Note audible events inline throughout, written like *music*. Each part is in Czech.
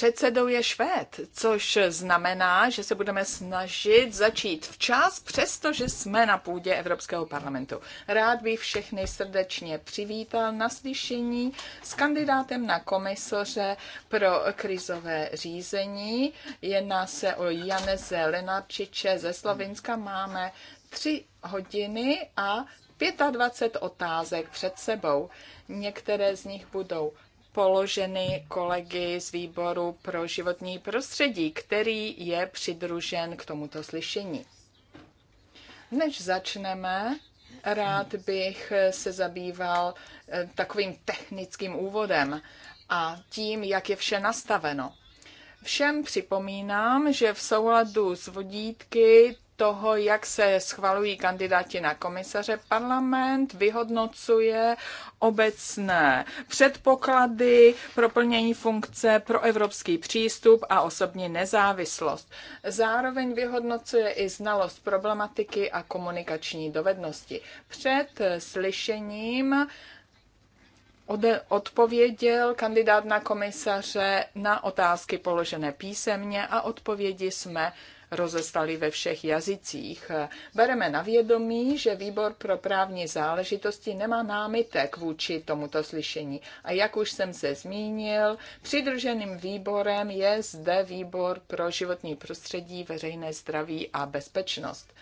předsedou je Švéd, což znamená, že se budeme snažit začít včas, přestože jsme na půdě Evropského parlamentu. Rád bych všechny srdečně přivítal na slyšení s kandidátem na komisoře pro krizové řízení. Jedná se o Janeze Lenarčiče ze Slovenska. Máme tři hodiny a 25 otázek před sebou. Některé z nich budou položeny kolegy z výboru pro životní prostředí, který je přidružen k tomuto slyšení. Než začneme, rád bych se zabýval eh, takovým technickým úvodem a tím, jak je vše nastaveno. Všem připomínám, že v souladu s vodítky toho, jak se schvalují kandidáti na komisaře, parlament vyhodnocuje obecné předpoklady pro plnění funkce, pro evropský přístup a osobní nezávislost. Zároveň vyhodnocuje i znalost problematiky a komunikační dovednosti. Před slyšením odpověděl kandidát na komisaře na otázky položené písemně a odpovědi jsme rozestali ve všech jazycích. Bereme na vědomí, že výbor pro právní záležitosti nemá námitek vůči tomuto slyšení. A jak už jsem se zmínil, přidruženým výborem je zde výbor pro životní prostředí, veřejné zdraví a bezpečnost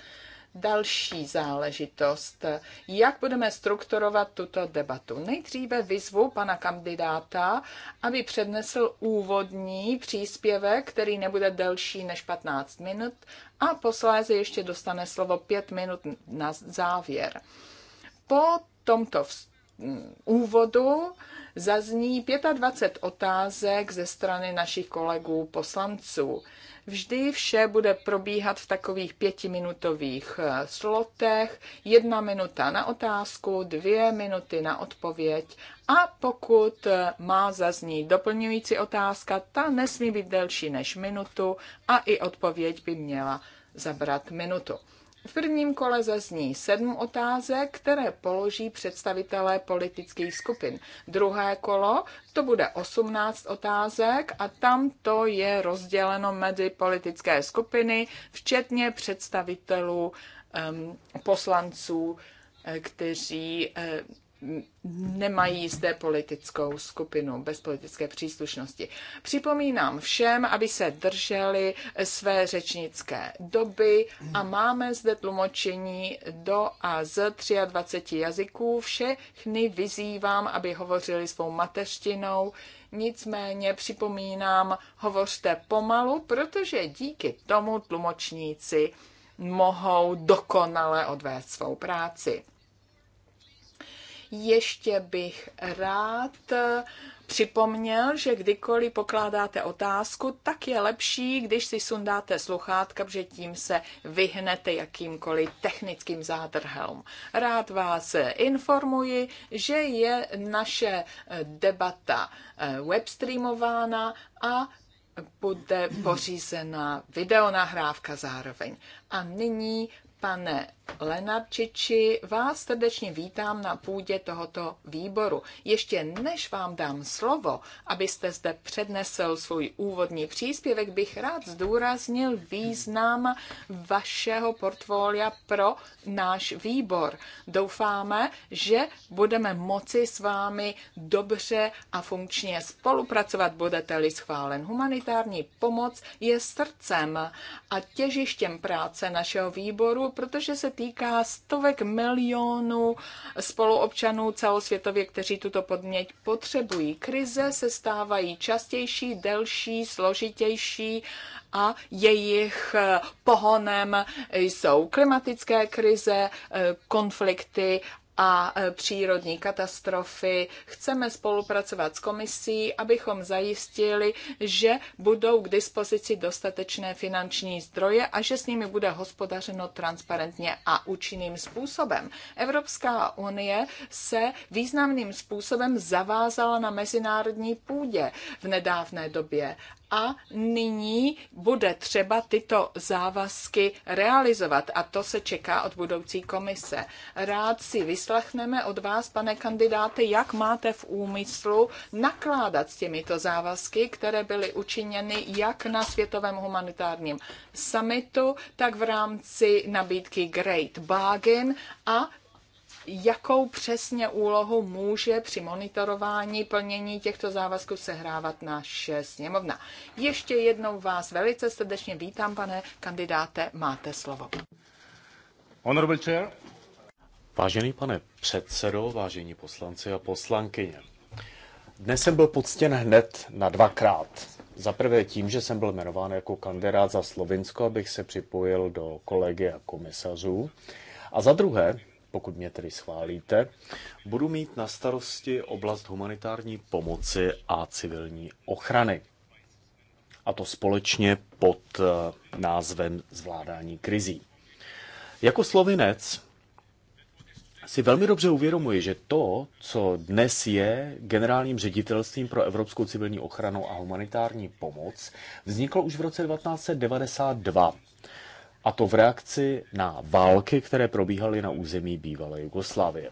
další záležitost. Jak budeme strukturovat tuto debatu? Nejdříve vyzvu pana kandidáta, aby přednesl úvodní příspěvek, který nebude delší než 15 minut a posléze ještě dostane slovo 5 minut na závěr. Po tomto úvodu Zazní 25 otázek ze strany našich kolegů poslanců. Vždy vše bude probíhat v takových pětiminutových eh, slotech. Jedna minuta na otázku, dvě minuty na odpověď. A pokud eh, má zaznít doplňující otázka, ta nesmí být delší než minutu a i odpověď by měla zabrat minutu. V prvním kole zazní sedm otázek, které položí představitelé politických skupin. Druhé kolo, to bude 18 otázek a tam to je rozděleno mezi politické skupiny, včetně představitelů um, poslanců, eh, kteří um, nemají zde politickou skupinu bez politické příslušnosti. Připomínám všem, aby se drželi své řečnické doby a máme zde tlumočení do a z 23 jazyků. Všechny vyzývám, aby hovořili svou mateřtinou. Nicméně připomínám, hovořte pomalu, protože díky tomu tlumočníci mohou dokonale odvést svou práci. Ještě bych rád připomněl, že kdykoliv pokládáte otázku, tak je lepší, když si sundáte sluchátka, protože tím se vyhnete jakýmkoliv technickým zádrhelům. Rád vás informuji, že je naše debata eh, webstreamována a bude pořízena videonahrávka zároveň. A nyní, pane Lenarčiči, vás srdečně vítám na půdě tohoto výboru. Ještě než vám dám slovo, abyste zde přednesl svůj úvodní příspěvek, bych rád zdůraznil význam vašeho portfolia pro náš výbor. Doufáme, že budeme moci s vámi dobře a funkčně spolupracovat, budete-li schválen. Humanitární pomoc je srdcem a těžištěm práce našeho výboru, protože se týká stovek milionů spoluobčanů celosvětově, kteří tuto podměť potřebují. Krize se stávají častější, delší, složitější a jejich eh, pohonem jsou klimatické krize, eh, konflikty a e, přírodní katastrofy. Chceme spolupracovat s komisí, abychom zajistili, že budou k dispozici dostatečné finanční zdroje a že s nimi bude hospodařeno transparentně a účinným způsobem. Evropská unie se významným způsobem zavázala na mezinárodní půdě v nedávné době a nyní bude třeba tyto závazky realizovat a to se čeká od budoucí komise. Rád si vyslechneme od vás, pane kandidáte, jak máte v úmyslu nakládat s těmito závazky, které byly učiněny jak na Světovém humanitárním summitu, tak v rámci nabídky Great Bargain a jakou přesně úlohu může při monitorování plnění těchto závazků sehrávat naše sněmovna. Ještě jednou vás velice srdečně vítám, pane kandidáte, máte slovo. Honorable chair. Vážený pane předsedo, vážení poslanci a poslankyně, dnes jsem byl poctěn hned na dvakrát. Za prvé tím, že jsem byl jmenován jako kandidát za Slovinsko, abych se připojil do kolegy a komisařů. A za druhé, pokud mě tedy schválíte, budu mít na starosti oblast humanitární pomoci a civilní ochrany. A to společně pod eh, názvem zvládání krizí. Jako slovinec si velmi dobře uvědomuji, že to, co dnes je generálním ředitelstvím pro evropskou civilní ochranu a humanitární pomoc, vzniklo už v roce 1992 a to v reakci na války, které probíhaly na území bývalé Jugoslávie.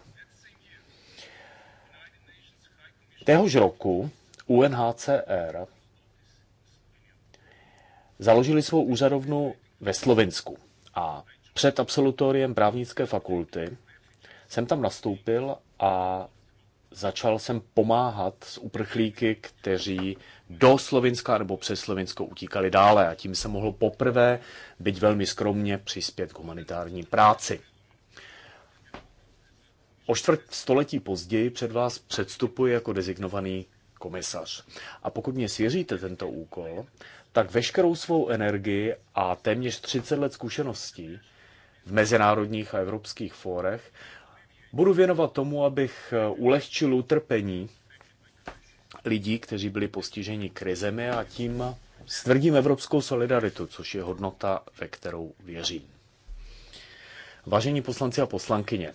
Téhož roku UNHCR založili svou úřadovnu ve Slovinsku a před absolutoriem právnické fakulty jsem tam nastoupil a začal jsem pomáhat s uprchlíky, kteří do Slovinska nebo přes Slovinsko utíkali dále a tím se mohlo poprvé, byť velmi skromně, přispět k humanitární práci. O čtvrt století později před vás předstupuji jako dezignovaný komisař. A pokud mě svěříte tento úkol, tak veškerou svou energii a téměř 30 let zkušeností v mezinárodních a evropských fórech budu věnovat tomu, abych ulehčil utrpení lidí, kteří byli postiženi krizemi a tím stvrdím evropskou solidaritu, což je hodnota, ve kterou věřím. Vážení poslanci a poslankyně,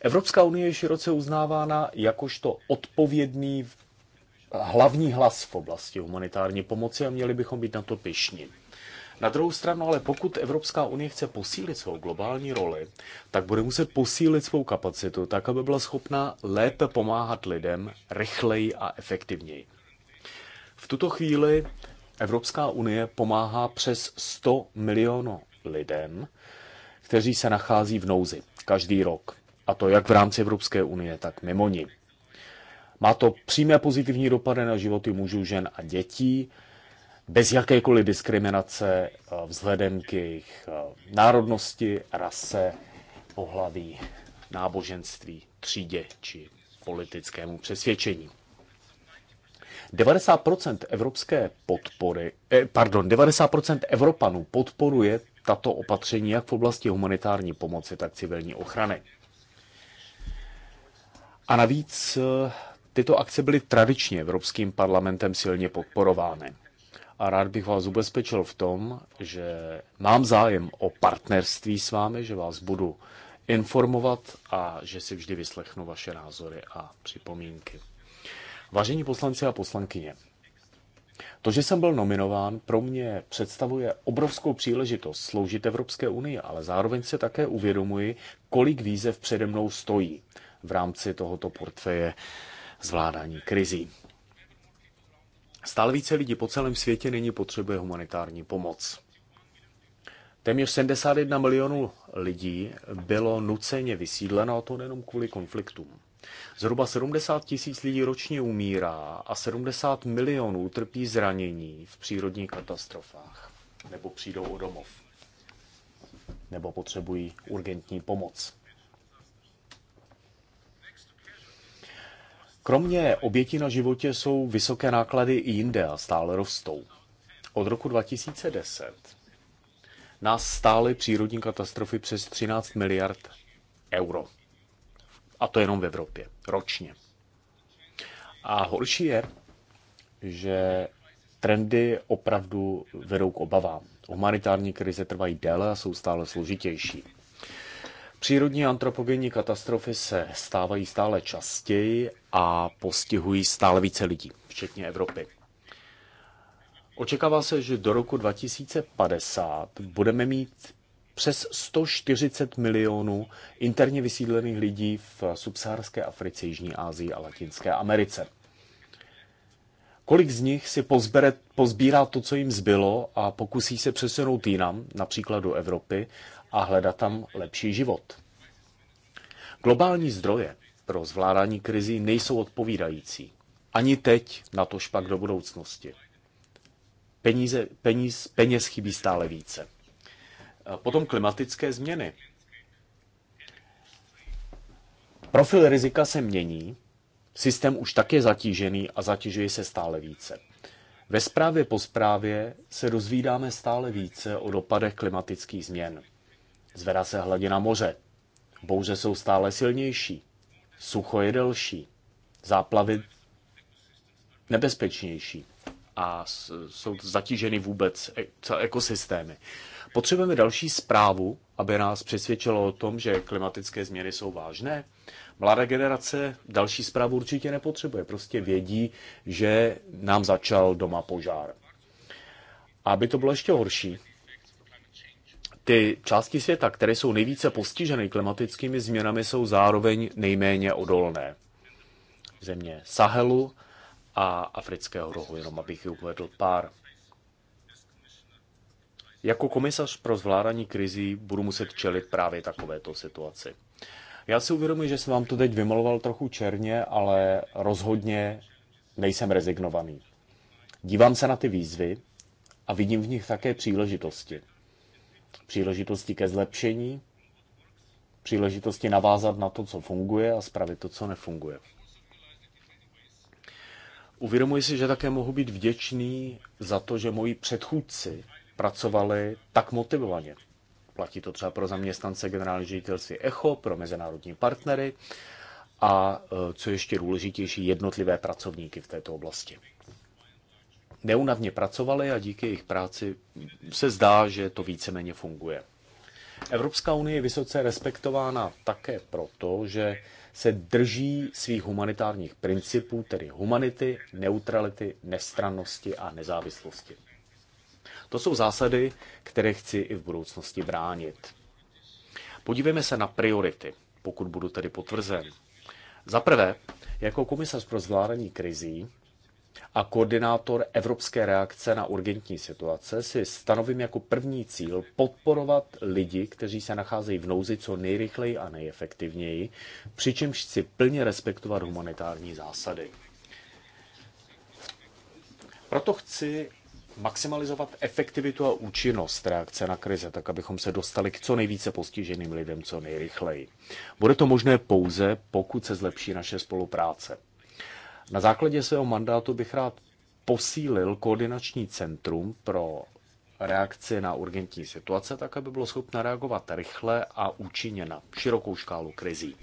Evropská unie je široce uznávána jakožto odpovědný hlavní hlas v oblasti humanitární pomoci a měli bychom být na to pišní. Na druhou stranu, ale pokud Evropská unie chce posílit svou globální roli, tak bude muset posílit svou kapacitu tak, aby byla schopna lépe pomáhat lidem rychleji a efektivněji. V tuto chvíli Evropská unie pomáhá přes 100 milionů lidem, kteří se nachází v nouzi každý rok. A to jak v rámci Evropské unie, tak mimo ní. Má to přímé pozitivní dopady na životy mužů, žen a dětí, bez jakékoliv diskriminace eh, vzhledem k jejich eh, národnosti, rase, pohlaví, náboženství, třídě či politickému přesvědčení. 90% evropské podpory, eh, pardon, 90% Evropanů podporuje tato opatření jak v oblasti humanitární pomoci, tak civilní ochrany. A navíc tyto akce byly tradičně Evropským parlamentem silně podporovány a rád bych vás ubezpečil v tom, že mám zájem o partnerství s vámi, že vás budu informovat a že si vždy vyslechnu vaše názory a připomínky. Vážení poslanci a poslankyně, to, že jsem byl nominován, pro mě představuje obrovskou příležitost sloužit Evropské unii, ale zároveň se také uvědomuji, kolik výzev přede mnou stojí v rámci tohoto portfeje zvládání krizí. Stále více lidí po celém světě nyní potřebuje humanitární pomoc. Téměř 71 milionů lidí bylo nuceně vysídleno, a to nejenom kvůli konfliktům. Zhruba 70 tisíc lidí ročně umírá a 70 milionů trpí zranění v přírodních katastrofách nebo přijdou o domov nebo potřebují urgentní pomoc. Kromě obětí na životě jsou vysoké náklady i jinde a stále rostou. Od roku 2010 nás stály přírodní katastrofy přes 13 miliard euro. A to jenom v Evropě, ročně. A horší je, že trendy opravdu vedou k obavám. Humanitární krize trvají déle a jsou stále složitější. Přírodní antropogenní katastrofy se stávají stále častěji a postihují stále více lidí, včetně Evropy. Očekává se, že do roku 2050 budeme mít přes 140 milionů interně vysídlených lidí v subsaharské Africe, Jižní Asii a Latinské Americe. Kolik z nich si pozbere, pozbírá to, co jim zbylo a pokusí se přesunout jinam, například do Evropy, a hledat tam lepší život. Globální zdroje pro zvládání krizí nejsou odpovídající. Ani teď, na to špak do budoucnosti. Peníze, peníz, peněz chybí stále více. Potom klimatické změny. Profil rizika se mění, systém už tak je zatížený a zatěžuje se stále více. Ve zprávě po zprávě se dozvídáme stále více o dopadech klimatických změn. Zvedá se hladina moře. Bouře jsou stále silnější. Sucho je delší. Záplavy nebezpečnější. A jsou zatíženy vůbec e, ekosystémy. Potřebujeme další zprávu, aby nás přesvědčilo o tom, že klimatické změny jsou vážné. Mladá generace další zprávu určitě nepotřebuje. Prostě vědí, že nám začal doma požár. A aby to bylo ještě horší, ty části světa, které jsou nejvíce postiženy klimatickými změnami, jsou zároveň nejméně odolné. Země Sahelu a Afrického rohu, jenom abych uvedl pár. Jako komisař pro zvládání krizí budu muset čelit právě takovéto situaci. Já si uvědomuji, že jsem vám to teď vymaloval trochu černě, ale rozhodně nejsem rezignovaný. Dívám se na ty výzvy a vidím v nich také příležitosti příležitosti ke zlepšení, příležitosti navázat na to, co funguje a spravit to, co nefunguje. Uvědomuji si, že také mohu být vděčný za to, že moji předchůdci pracovali tak motivovaně. Platí to třeba pro zaměstnance generální ředitelství ECHO, pro mezinárodní partnery a, e, co ještě důležitější, jednotlivé pracovníky v této oblasti neunavně pracovali a díky jejich práci se zdá, že to víceméně funguje. Evropská unie je vysoce respektována také proto, že se drží svých humanitárních principů, tedy humanity, neutrality, nestrannosti a nezávislosti. To jsou zásady, které chci i v budoucnosti bránit. Podívejme se na priority, pokud budu tedy potvrzen. Za prvé, jako komisař pro zvládání krizí a koordinátor evropské reakce na urgentní situace si stanovím jako první cíl podporovat lidi, kteří se nacházejí v nouzi co nejrychleji a nejefektivněji, přičemž si plně respektovat humanitární zásady. Proto chci maximalizovat efektivitu a účinnost reakce na krize, tak abychom se dostali k co nejvíce postiženým lidem co nejrychleji. Bude to možné pouze, pokud se zlepší naše spolupráce. Na základě svého mandátu bych rád posílil koordinační centrum pro reakci na urgentní situace, tak aby bylo schopno reagovat rychle a účinně na širokou škálu krizí.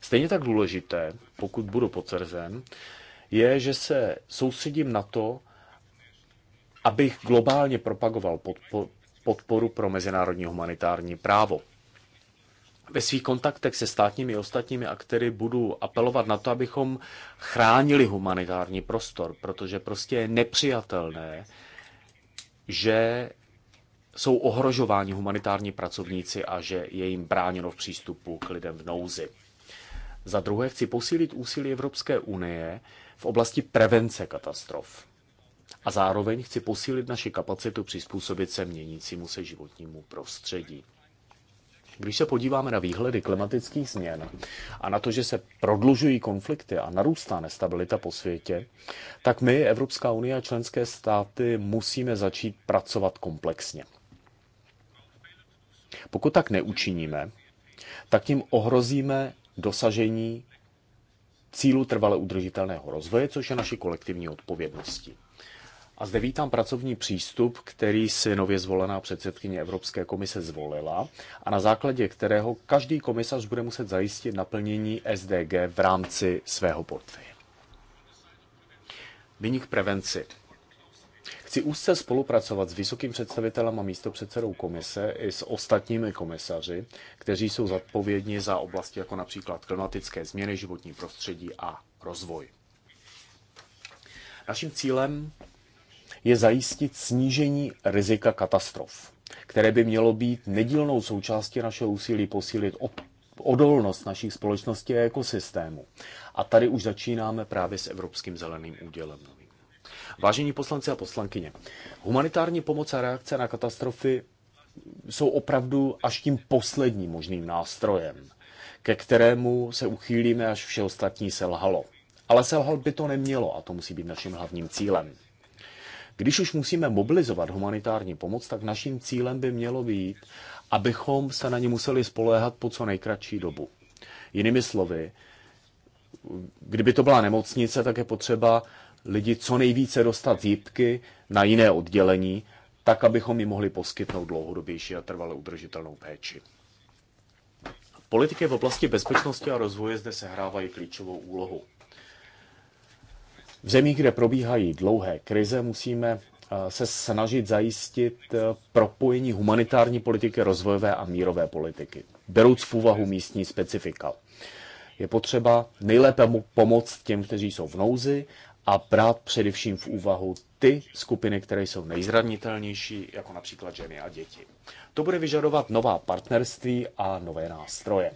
Stejně tak důležité, pokud budu potvrzen, je, že se soustředím na to, abych globálně propagoval podporu pro mezinárodní humanitární právo ve svých kontaktech se státními i ostatními aktéry budu apelovat na to, abychom chránili humanitární prostor, protože prostě je nepřijatelné, že jsou ohrožováni humanitární pracovníci a že je jim bráněno v přístupu k lidem v nouzi. Za druhé chci posílit úsilí Evropské unie v oblasti prevence katastrof. A zároveň chci posílit naši kapacitu přizpůsobit se měnícímu se životnímu prostředí. Když se podíváme na výhledy klimatických změn a na to, že se prodlužují konflikty a narůstá nestabilita po světě, tak my, Evropská unie a členské státy, musíme začít pracovat komplexně. Pokud tak neučiníme, tak tím ohrozíme dosažení cílu trvale udržitelného rozvoje, což je naší kolektivní odpovědností. A zde vítám pracovní přístup, který si nově zvolená předsedkyně Evropské komise zvolila a na základě kterého každý komisař bude muset zajistit naplnění SDG v rámci svého portfeje. Nyní k prevenci. Chci úzce spolupracovat s vysokým představitelem a místopředsedou komise i s ostatními komisaři, kteří jsou zodpovědní za oblasti jako například klimatické změny, životní prostředí a rozvoj. Naším cílem je zajistit snížení rizika katastrof, které by mělo být nedílnou součástí našeho úsilí posílit odolnost našich společností a ekosystému. A tady už začínáme právě s Evropským zeleným údělem. Vážení poslanci a poslankyně, humanitární pomoc a reakce na katastrofy jsou opravdu až tím posledním možným nástrojem, ke kterému se uchýlíme, až vše ostatní selhalo. Ale selhal by to nemělo a to musí být naším hlavním cílem. Když už musíme mobilizovat humanitární pomoc, tak naším cílem by mělo být, abychom se na ně museli spoléhat po co nejkratší dobu. Jinými slovy, kdyby to byla nemocnice, tak je potřeba lidi co nejvíce dostat z jípky na jiné oddělení, tak, abychom jim mohli poskytnout dlouhodobější a trvale udržitelnou péči. Politiky v oblasti bezpečnosti a rozvoje zde sehrávají klíčovou úlohu. V zemích, kde probíhají dlouhé krize, musíme eh, se snažit zajistit eh, propojení humanitární politiky, rozvojové a mírové politiky, Beruc v úvahu místní specifika. Je potřeba nejlépe pomoct těm, kteří jsou v nouzi a brát především v úvahu ty skupiny, které jsou nejzranitelnější, jako například ženy a děti. To bude vyžadovat nová partnerství a nové nástroje.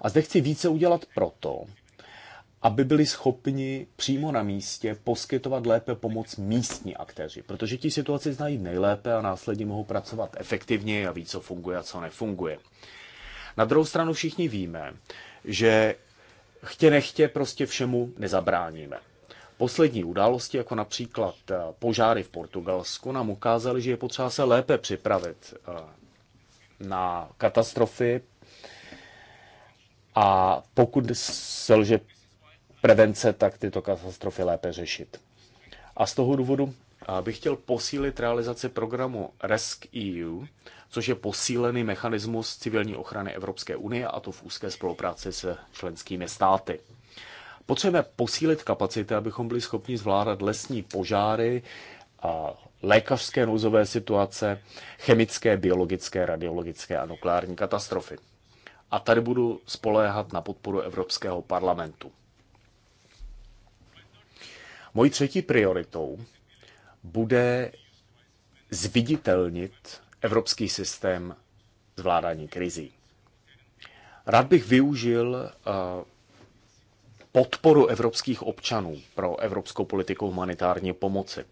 A zde chci více udělat proto, aby byli schopni přímo na místě poskytovat lépe pomoc místní aktéři, protože ti situaci znají nejlépe a následně mohou pracovat efektivně a ví, co funguje a co nefunguje. Na druhou stranu všichni víme, že chtě nechtě prostě všemu nezabráníme. Poslední události, jako například eh, požáry v Portugalsku, nám ukázaly, že je potřeba se lépe připravit eh, na katastrofy a pokud selže prevence, tak tyto katastrofy lépe řešit. A z toho důvodu bych chtěl posílit realizaci programu RESC-EU, což je posílený mechanismus civilní ochrany Evropské unie, a to v úzké spolupráci s členskými státy. Potřebujeme posílit kapacity, abychom byli schopni zvládat lesní požáry, a lékařské nouzové situace, chemické, biologické, radiologické a nukleární katastrofy. A tady budu spoléhat na podporu Evropského parlamentu. Mojí třetí prioritou bude zviditelnit evropský systém zvládání krizí. Rád bych využil eh, podporu evropských občanů pro evropskou politiku humanitární pomoci.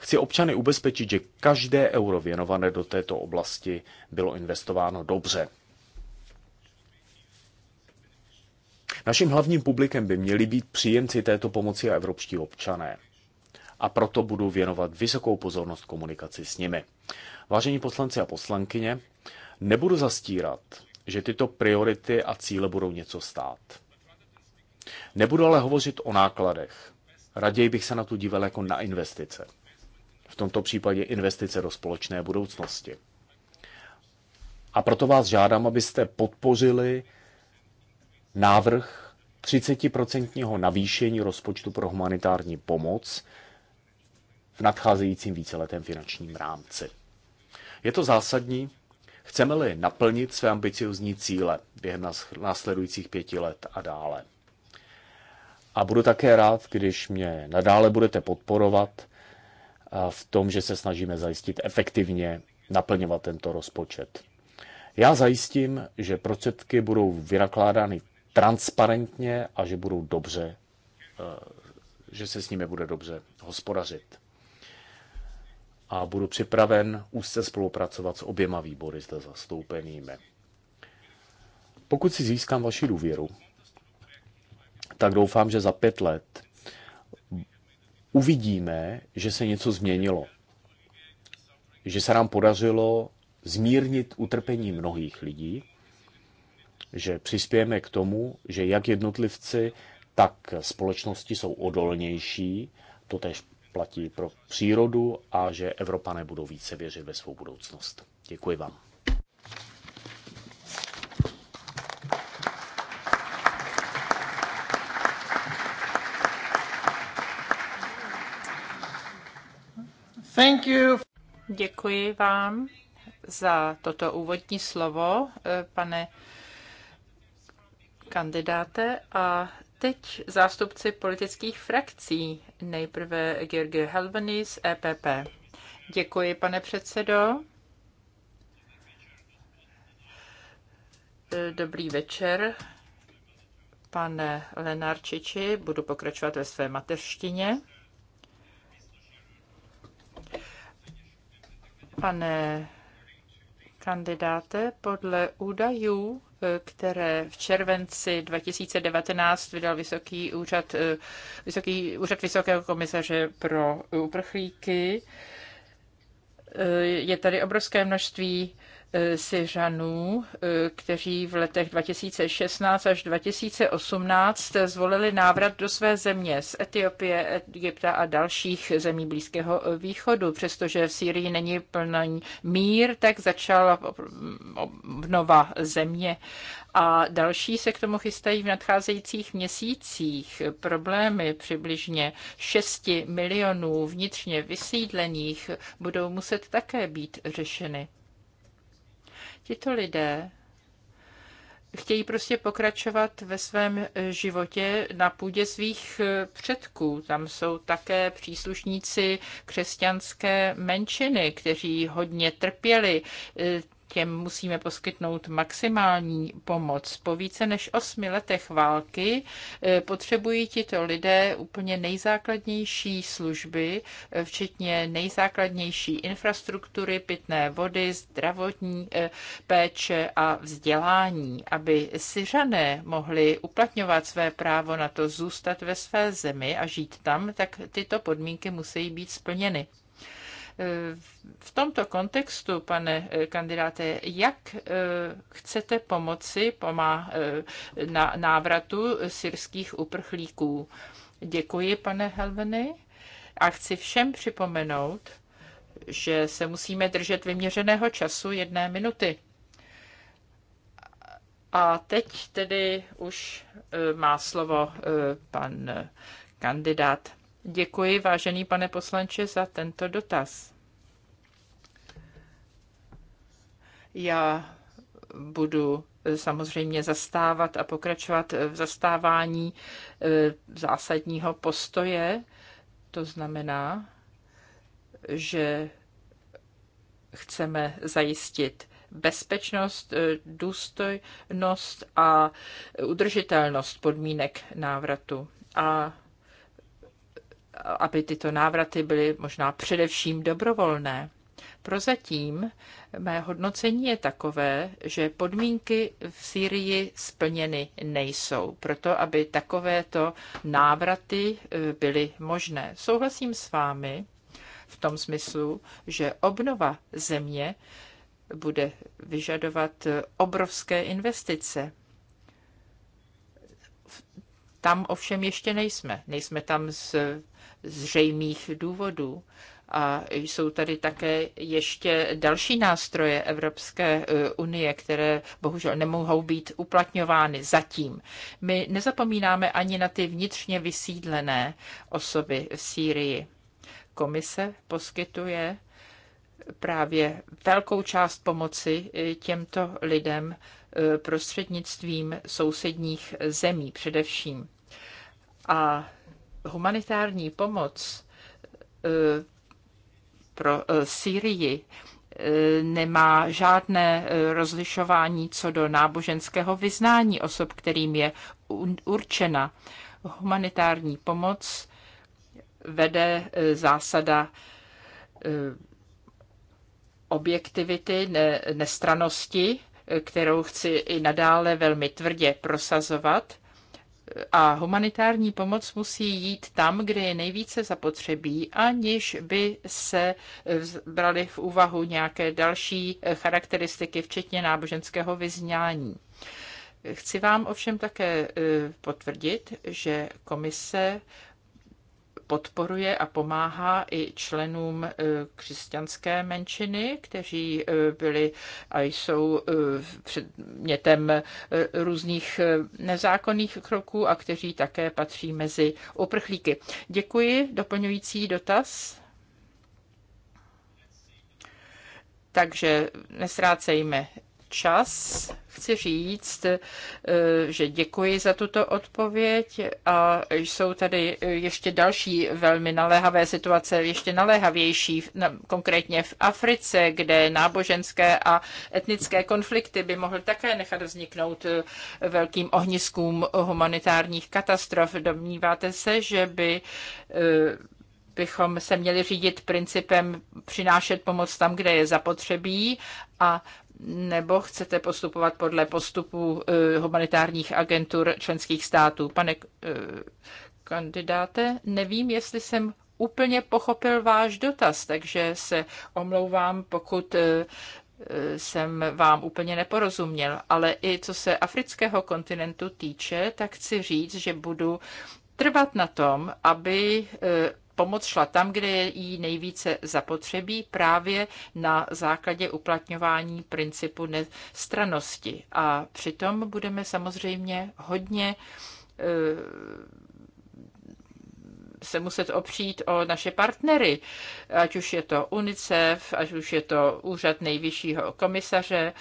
Chci občany ubezpečit, že každé euro věnované do této oblasti bylo investováno dobře Naším hlavním publikem by měli být příjemci této pomoci a evropští občané. A proto budu věnovat vysokou pozornost komunikaci s nimi. Vážení poslanci a poslankyně, nebudu zastírat, že tyto priority a cíle budou něco stát. Nebudu ale hovořit o nákladech. Raději bych se na to díval jako na investice. V tomto případě investice do společné budoucnosti. A proto vás žádám, abyste podpořili návrh 30% navýšení rozpočtu pro humanitární pomoc v nadcházejícím víceletém finančním rámci. Je to zásadní, chceme-li naplnit své ambiciozní cíle během následujících pěti let a dále. A budu také rád, když mě nadále budete podporovat v tom, že se snažíme zajistit efektivně naplňovat tento rozpočet. Já zajistím, že prostředky budou vynakládány transparentně a že budou dobře, eh, že se s nimi bude dobře hospodařit. A budu připraven úzce spolupracovat s oběma výbory zde zastoupenými. Pokud si získám vaši důvěru, tak doufám, že za pět let uvidíme, že se něco změnilo. Že se nám podařilo zmírnit utrpení mnohých lidí, že přispějeme k tomu, že jak jednotlivci, tak společnosti jsou odolnější, to tež platí pro přírodu a že Evropané budou více věřit ve svou budoucnost. Děkuji vám. Thank you. Děkuji vám za toto úvodní slovo, eh, pane kandidáte a teď zástupci politických frakcí. Nejprve Gerge Helveny z EPP. Děkuji, pane předsedo. Dobrý večer, pane Lenarčiči. Budu pokračovat ve své mateřštině. Pane kandidáte, podle údajů které v červenci 2019 vydal Vysoký úřad, eh, Vysoký úřad Vysokého komisaře pro uprchlíky. Eh, je tady obrovské množství Eh, Syřanů, eh, kteří v letech 2016 až 2018 zvolili návrat do své země z Etiopie, Egypta a dalších zemí Blízkého eh, východu. Přestože v Sýrii není plný mír, tak začala obnova země a další se k tomu chystají v nadcházejících měsících. Problémy přibližně 6 milionů vnitřně vysídlených budou muset také být řešeny. Tito lidé chtějí prostě pokračovat ve svém eh, životě na půdě svých eh, předků. Tam jsou také příslušníci křesťanské menšiny, kteří hodně trpěli eh, těm musíme poskytnout maximální pomoc. Po více než osmi letech války e, potřebují tito lidé úplně nejzákladnější služby, e, včetně nejzákladnější infrastruktury, pitné vody, zdravotní e, péče a vzdělání, aby Syřané mohli uplatňovat své právo na to zůstat ve své zemi a žít tam, tak tyto podmínky musí být splněny. V tomto kontextu, pane eh, kandidáte, jak eh, chcete pomoci pomá eh, na návratu syrských uprchlíků? Děkuji, pane Helveny. A chci všem připomenout, že se musíme držet vyměřeného času jedné minuty. A teď tedy už má slovo pan kandidát. Děkuji, vážený pane poslanče, za tento dotaz. Já budu samozřejmě zastávat a pokračovat v zastávání eh, zásadního postoje. To znamená, že chceme zajistit bezpečnost, eh, důstojnost a udržitelnost podmínek návratu. A aby tyto návraty byly možná především dobrovolné. Prozatím mé hodnocení je takové, že podmínky v Syrii splněny nejsou, proto aby takovéto návraty e, byly možné. Souhlasím s vámi v tom smyslu, že obnova země bude vyžadovat e, obrovské investice. Tam ovšem ještě nejsme. Nejsme tam s zřejmých důvodů. A jsou tady také ještě další nástroje Evropské eh, unie, které bohužel nemohou být uplatňovány zatím. My nezapomínáme ani na ty vnitřně vysídlené osoby v Sýrii. Komise poskytuje právě velkou část pomoci eh, těmto lidem eh, prostřednictvím sousedních zemí především. A humanitární pomoc eh, pro eh, Syrii eh, nemá žádné rozlišování co do náboženského vyznání osob, kterým je určena. Humanitární pomoc vede zásada objektivity, nestranosti, kterou chci i nadále velmi tvrdě prosazovat a humanitární pomoc musí jít tam, kde je nejvíce zapotřebí, aniž by se brali v úvahu nějaké další charakteristiky, včetně náboženského vyznání. Chci vám ovšem také eh, potvrdit, že komise podporuje a pomáhá i členům eh, křesťanské menšiny, kteří eh, byli a jsou eh, předmětem různých nezákonných kroků a kteří také patří mezi uprchlíky. Děkuji. Doplňující dotaz? Takže nesrácejme čas. Chci říct, eh, že děkuji za tuto odpověď a jsou tady eh, ještě další velmi naléhavé situace, ještě naléhavější, konkrétně v Africe, kde náboženské a etnické konflikty by mohly také nechat vzniknout eh, velkým ohniskům humanitárních katastrof. Domníváte se, že by bychom se měli řídit principem přinášet pomoc tam, kde je zapotřebí a nebo chcete postupovat podle uh, humanitárních agentur členských států? Pane eh, kandidáte, nevím, jestli jsem úplně pochopil váš dotaz, takže se omlouvám, pokud eh, jsem vám úplně neporozuměl, ale i co se afrického kontinentu týče, tak chci říct, že budu trvat na tom, aby pomoc šla tam, kde je jí nejvíce zapotřebí, právě na základě uplatňování principu nestranosti. A přitom budeme samozřejmě hodně eh, se muset opřít o naše partnery, ať už je to UNICEF, ať už je to Úřad nejvyššího komisaře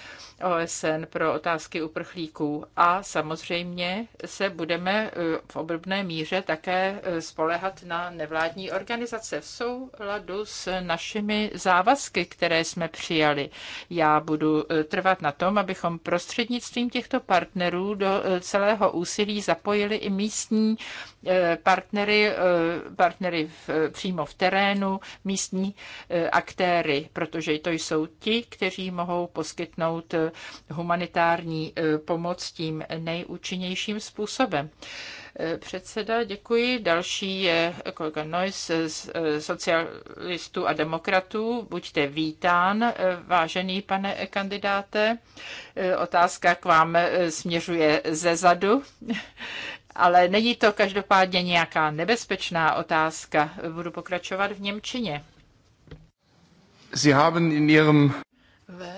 OSN pro otázky uprchlíků a samozřejmě se budeme eh, v obdobné míře také eh, spolehat na nevládní organizace v souladu s našimi závazky, které jsme přijali. Já budu eh, trvat na tom, abychom prostřednictvím těchto partnerů do celého úsilí zapojili i místní partnery partnery v, přímo v terénu, místní e, aktéry, protože to jsou ti, kteří mohou poskytnout e, humanitární e, pomoc tím nejúčinnějším způsobem předseda, děkuji. Další je kolega Nois z socialistů a demokratů. Buďte vítán, vážený pane kandidáte. Otázka k vám směřuje ze zadu. *laughs* ale není to každopádně nějaká nebezpečná otázka. Budu pokračovat v Němčině. Sie haben in ihrem... Ve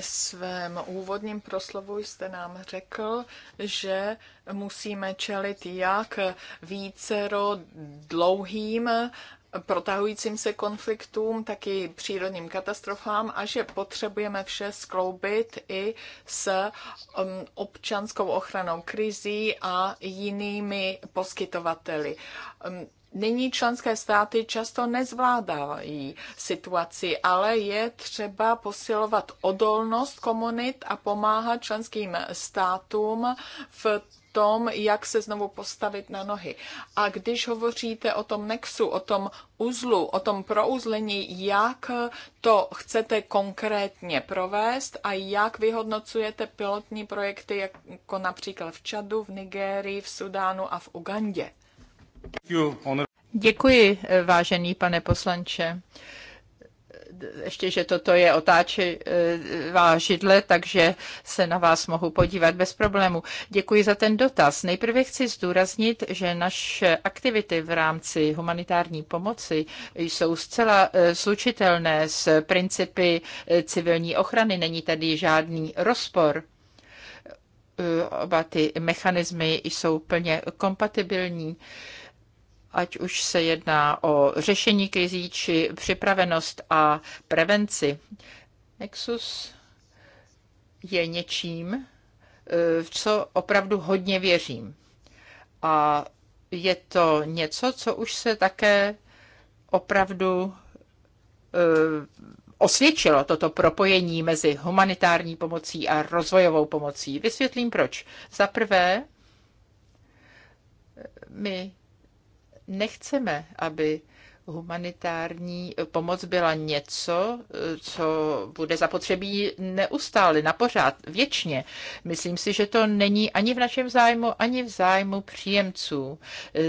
svém úvodním proslovu jste nám řekl, že musíme čelit jak vícero dlouhým protahujícím se konfliktům, taky přírodním katastrofám a že potřebujeme vše skloubit i s um, občanskou ochranou krizí a jinými poskytovateli. Um, nyní členské státy často nezvládají situaci, ale je třeba posilovat odolnost komunit a pomáhat členským státům v tom, jak se znovu postavit na nohy. A když hovoříte o tom nexu, o tom uzlu, o tom prouzlení, jak to chcete konkrétně provést a jak vyhodnocujete pilotní projekty, jako například v Čadu, v Nigérii, v Sudánu a v Ugandě? Děkuji, vážený pane poslanče ještě, že toto je otáčivá židle, takže se na vás mohu podívat bez problému. Děkuji za ten dotaz. Nejprve chci zdůraznit, že naše aktivity v rámci humanitární pomoci jsou zcela eh, slučitelné s principy eh, civilní ochrany. Není tady žádný rozpor eh, oba ty mechanismy jsou plně kompatibilní ať už se jedná o řešení krizí či připravenost a prevenci. Nexus je něčím, v eh, co opravdu hodně věřím. A je to něco, co už se také opravdu eh, osvědčilo toto propojení mezi humanitární pomocí a rozvojovou pomocí. Vysvětlím proč. Za prvé, my nechceme, aby humanitární pomoc byla něco, co bude zapotřebí neustále, na pořád, věčně. Myslím si, že to není ani v našem zájmu, ani v zájmu příjemců.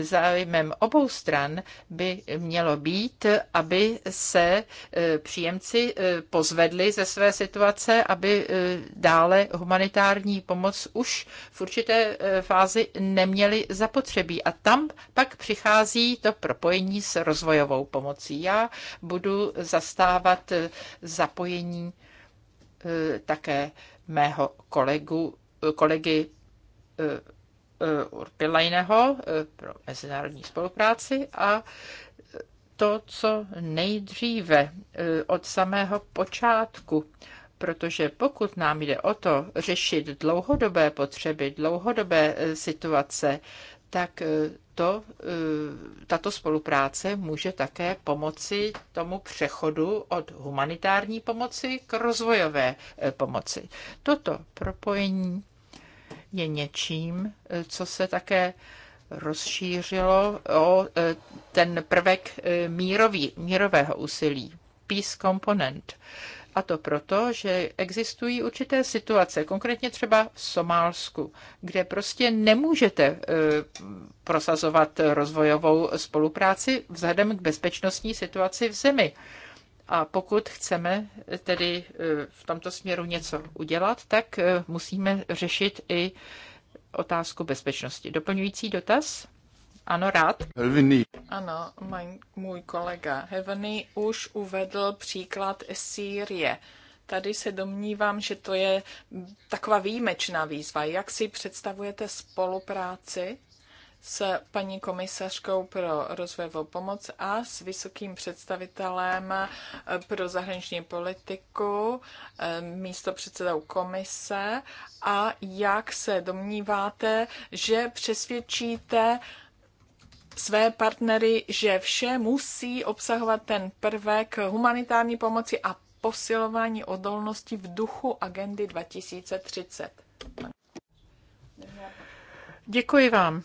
Zájmem obou stran by mělo být, aby se eh, příjemci eh, pozvedli ze své situace, aby eh, dále humanitární pomoc už v určité fázi neměli zapotřebí. A tam pak přichází to propojení s rozvojem rozvojovou pomocí. Já budu zastávat zapojení e, také mého kolegu, kolegy e, e, Urpilajného pro mezinárodní spolupráci a to, co nejdříve od samého počátku protože pokud nám jde o to řešit dlouhodobé potřeby, dlouhodobé situace, tak e, to, e, tato spolupráce může také pomoci tomu přechodu od humanitární pomoci k rozvojové e, pomoci. Toto propojení je něčím, co se také rozšířilo o ten prvek mírový, mírového úsilí, peace component. A to proto, že existují určité situace, konkrétně třeba v Somálsku, kde prostě nemůžete e, prosazovat rozvojovou spolupráci vzhledem k bezpečnostní situaci v zemi. A pokud chceme tedy e, v tomto směru něco udělat, tak e, musíme řešit i otázku bezpečnosti. Doplňující dotaz? Ano, rád. Helviny. Ano, můj kolega Heveny už uvedl příklad Sýrie. Tady se domnívám, že to je taková výjimečná výzva. Jak si představujete spolupráci s paní komisařkou pro rozvojovou pomoc a s vysokým představitelem eh, pro zahraniční politiku, eh, místo předsedou komise a jak se domníváte, že přesvědčíte své partnery, že vše musí obsahovat ten prvek humanitární pomoci a posilování odolnosti v duchu agendy 2030. Děkuji vám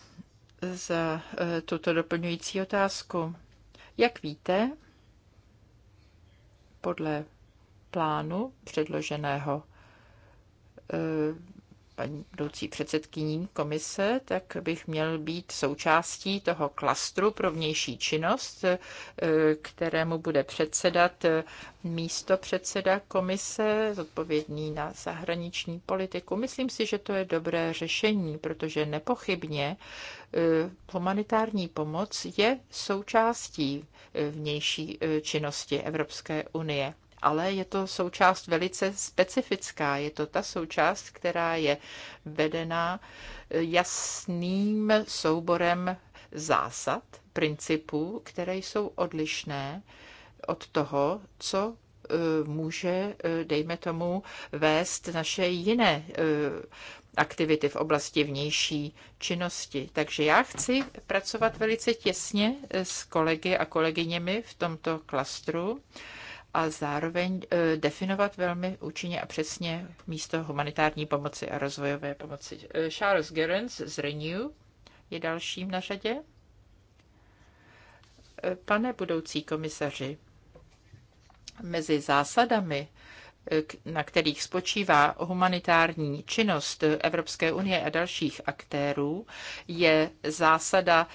za eh, tuto doplňující otázku. Jak víte, podle plánu předloženého eh, paní budoucí předsedkyní komise, tak bych měl být součástí toho klastru pro vnější činnost, eh, kterému bude předsedat eh, místo předseda komise, zodpovědný na zahraniční politiku. Myslím si, že to je dobré řešení, protože nepochybně eh, humanitární pomoc je součástí vnější činnosti Evropské unie ale je to součást velice specifická. Je to ta součást, která je vedená jasným souborem zásad, principů, které jsou odlišné od toho, co e, může, e, dejme tomu, vést naše jiné e, aktivity v oblasti vnější činnosti. Takže já chci pracovat velice těsně s kolegy a kolegyněmi v tomto klastru a zároveň eh, definovat velmi účinně a přesně místo humanitární pomoci a rozvojové pomoci. Eh, Charles Gerens z Renew je dalším na řadě. Eh, pane budoucí komisaři, mezi zásadami na kterých spočívá humanitární činnost Evropské unie a dalších aktérů, je zásada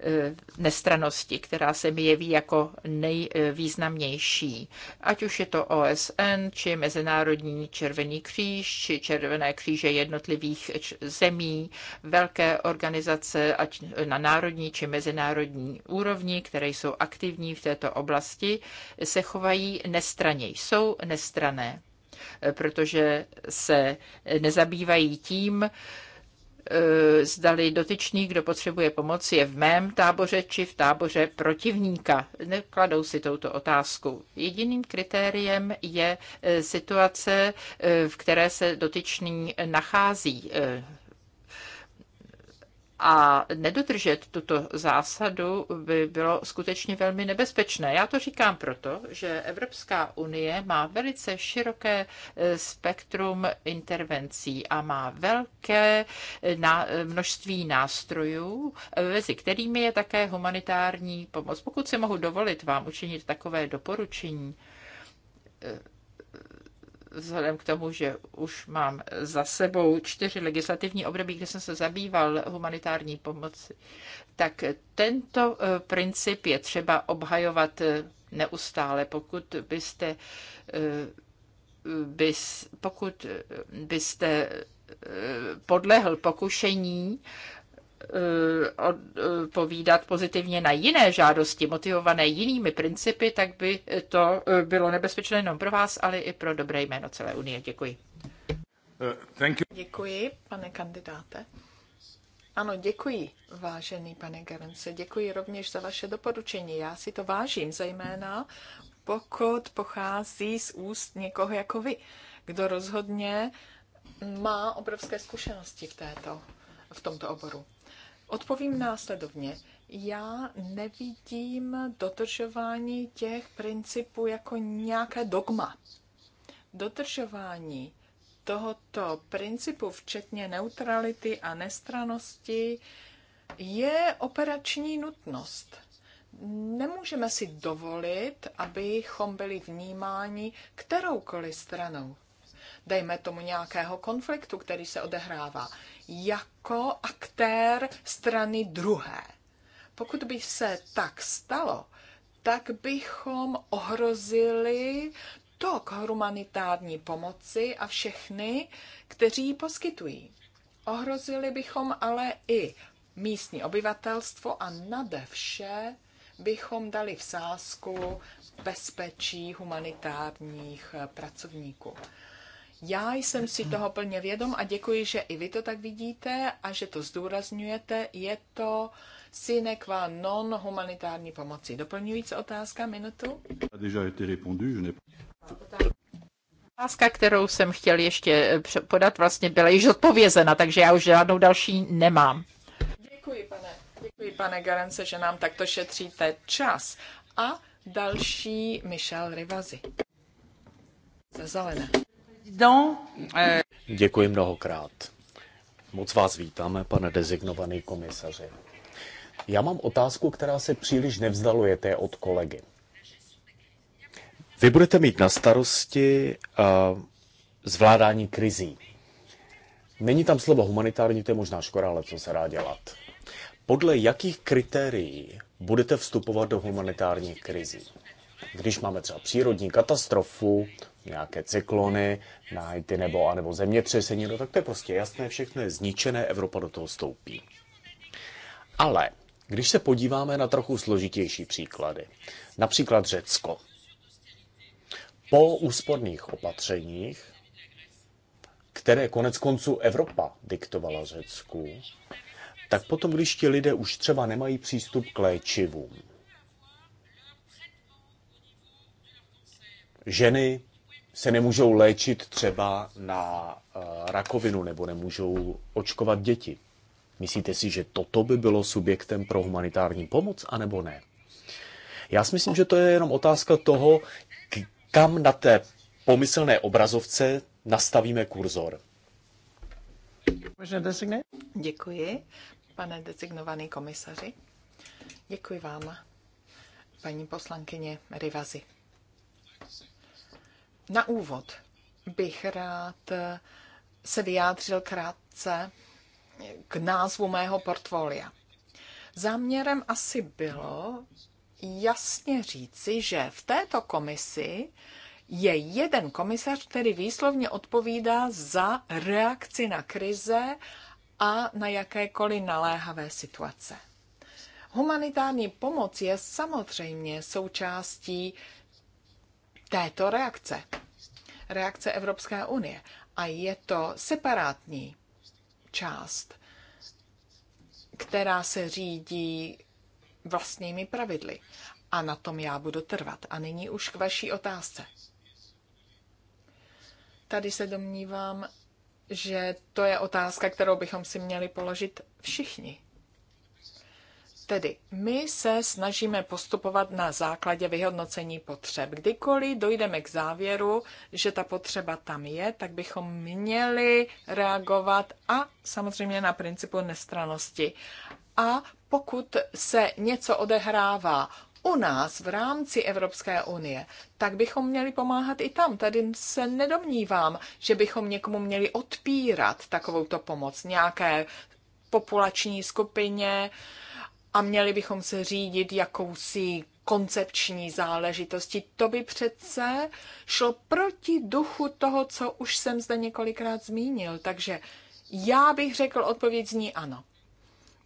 e, nestranosti, která se mi jeví jako nejvýznamnější. Ať už je to OSN, či Mezinárodní červený kříž, či Červené kříže jednotlivých zemí, velké organizace, ať na národní či mezinárodní úrovni, které jsou aktivní v této oblasti, se chovají nestraně, jsou nestrané. Eh, protože se nezabývají tím, eh, zdali dotyčný, kdo potřebuje pomoc, je v mém táboře či v táboře protivníka. Nekladou si touto otázku. Jediným kritériem je eh, situace, v které se dotyčný nachází a nedodržet tuto zásadu by bylo skutečně velmi nebezpečné. Já to říkám proto, že Evropská unie má velice široké eh, spektrum intervencí a má velké eh, eh, množství nástrojů, mezi kterými je také humanitární pomoc. Pokud si mohu dovolit vám učinit takové doporučení, vzhledem k tomu, že už mám za sebou čtyři legislativní období, kde jsem se zabýval humanitární pomoci, tak tento eh, princip je třeba obhajovat eh, neustále. Pokud byste, eh, bys, pokud byste podlehl pokušení Eh, odpovídat eh, pozitivně na jiné žádosti, motivované jinými principy, tak by to eh, bylo nebezpečné jenom pro vás, ale i pro dobré jméno celé Unie. Děkuji. Děkuji, pane kandidáte. Ano, děkuji, vážený pane Gerence. Děkuji rovněž za vaše doporučení. Já si to vážím, zejména pokud pochází z úst někoho jako vy, kdo rozhodně má obrovské zkušenosti v, této, v tomto oboru. Odpovím následovně. Já nevidím dodržování těch principů jako nějaké dogma. Dodržování tohoto principu, včetně neutrality a nestranosti, je operační nutnost. Nemůžeme si dovolit, abychom byli vnímáni kteroukoliv stranou dejme tomu, nějakého konfliktu, který se odehrává, jako aktér strany druhé. Pokud by se tak stalo, tak bychom ohrozili tok humanitární pomoci a všechny, kteří ji poskytují. Ohrozili bychom ale i místní obyvatelstvo a nade vše bychom dali v sázku bezpečí humanitárních pracovníků. Já jsem si toho plně vědom a děkuji, že i vy to tak vidíte a že to zdůrazňujete. Je to sine qua non humanitární pomoci. Doplňující otázka, minutu. Otázka, kterou jsem chtěl ještě eh, podat, vlastně byla již odpovězena, takže já už žádnou další nemám. Děkuji, pane. Děkuji, pane Garance, že nám takto šetříte čas. A další Michel Rivazi. Za zelené. Euh, Děkuji mnohokrát. Moc vás vítáme, pane dezignovaný komisaři. Já mám otázku, která se příliš nevzdaluje té od kolegy. Vy budete mít na starosti uh, zvládání krizí. Není tam slovo humanitární, to je možná škoda, ale co se dá dělat. Podle jakých kritérií budete vstupovat do humanitárních krizí? Když máme třeba přírodní katastrofu, nějaké cyklony na Haiti nebo, nebo zemětřesení, no tak to je prostě jasné, všechno je zničené, Evropa do toho stoupí. Ale když se podíváme na trochu složitější příklady, například Řecko. Po úsporných opatřeních, které konec konců Evropa diktovala Řecku, tak potom, když ti lidé už třeba nemají přístup k léčivům, ženy se nemůžou léčit třeba na eh, rakovinu nebo nemůžou očkovat děti. Myslíte si, že toto by bylo subjektem pro humanitární pomoc, anebo ne? Já si myslím, že to je jenom otázka toho, kam na té pomyslné obrazovce nastavíme kurzor. Děkuji, pane designovaný komisaři. Děkuji vám, paní poslankyně Rivazi. Na úvod bych rád eh, se vyjádřil krátce k názvu mého portfolia. Záměrem asi bylo jasně říci, že v této komisi je jeden komisař, který výslovně odpovídá za reakci na krize a na jakékoliv naléhavé situace. Humanitární pomoc je samozřejmě součástí této reakce. Reakce Evropské unie. A je to separátní část, která se řídí vlastními pravidly. A na tom já budu trvat. A nyní už k vaší otázce. Tady se domnívám, že to je otázka, kterou bychom si měli položit všichni. Tedy my se snažíme postupovat na základě vyhodnocení potřeb. Kdykoliv dojdeme k závěru, že ta potřeba tam je, tak bychom měli reagovat a samozřejmě na principu nestranosti. A pokud se něco odehrává u nás v rámci Evropské unie, tak bychom měli pomáhat i tam. Tady se nedomnívám, že bychom někomu měli odpírat takovouto pomoc nějaké populační skupině, uh, a měli bychom se řídit jakousi koncepční záležitosti. To by přece šlo proti duchu toho, co už jsem zde několikrát zmínil. Takže já bych řekl, odpověď zní ano.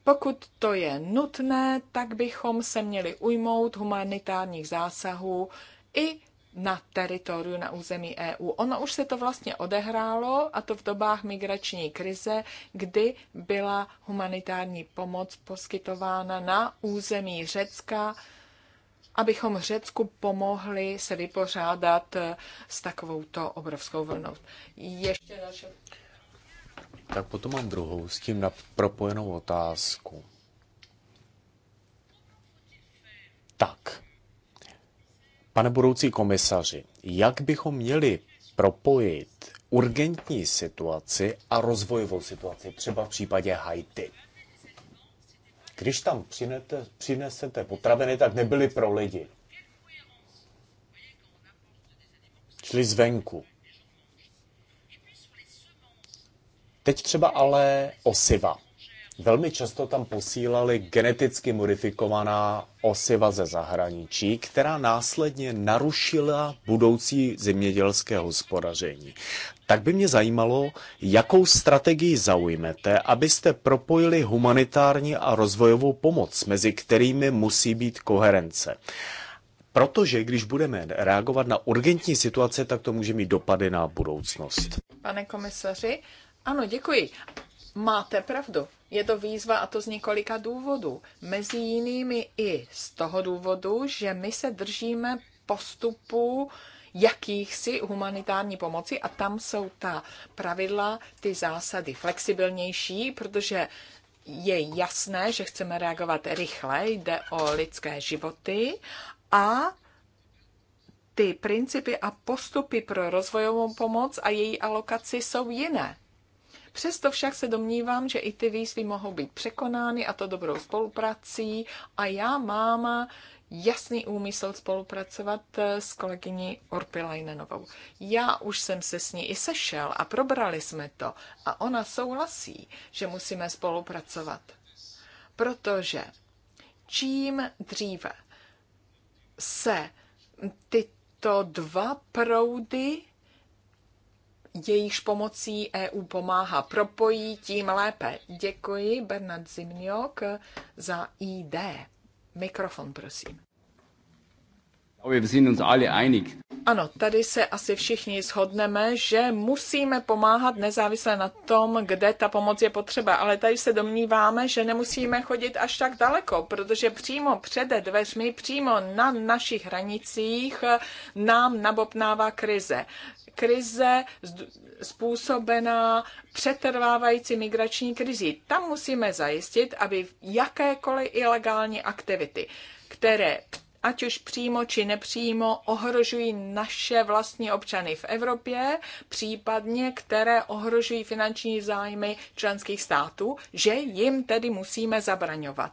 Pokud to je nutné, tak bychom se měli ujmout humanitárních zásahů i na teritoriu, na území EU. Ono už se to vlastně odehrálo, a to v dobách migrační krize, kdy byla humanitární pomoc poskytována na území Řecka, abychom Řecku pomohli se vypořádat s takovouto obrovskou vlnou. Ještě další. Tak potom mám druhou, s tím na propojenou otázku. Pane budoucí komisaři, jak bychom měli propojit urgentní situaci a rozvojovou situaci, třeba v případě Haiti? Když tam přinete, přinesete potraviny, tak nebyly pro lidi. Šli zvenku. Teď třeba ale osiva. Velmi často tam posílali geneticky modifikovaná osiva ze zahraničí, která následně narušila budoucí zemědělské hospodaření. Tak by mě zajímalo, jakou strategii zaujmete, abyste propojili humanitární a rozvojovou pomoc, mezi kterými musí být koherence. Protože když budeme reagovat na urgentní situace, tak to může mít dopady na budoucnost. Pane komisaři, ano, děkuji. Máte pravdu. Je to výzva a to z několika důvodů. Mezi jinými i z toho důvodu, že my se držíme postupů jakýchsi humanitární pomoci a tam jsou ta pravidla, ty zásady flexibilnější, protože je jasné, že chceme reagovat rychle, jde o lidské životy a ty principy a postupy pro rozvojovou pomoc a její alokaci jsou jiné. Přesto však se domnívám, že i ty výzvy mohou být překonány a to dobrou spoluprací a já máma jasný úmysl spolupracovat eh, s kolegyní Orpilajnenovou. Já už jsem se s ní i sešel a probrali jsme to a ona souhlasí, že musíme spolupracovat. Protože čím dříve se tyto dva proudy jejichž pomocí EU pomáhá, propojí, tím lépe. Děkuji, Bernard Zimňok, za ID. Mikrofon, prosím. Ano, tady se asi všichni shodneme, že musíme pomáhat nezávisle na tom, kde ta pomoc je potřeba, ale tady se domníváme, že nemusíme chodit až tak daleko, protože přímo před dveřmi, přímo na našich hranicích nám nabopnává krize krize způsobená přetrvávající migrační krizí. Tam musíme zajistit, aby jakékoliv ilegální aktivity, které ať už přímo či nepřímo ohrožují naše vlastní občany v Evropě, případně které ohrožují finanční zájmy členských států, že jim tedy musíme zabraňovat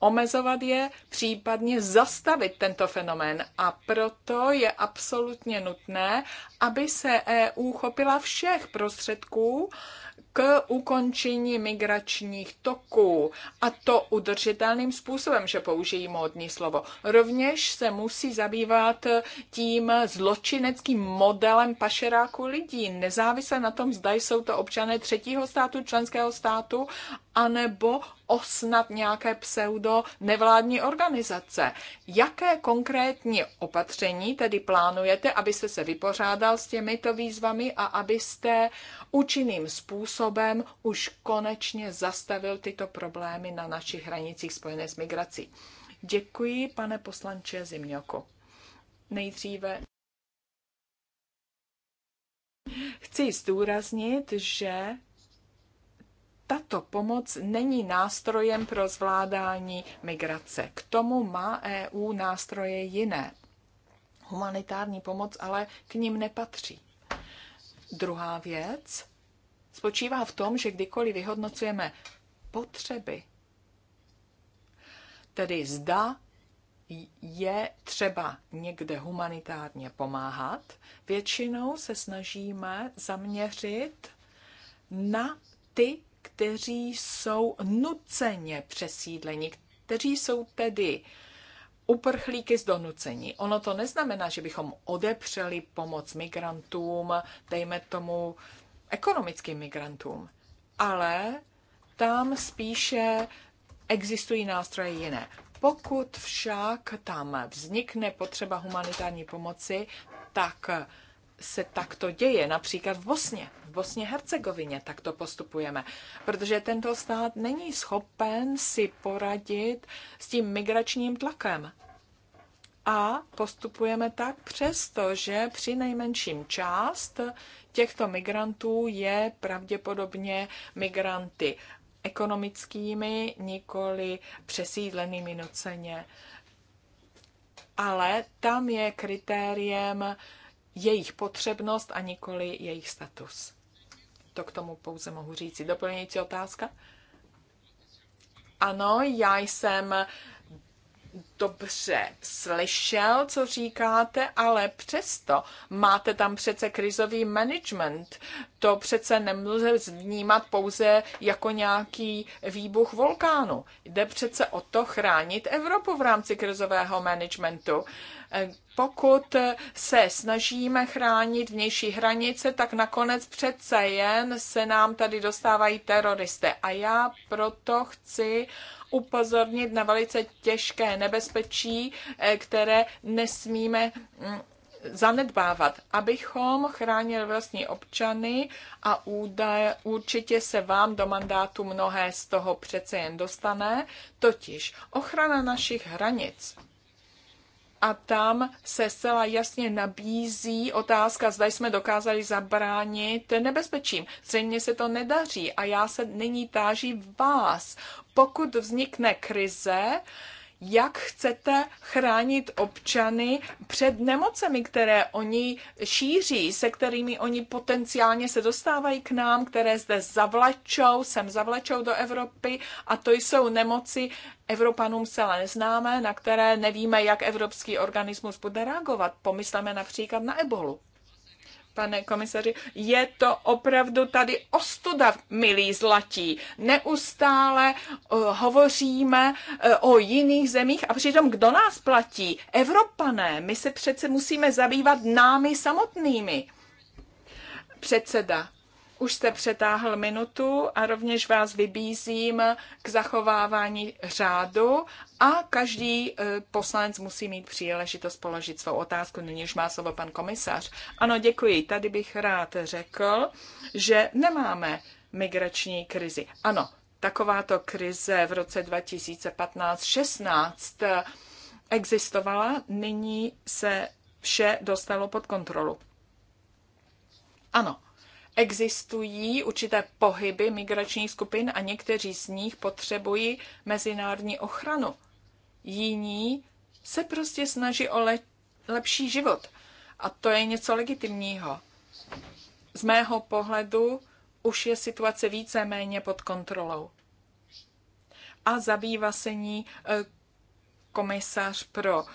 omezovat je, případně zastavit tento fenomén. A proto je absolutně nutné, aby se EU chopila všech prostředků, k ukončení migračních toků a to udržitelným způsobem, že použijí módní slovo. Rovněž se musí zabývat tím zločineckým modelem pašeráku lidí, nezávisle na tom, zda jsou to občané třetího státu, členského státu, anebo osnat nějaké pseudo nevládní organizace. Jaké konkrétní opatření tedy plánujete, abyste se vypořádal s těmito výzvami a abyste uh, účinným způsobem už konečně zastavil tyto problémy na našich hranicích spojené s migrací. Děkuji, pane poslanče Zimňoku. Nejdříve chci zdůraznit, že tato pomoc není nástrojem pro zvládání migrace. K tomu má EU nástroje jiné. Humanitární pomoc ale k ním nepatří. Druhá věc spočívá v tom, že kdykoliv vyhodnocujeme potřeby, tedy zda je třeba někde humanitárně pomáhat, většinou se snažíme zaměřit na ty, kteří jsou nuceně přesídleni, kteří jsou tedy uprchlíky z donucení. Ono to neznamená, že bychom odepřeli pomoc migrantům, dejme tomu ekonomickým migrantům, ale tam spíše existují nástroje jiné. Pokud však tam vznikne potřeba humanitární pomoci, tak se takto děje, například v Bosně, v Bosně Hercegovině takto postupujeme, protože tento stát není schopen si poradit s tím migračním tlakem a postupujeme tak přesto, že při nejmenším část těchto migrantů je pravděpodobně migranty ekonomickými, nikoli přesídlenými noceně, Ale tam je kritériem jejich potřebnost a nikoli jejich status. To k tomu pouze mohu říci. Doplňující otázka? Ano, já jsem dobře slyšel, co říkáte, ale přesto máte tam přece krizový management. To přece nemůže vnímat pouze jako nějaký výbuch vulkánu. Jde přece o to chránit Evropu v rámci krizového managementu. Pokud se snažíme chránit vnější hranice, tak nakonec přece jen se nám tady dostávají teroristé. A já proto chci upozornit na velice těžké nebezpečí, eh, které nesmíme mm, zanedbávat, abychom chránili vlastní občany a údaje, určitě se vám do mandátu mnohé z toho přece jen dostane, totiž ochrana našich hranic a tam se zcela jasně nabízí otázka, zda jsme dokázali zabránit nebezpečím. Zřejmě se to nedaří a já se nyní táží vás. Pokud vznikne krize, jak chcete chránit občany před nemocemi, které oni šíří, se kterými oni potenciálně se dostávají k nám, které zde zavlačou, sem zavlačou do Evropy a to jsou nemoci Evropanům celé neznámé, na které nevíme, jak evropský organismus bude reagovat. Pomysleme například na ebolu pane komisaři, je to opravdu tady ostuda, milí zlatí. Neustále uh, hovoříme uh, o jiných zemích a přitom kdo nás platí? Evropané. My se přece musíme zabývat námi samotnými. Předseda už jste přetáhl minutu a rovněž vás vybízím k zachovávání řádu a každý e, poslanec musí mít příležitost položit svou otázku, nyníž má slovo pan komisař. Ano, děkuji. Tady bych rád řekl, že nemáme migrační krizi. Ano, takováto krize v roce 2015-16 e, existovala, nyní se vše dostalo pod kontrolu. Ano, existují určité pohyby migračních skupin a někteří z nich potřebují mezinárodní ochranu. Jiní se prostě snaží o le- lepší život. A to je něco legitimního. Z mého pohledu už je situace více-méně pod kontrolou. A zabývá se ní e, komisař pro e,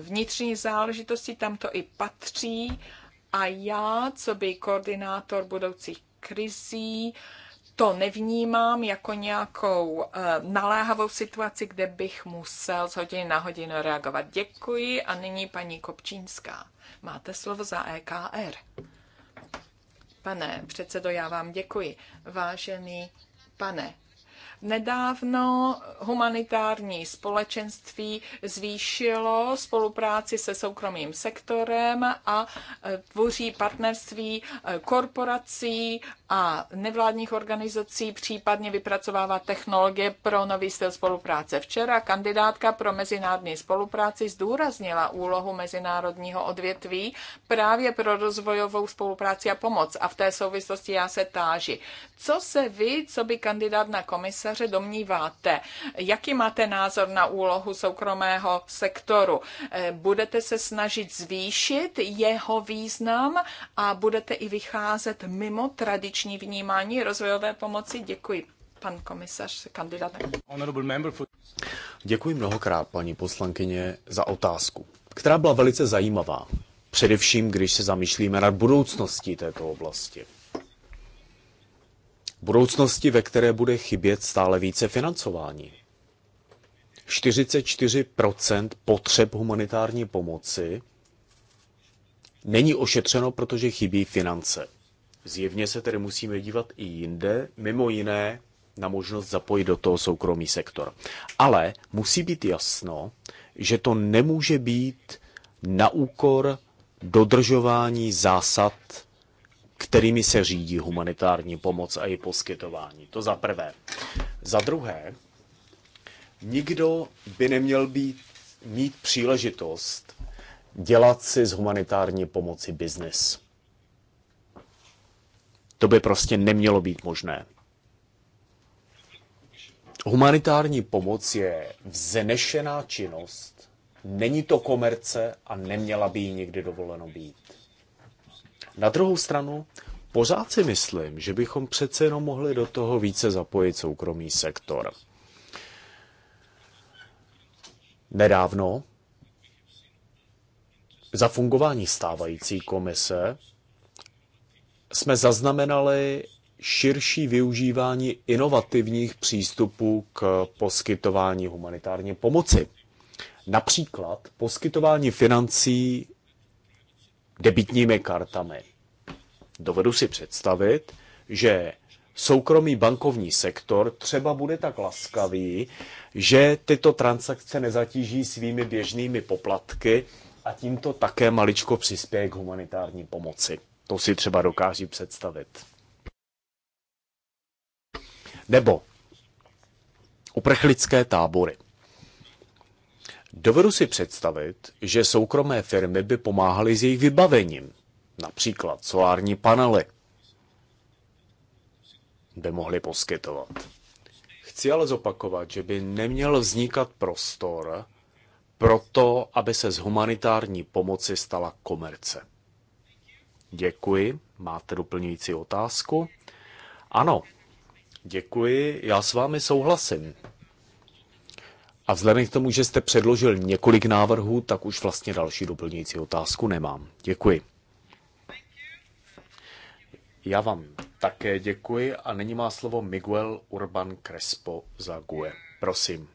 vnitřní záležitosti, tam to i patří a já, co by koordinátor budoucích krizí, to nevnímám jako nějakou eh, naléhavou situaci, kde bych musel z hodiny na hodinu reagovat. Děkuji a nyní paní Kopčínská. Máte slovo za EKR. Pane předsedo, já vám děkuji. Vážený pane Nedávno humanitární společenství zvýšilo spolupráci se soukromým sektorem a e, tvoří partnerství e, korporací a nevládních organizací, případně vypracovává technologie pro nový styl spolupráce. Včera kandidátka pro mezinárodní spolupráci zdůraznila úlohu mezinárodního odvětví právě pro rozvojovou spolupráci a pomoc. A v té souvislosti já se táži, co se vy, co by kandidát na komise, komisaře domníváte? Jaký máte názor na úlohu soukromého sektoru? Eh, budete se snažit zvýšit jeho význam a budete i vycházet mimo tradiční vnímání rozvojové pomoci? Děkuji pan komisař, kandidát. Děkuji mnohokrát, paní poslankyně, za otázku, která byla velice zajímavá. Především, když se zamýšlíme nad budoucností této oblasti budoucnosti, ve které bude chybět stále více financování. 44 potřeb humanitární pomoci není ošetřeno, protože chybí finance. Zjevně se tedy musíme dívat i jinde, mimo jiné na možnost zapojit do toho soukromý sektor. Ale musí být jasno, že to nemůže být na úkor dodržování zásad kterými se řídí humanitární pomoc a její poskytování. To za prvé. Za druhé, nikdo by neměl být, mít příležitost dělat si z humanitární pomoci biznis. To by prostě nemělo být možné. Humanitární pomoc je vznešená činnost, není to komerce a neměla by ji nikdy dovoleno být. Na druhou stranu, pořád si myslím, že bychom přece jenom mohli do toho více zapojit soukromý sektor. Nedávno za fungování stávající komise jsme zaznamenali širší využívání inovativních přístupů k poskytování humanitární pomoci. Například poskytování financí debitními kartami. Dovedu si představit, že soukromý bankovní sektor třeba bude tak laskavý, že tyto transakce nezatíží svými běžnými poplatky a tímto také maličko přispěje k humanitární pomoci. To si třeba dokáží představit. Nebo uprchlické tábory. Dovedu si představit, že soukromé firmy by pomáhaly s jejich vybavením, například solární panely by mohly poskytovat. Chci ale zopakovat, že by neměl vznikat prostor pro to, aby se z humanitární pomoci stala komerce. Děkuji. Máte doplňující otázku? Ano, děkuji. Já s vámi souhlasím. A vzhledem k tomu, že jste předložil několik návrhů, tak už vlastně další doplňující otázku nemám. Děkuji. Já vám také děkuji a nyní má slovo Miguel Urban Crespo za GUE. Prosím.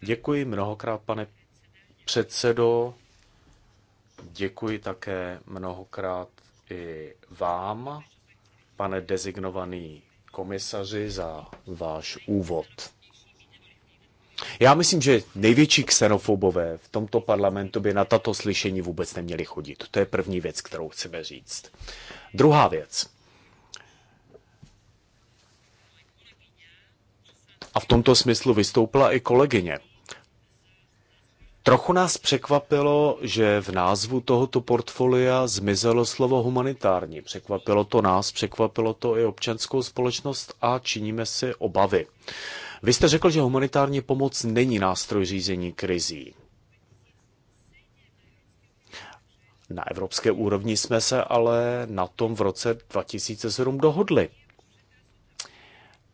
Děkuji mnohokrát, pane předsedo. Děkuji také mnohokrát i vám, pane designovaný komisaři, za váš úvod. Já myslím, že největší xenofobové v tomto parlamentu by na tato slyšení vůbec neměli chodit. To je první věc, kterou chceme říct. Druhá věc. A v tomto smyslu vystoupila i kolegyně. Trochu nás překvapilo, že v názvu tohoto portfolia zmizelo slovo humanitární. Překvapilo to nás, překvapilo to i občanskou společnost a činíme si obavy. Vy jste řekl, že humanitární pomoc není nástroj řízení krizí. Na evropské úrovni jsme se ale na tom v roce 2007 dohodli.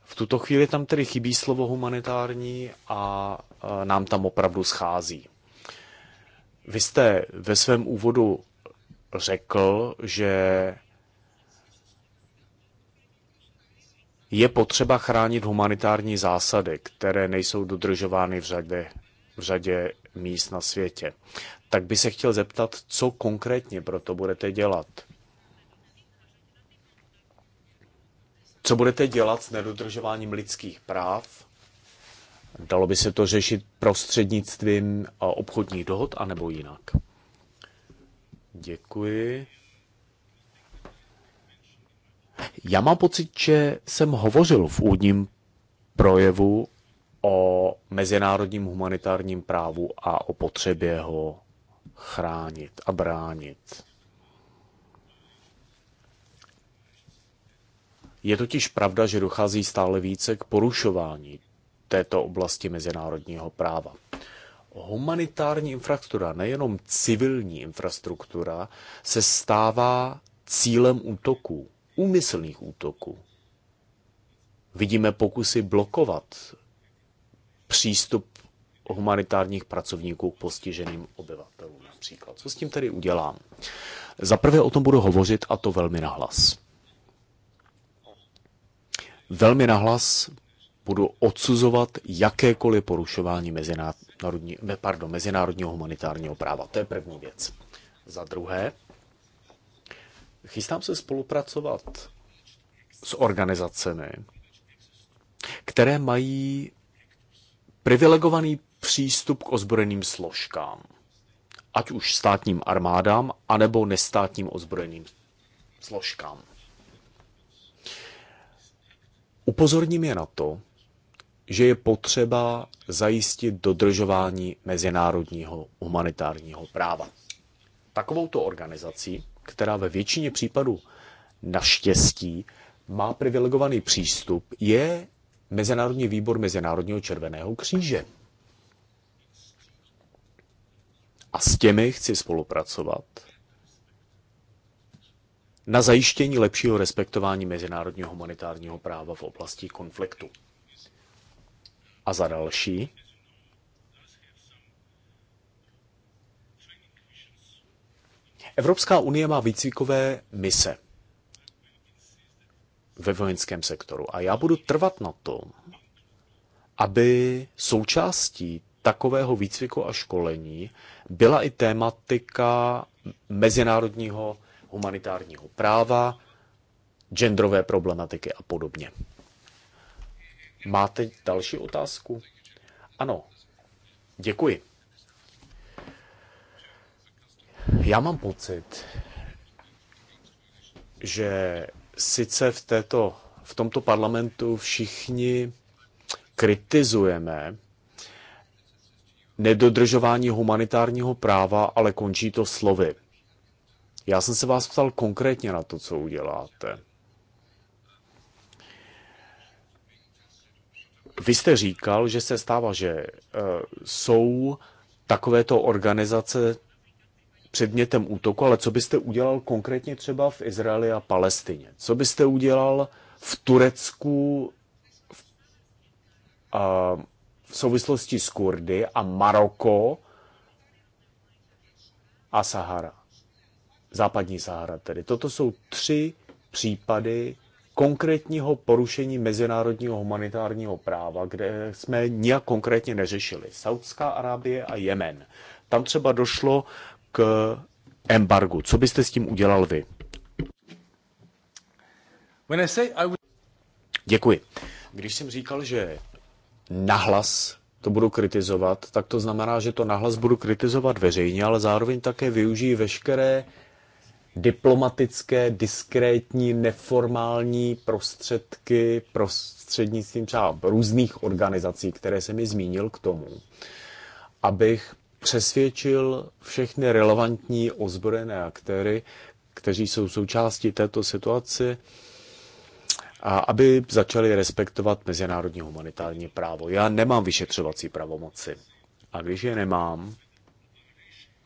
V tuto chvíli tam tedy chybí slovo humanitární a nám tam opravdu schází. Vy jste ve svém úvodu řekl, že Je potřeba chránit humanitární zásady, které nejsou dodržovány v řadě, v řadě míst na světě. Tak by se chtěl zeptat, co konkrétně pro to budete dělat? Co budete dělat s nedodržováním lidských práv? Dalo by se to řešit prostřednictvím obchodních dohod anebo jinak? Děkuji. Já mám pocit, že jsem hovořil v úvodním projevu o mezinárodním humanitárním právu a o potřebě ho chránit a bránit. Je totiž pravda, že dochází stále více k porušování této oblasti mezinárodního práva. Humanitární infrastruktura, nejenom civilní infrastruktura, se stává cílem útoků úmyslných útoků. Vidíme pokusy blokovat přístup humanitárních pracovníků k postiženým obyvatelům například. Co s tím tedy udělám? Za prvé o tom budu hovořit a to velmi nahlas. Velmi nahlas budu odsuzovat jakékoliv porušování mezinárodní, pardon, mezinárodního humanitárního práva. To je první věc. Za druhé, Chystám se spolupracovat s organizacemi, které mají privilegovaný přístup k ozbrojeným složkám, ať už státním armádám, anebo nestátním ozbrojeným složkám. Upozorním je na to, že je potřeba zajistit dodržování mezinárodního humanitárního práva. Takovouto organizací která ve většině případů naštěstí má privilegovaný přístup, je Mezinárodní výbor Mezinárodního červeného kříže. A s těmi chci spolupracovat na zajištění lepšího respektování mezinárodního humanitárního práva v oblasti konfliktu. A za další, Evropská unie má výcvikové mise ve vojenském sektoru a já budu trvat na tom, aby součástí takového výcviku a školení byla i tématika mezinárodního humanitárního práva, genderové problematiky a podobně. Máte další otázku? Ano, děkuji. Já mám pocit, že sice v, této, v tomto parlamentu všichni kritizujeme nedodržování humanitárního práva, ale končí to slovy. Já jsem se vás ptal konkrétně na to, co uděláte. Vy jste říkal, že se stává, že uh, jsou takovéto organizace předmětem útoku, ale co byste udělal konkrétně třeba v Izraeli a Palestině? Co byste udělal v Turecku v, a, v souvislosti s Kurdy a Maroko a Sahara? Západní Sahara tedy. Toto jsou tři případy konkrétního porušení mezinárodního humanitárního práva, kde jsme nijak konkrétně neřešili. Saudská Arábie a Jemen. Tam třeba došlo embargu. Co byste s tím udělal vy? Děkuji. Když jsem říkal, že nahlas to budu kritizovat, tak to znamená, že to nahlas budu kritizovat veřejně, ale zároveň také využiji veškeré diplomatické, diskrétní, neformální prostředky prostřednictvím třeba různých organizací, které jsem mi zmínil k tomu, abych přesvědčil všechny relevantní ozbrojené aktéry, kteří jsou součástí této situace, a aby začali respektovat mezinárodní humanitární právo. Já nemám vyšetřovací pravomoci. A když je nemám,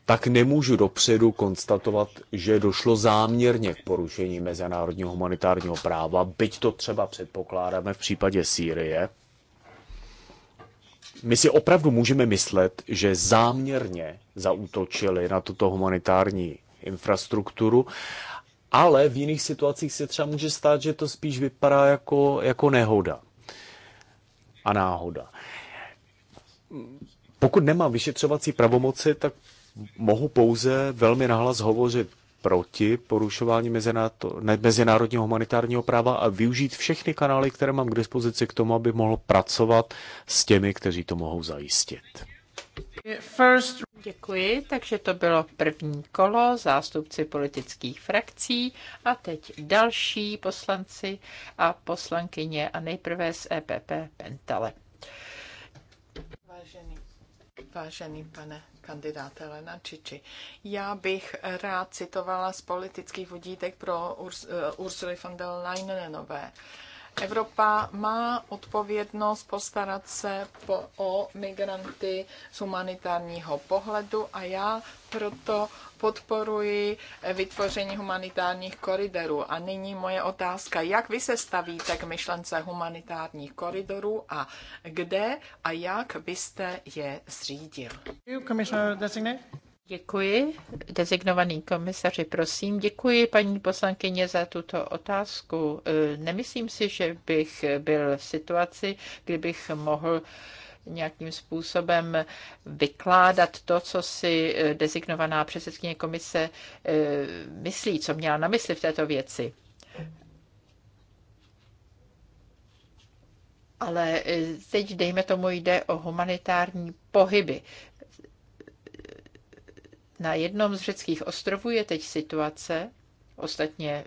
tak nemůžu dopředu konstatovat, že došlo záměrně k porušení mezinárodního humanitárního práva, byť to třeba předpokládáme v případě Sýrie, my si opravdu můžeme myslet, že záměrně zaútočili na tuto humanitární infrastrukturu, ale v jiných situacích se třeba může stát, že to spíš vypadá jako, jako nehoda a náhoda. Pokud nemám vyšetřovací pravomoci, tak mohu pouze velmi nahlas hovořit proti porušování mezinárodního humanitárního práva a využít všechny kanály, které mám k dispozici k tomu, aby mohl pracovat s těmi, kteří to mohou zajistit. First... Děkuji, takže to bylo první kolo zástupci politických frakcí a teď další poslanci a poslankyně a nejprve z EPP Pentale. Vážený Vážený pane kandidáte Lena Čiči, já bych rád citovala z politických vodítek pro eh, Ursuly von der Leyenové. Evropa má odpovědnost postarat se po, o migranty z humanitárního pohledu a já proto podporuji vytvoření humanitárních koridorů. A nyní moje otázka, jak vy se stavíte k myšlence humanitárních koridorů a kde a jak byste je zřídil? Děkuji. Dezignovaný komisaři, prosím. Děkuji, paní poslankyně, za tuto otázku. E, nemyslím si, že bych byl v situaci, kdybych mohl nějakým způsobem vykládat to, co si e, dezignovaná předsedkyně komise e, myslí, co měla na mysli v této věci. Ale teď, dejme tomu, jde o humanitární pohyby. Na jednom z řeckých ostrovů je teď situace, ostatně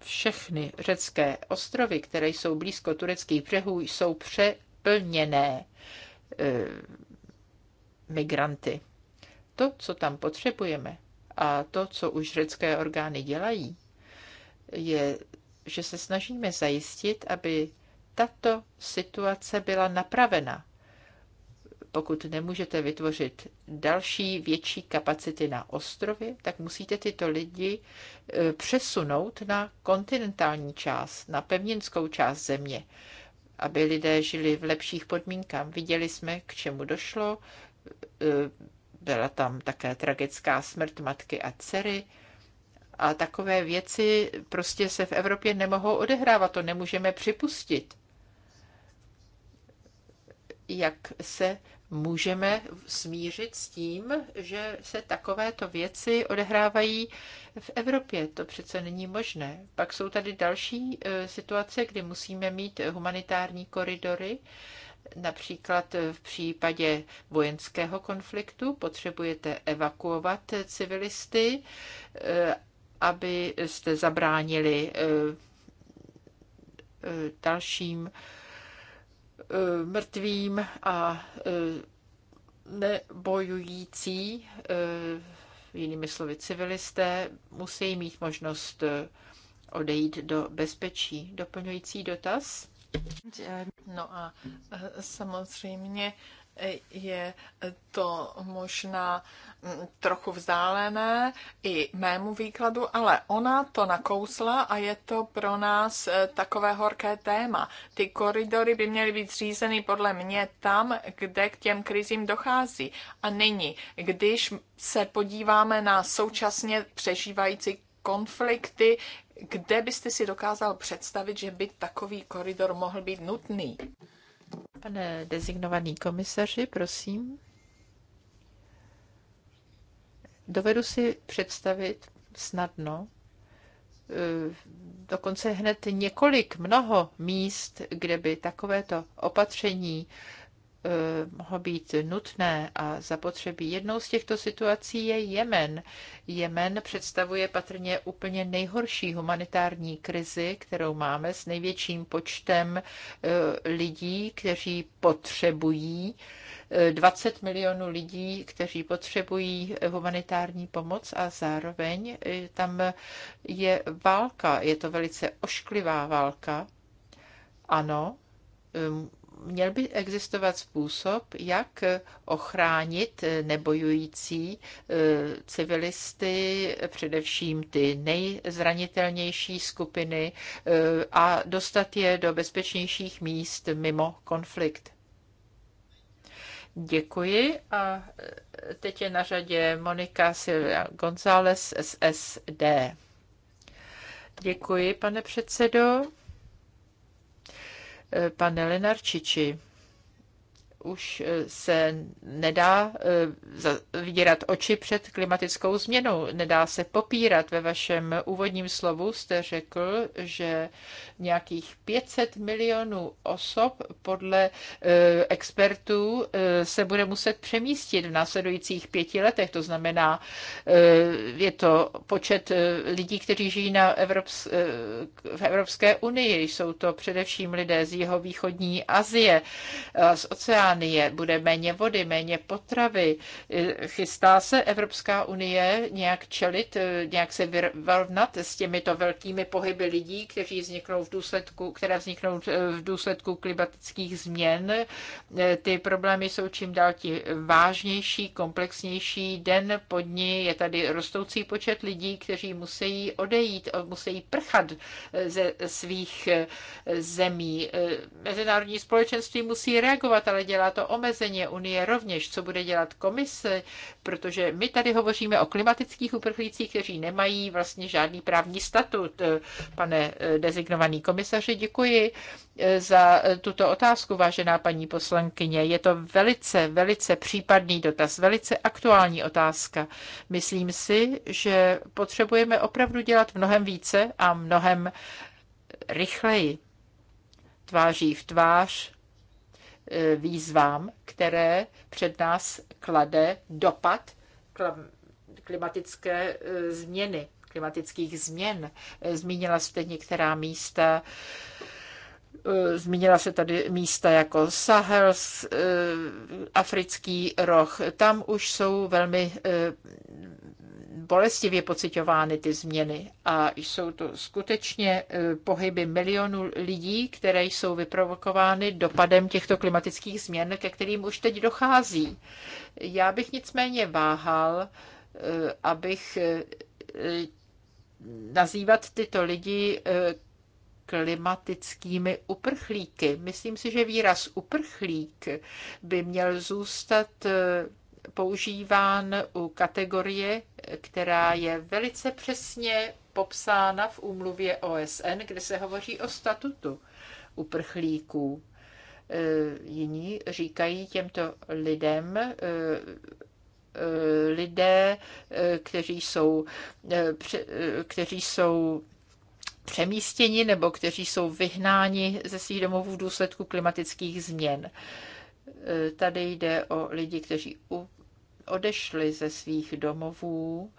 všechny řecké ostrovy, které jsou blízko tureckých břehů, jsou přeplněné e, migranty. To, co tam potřebujeme a to, co už řecké orgány dělají, je, že se snažíme zajistit, aby tato situace byla napravena pokud nemůžete vytvořit další větší kapacity na ostrově, tak musíte tyto lidi e, přesunout na kontinentální část, na pevninskou část země, aby lidé žili v lepších podmínkách. Viděli jsme, k čemu došlo. E, byla tam také tragická smrt matky a dcery. A takové věci prostě se v Evropě nemohou odehrávat, to nemůžeme připustit jak se můžeme smířit s tím, že se takovéto věci odehrávají v Evropě. To přece není možné. Pak jsou tady další e, situace, kdy musíme mít humanitární koridory. Například v případě vojenského konfliktu potřebujete evakuovat civilisty, e, aby jste zabránili e, dalším Eh, mrtvým a eh, nebojující, eh, jinými slovy civilisté, musí mít možnost odejít do bezpečí. Doplňující dotaz? No a samozřejmě je to možná mm, trochu vzdálené i mému výkladu, ale ona to nakousla a je to pro nás eh, takové horké téma. Ty koridory by měly být zřízeny podle mě tam, kde k těm krizím dochází. A nyní, když se podíváme na současně přežívající konflikty, kde byste si dokázal představit, že by takový koridor mohl být nutný? Pane designovaný komisaři, prosím. Dovedu si představit snadno, eh, dokonce hned několik, mnoho míst, kde by takovéto opatření Eh, mohlo být nutné a zapotřebí. Jednou z těchto situací je Jemen. Jemen představuje patrně úplně nejhorší humanitární krizi, kterou máme s největším počtem eh, lidí, kteří potřebují 20 eh, milionů lidí, kteří potřebují humanitární pomoc a zároveň tam je válka. Je to velice ošklivá válka. Ano, měl by existovat způsob, jak ochránit nebojující eh, civilisty, především ty nejzranitelnější skupiny, eh, a dostat je do bezpečnějších míst mimo konflikt. Děkuji a eh, teď je na řadě Monika Silvia González z SD. Děkuji, pane předsedo pane Lenarčiči už eh, se nedá eh, vydírat oči před klimatickou změnou, nedá se popírat. Ve vašem úvodním slovu jste řekl, že nějakých 500 milionů osob podle eh, expertů se bude muset přemístit v následujících pěti letech. To znamená, je to počet lidí, kteří žijí na Evrops- v Evropské unii. Jsou to především lidé z východní Azie, z oceánu Británie, bude méně vody, méně potravy. Eh, chystá se Evropská unie nějak čelit, eh, nějak se vyrovnat s těmito velkými pohyby lidí, kteří vzniknou v důsledku, které vzniknou eh, v důsledku klimatických změn. Ty problémy jsou čím dál tím vážnější, komplexnější. Den po dní je tady rostoucí počet lidí, kteří musí odejít, musí prchat ze svých zemí. Mezinárodní společenství musí reagovat, ale dělá dělá to omezení Unie rovněž, co bude dělat komise, protože my tady hovoříme o klimatických uprchlících, kteří nemají vlastně žádný právní statut. Pane eh, dezignovaný komisaři, děkuji eh, za eh, tuto otázku, vážená paní poslankyně. Je to velice, velice případný dotaz, velice aktuální otázka. Myslím si, že potřebujeme opravdu dělat mnohem více a mnohem rychleji tváří v tvář E, výzvám, které před nás klade dopad klimatické e, změny, klimatických změn. E, zmínila jste některá místa, Zmínila se tady místa jako Sahel, Africký roh. Tam už jsou velmi bolestivě pocitovány ty změny a jsou to skutečně e, pohyby milionů lidí, které jsou vyprovokovány dopadem těchto klimatických změn, ke kterým už teď dochází. Já bych nicméně váhal, e, abych e, nazývat tyto lidi klimatickými uprchlíky. Myslím si, že výraz uprchlík by měl zůstat používán u kategorie, která je velice přesně popsána v úmluvě OSN, kde se hovoří o statutu uprchlíků. E, jiní říkají těmto lidem, e, e, lidé, kteří jsou, kteří jsou přemístěni nebo kteří jsou vyhnáni ze svých domovů v důsledku klimatických změn. Eh, tady jde o lidi, kteří odešli ze svých domovů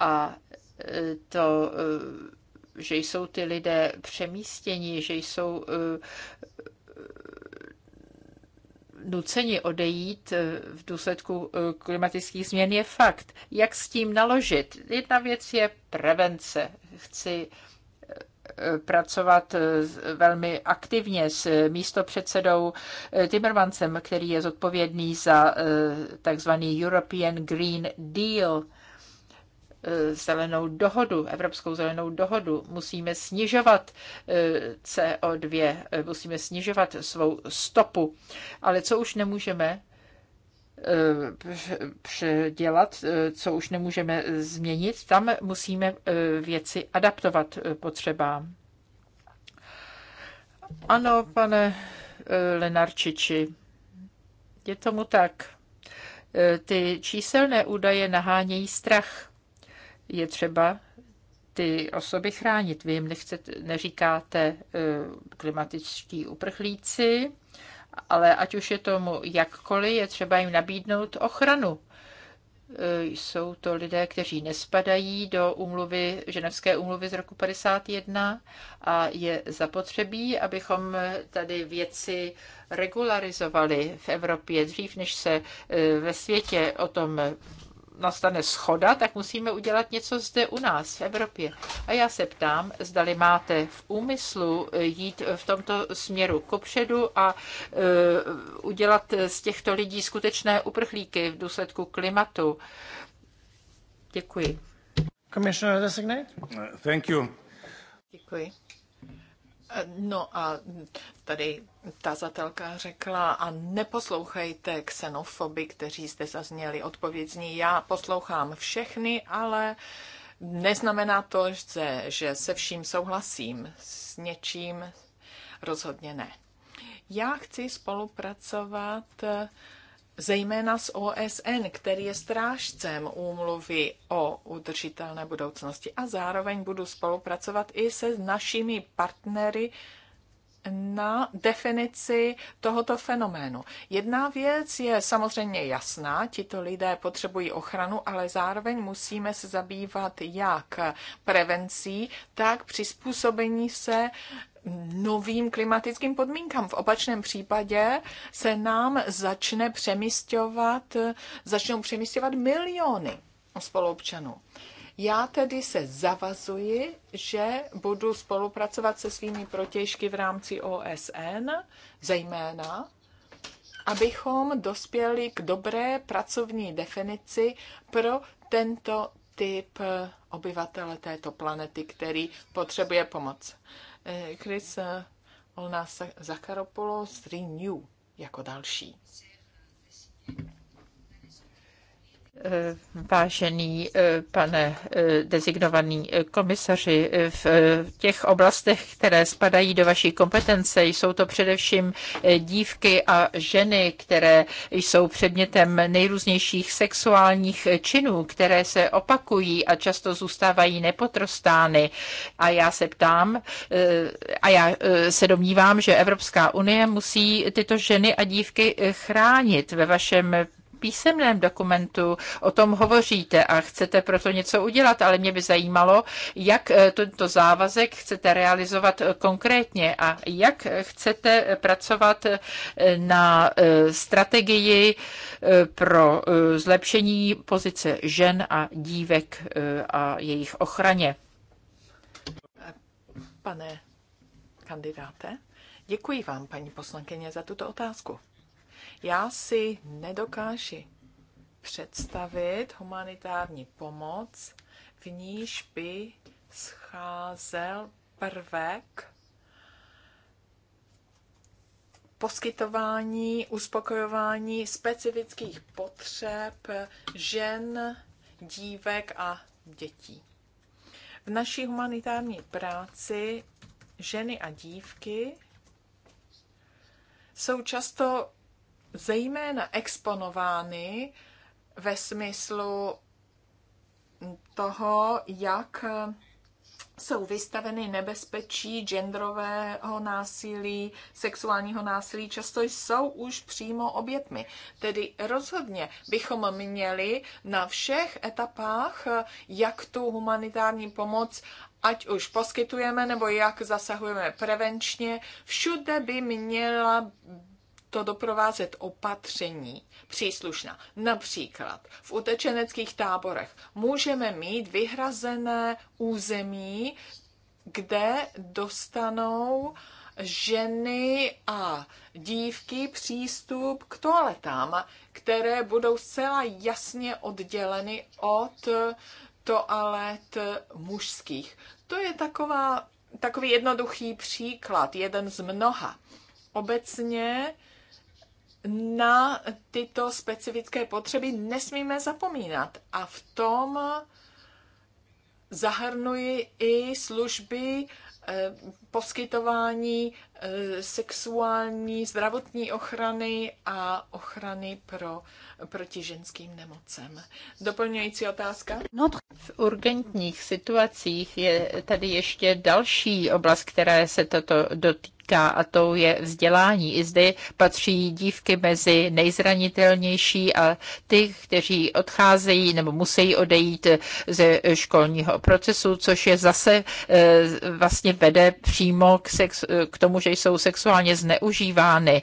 a eh, to, eh, že jsou ty lidé přemístěni, že jsou nuceni odejít v důsledku klimatických změn je fakt. Jak s tím naložit? Jedna věc je prevence. Chci pracovat eh, velmi aktivně s eh, místopředsedou eh, Timmermansem, který je zodpovědný za takzvaný European Green Deal, zelenou dohodu, Evropskou zelenou dohodu. Musíme snižovat CO2, musíme snižovat svou stopu. Ale co už nemůžeme Eh, předělat, eh, co už nemůžeme změnit, tam musíme eh, věci adaptovat potřebám. Ano, pane Lenarčiči, je tomu tak. Ty číselné údaje nahánějí strach. Je třeba ty osoby chránit. Vy jim nechcete, neříkáte klimatičtí uprchlíci, ale ať už je tomu jakkoliv, je třeba jim nabídnout ochranu. E, jsou to lidé, kteří nespadají do umluvy, ženevské umluvy z roku 51 a je zapotřebí, abychom tady věci regularizovali v Evropě dřív, než se e, ve světě o tom nastane schoda, tak musíme udělat něco zde u nás v Evropě. A já se ptám, zdali máte v úmyslu eh, jít eh, v tomto směru kopředu a e, udělat z těchto lidí skutečné uprchlíky v důsledku klimatu. Děkuji. Commissioner designate. Thank you. Děkuji. Eh, no a tady ta zatelka řekla a neposlouchejte xenofoby, kteří jste zazněli odpověď já poslouchám všechny, ale neznamená to, že se vším souhlasím, s něčím rozhodně ne. Já chci spolupracovat eh, zejména z OSN, který je strážcem úmluvy o udržitelné budoucnosti. A zároveň budu spolupracovat i se našimi partnery na definici tohoto fenoménu. Jedna věc je samozřejmě jasná, tito lidé potřebují ochranu, ale zároveň musíme se zabývat jak prevencí, tak přizpůsobení se novým klimatickým podmínkám. V opačném případě se nám začne přemysťovat, začnou přemysťovat miliony spoluobčanů. Já tedy se zavazuji, že budu spolupracovat se svými protěžky v rámci OSN, zejména abychom dospěli k dobré pracovní definici pro tento typ obyvatele této planety, který potřebuje pomoc. Eh, Chris eh, Olna Zakaropoulos Renew jako další. Eh, vážený eh, pane eh, designovaný komisaři, v těch oblastech, které spadají do vaší kompetence, jsou to především dívky a ženy, které jsou předmětem nejrůznějších sexuálních činů, které se opakují a často zůstávají nepotrostány. A já se ptám, a já se domnívám, že Evropská unie musí tyto ženy a dívky chránit. Ve vašem písemném dokumentu o tom hovoříte a chcete proto něco udělat, ale mě by zajímalo, jak eh, tento závazek chcete realizovat eh, konkrétně a jak chcete pracovat eh, na strategii pro zlepšení pozice žen a dívek a jejich ochraně. Pane kandidáte, děkuji vám, paní poslankyně, za tuto otázku. Já si nedokážu představit humanitární pomoc, v níž by scházel prvek poskytování, uspokojování specifických potřeb žen, dívek a dětí. V naší humanitární práci ženy a dívky jsou často zejména exponovány ve smyslu toho, jak jsou vystaveny nebezpečí genderového násilí, sexuálního násilí, často jsou už přímo obětmi. Tedy rozhodně bychom měli na všech etapách, jak tu humanitární pomoc ať už poskytujeme nebo jak zasahujeme prevenčně, všude by měla to doprovázet opatření příslušná. Například v utečeneckých táborech můžeme mít vyhrazené území, kde dostanou ženy a dívky přístup k toaletám, které budou zcela jasně odděleny od toalet mužských. To je taková, takový jednoduchý příklad, jeden z mnoha. Obecně na tyto specifické potřeby nesmíme zapomínat. A v tom zahrnuji i služby eh, poskytování eh, sexuální, zdravotní ochrany a ochrany pro, proti ženským nemocem. Doplňující otázka? v urgentních situacích je tady ještě další oblast, která se toto dotýká týká, a to je vzdělání. I zde patří dívky mezi nejzranitelnější a ty, kteří odcházejí nebo musí odejít ze školního procesu, což je zase e, vlastně vede přímo k, sex, e, k tomu, že jsou sexuálně zneužívány.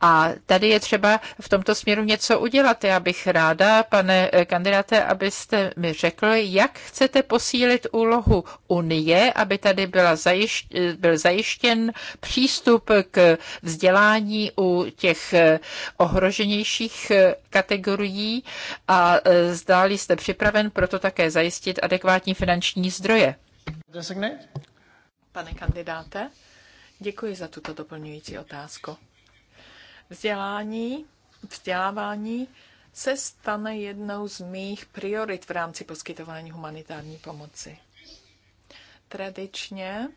A tady je třeba v tomto směru něco udělat. Já bych ráda, pane e, kandidáte, abyste mi řekl, jak chcete posílit úlohu Unie, aby tady byla zajiš- byl zajištěn přístup k vzdělání u těch eh, ohroženějších eh, kategorií a eh, zdáli jste připraven proto také zajistit adekvátní finanční zdroje. Pane kandidáte, děkuji za tuto doplňující otázku. Vzdělání, vzdělávání se stane jednou z mých priorit v rámci poskytování humanitární pomoci. Tradičně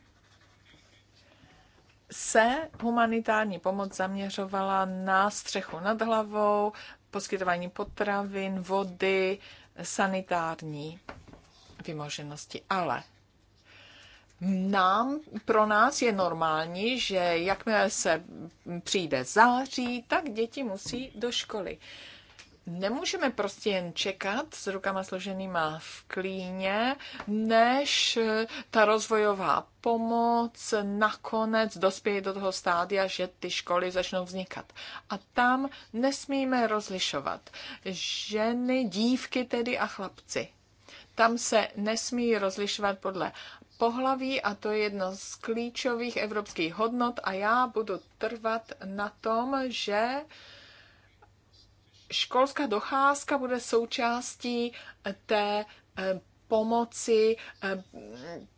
se humanitární pomoc zaměřovala na střechu nad hlavou, poskytování potravin, vody, sanitární vymoženosti. Ale nám, pro nás je normální, že jakmile se přijde září, tak děti musí do školy nemůžeme prostě jen čekat s rukama složenýma v klíně, než eh, ta rozvojová pomoc nakonec dospěje do toho stádia, že ty školy začnou vznikat. A tam nesmíme rozlišovat ženy, dívky tedy a chlapci. Tam se nesmí rozlišovat podle pohlaví a to je jedno z klíčových evropských hodnot a já budu trvat na tom, že školská docházka bude součástí eh, té eh, pomoci, eh,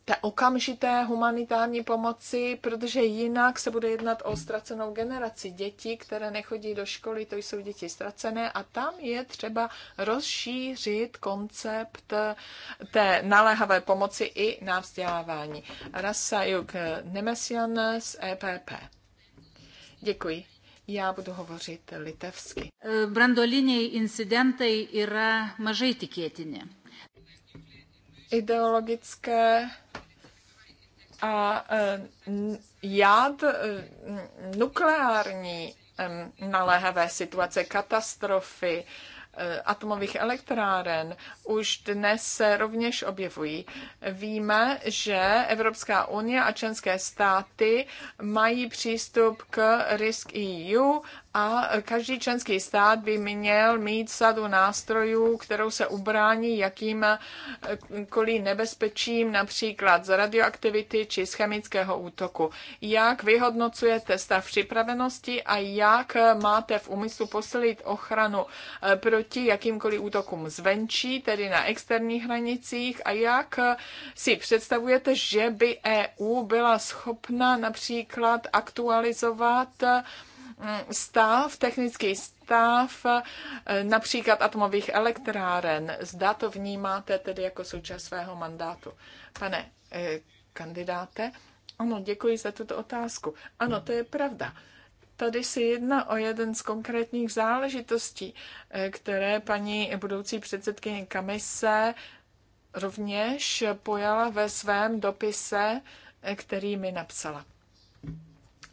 té okamžité humanitární pomoci, protože jinak se bude jednat o ztracenou generaci dětí, které nechodí do školy, to jsou děti ztracené a tam je třeba rozšířit koncept té naléhavé pomoci i na vzdělávání. Rasa Juk Nemesian z EPP. Děkuji. Já budu hovořit litevsky. E, brandoliniai incidenty yra mažai tikėtini. Ideologické a e, jád e, nukleární naléhavé situace, katastrofy, Eh, atomových elektráren už dnes se rovněž objevují. Víme, že Evropská unie a členské státy mají přístup k Risk EU a každý členský stát by měl mít sadu nástrojů, kterou se ubrání jakýmkoliv eh, nebezpečím, například z radioaktivity či z chemického útoku. Jak vyhodnocujete stav připravenosti a jak eh, máte v úmyslu posilit ochranu eh, proti jakýmkoliv útokům zvenčí, tedy na externích hranicích a jak si představujete, že by EU byla schopna například aktualizovat Mm, stav, technický stav eh, například atomových elektráren. Zda to vnímáte tedy jako součást svého mandátu. Pane eh, kandidáte, ano, děkuji za tuto otázku. Ano, to je pravda. Tady se jedná o jeden z konkrétních záležitostí, eh, které paní budoucí předsedkyně Kamise rovněž pojala ve svém dopise, který mi napsala.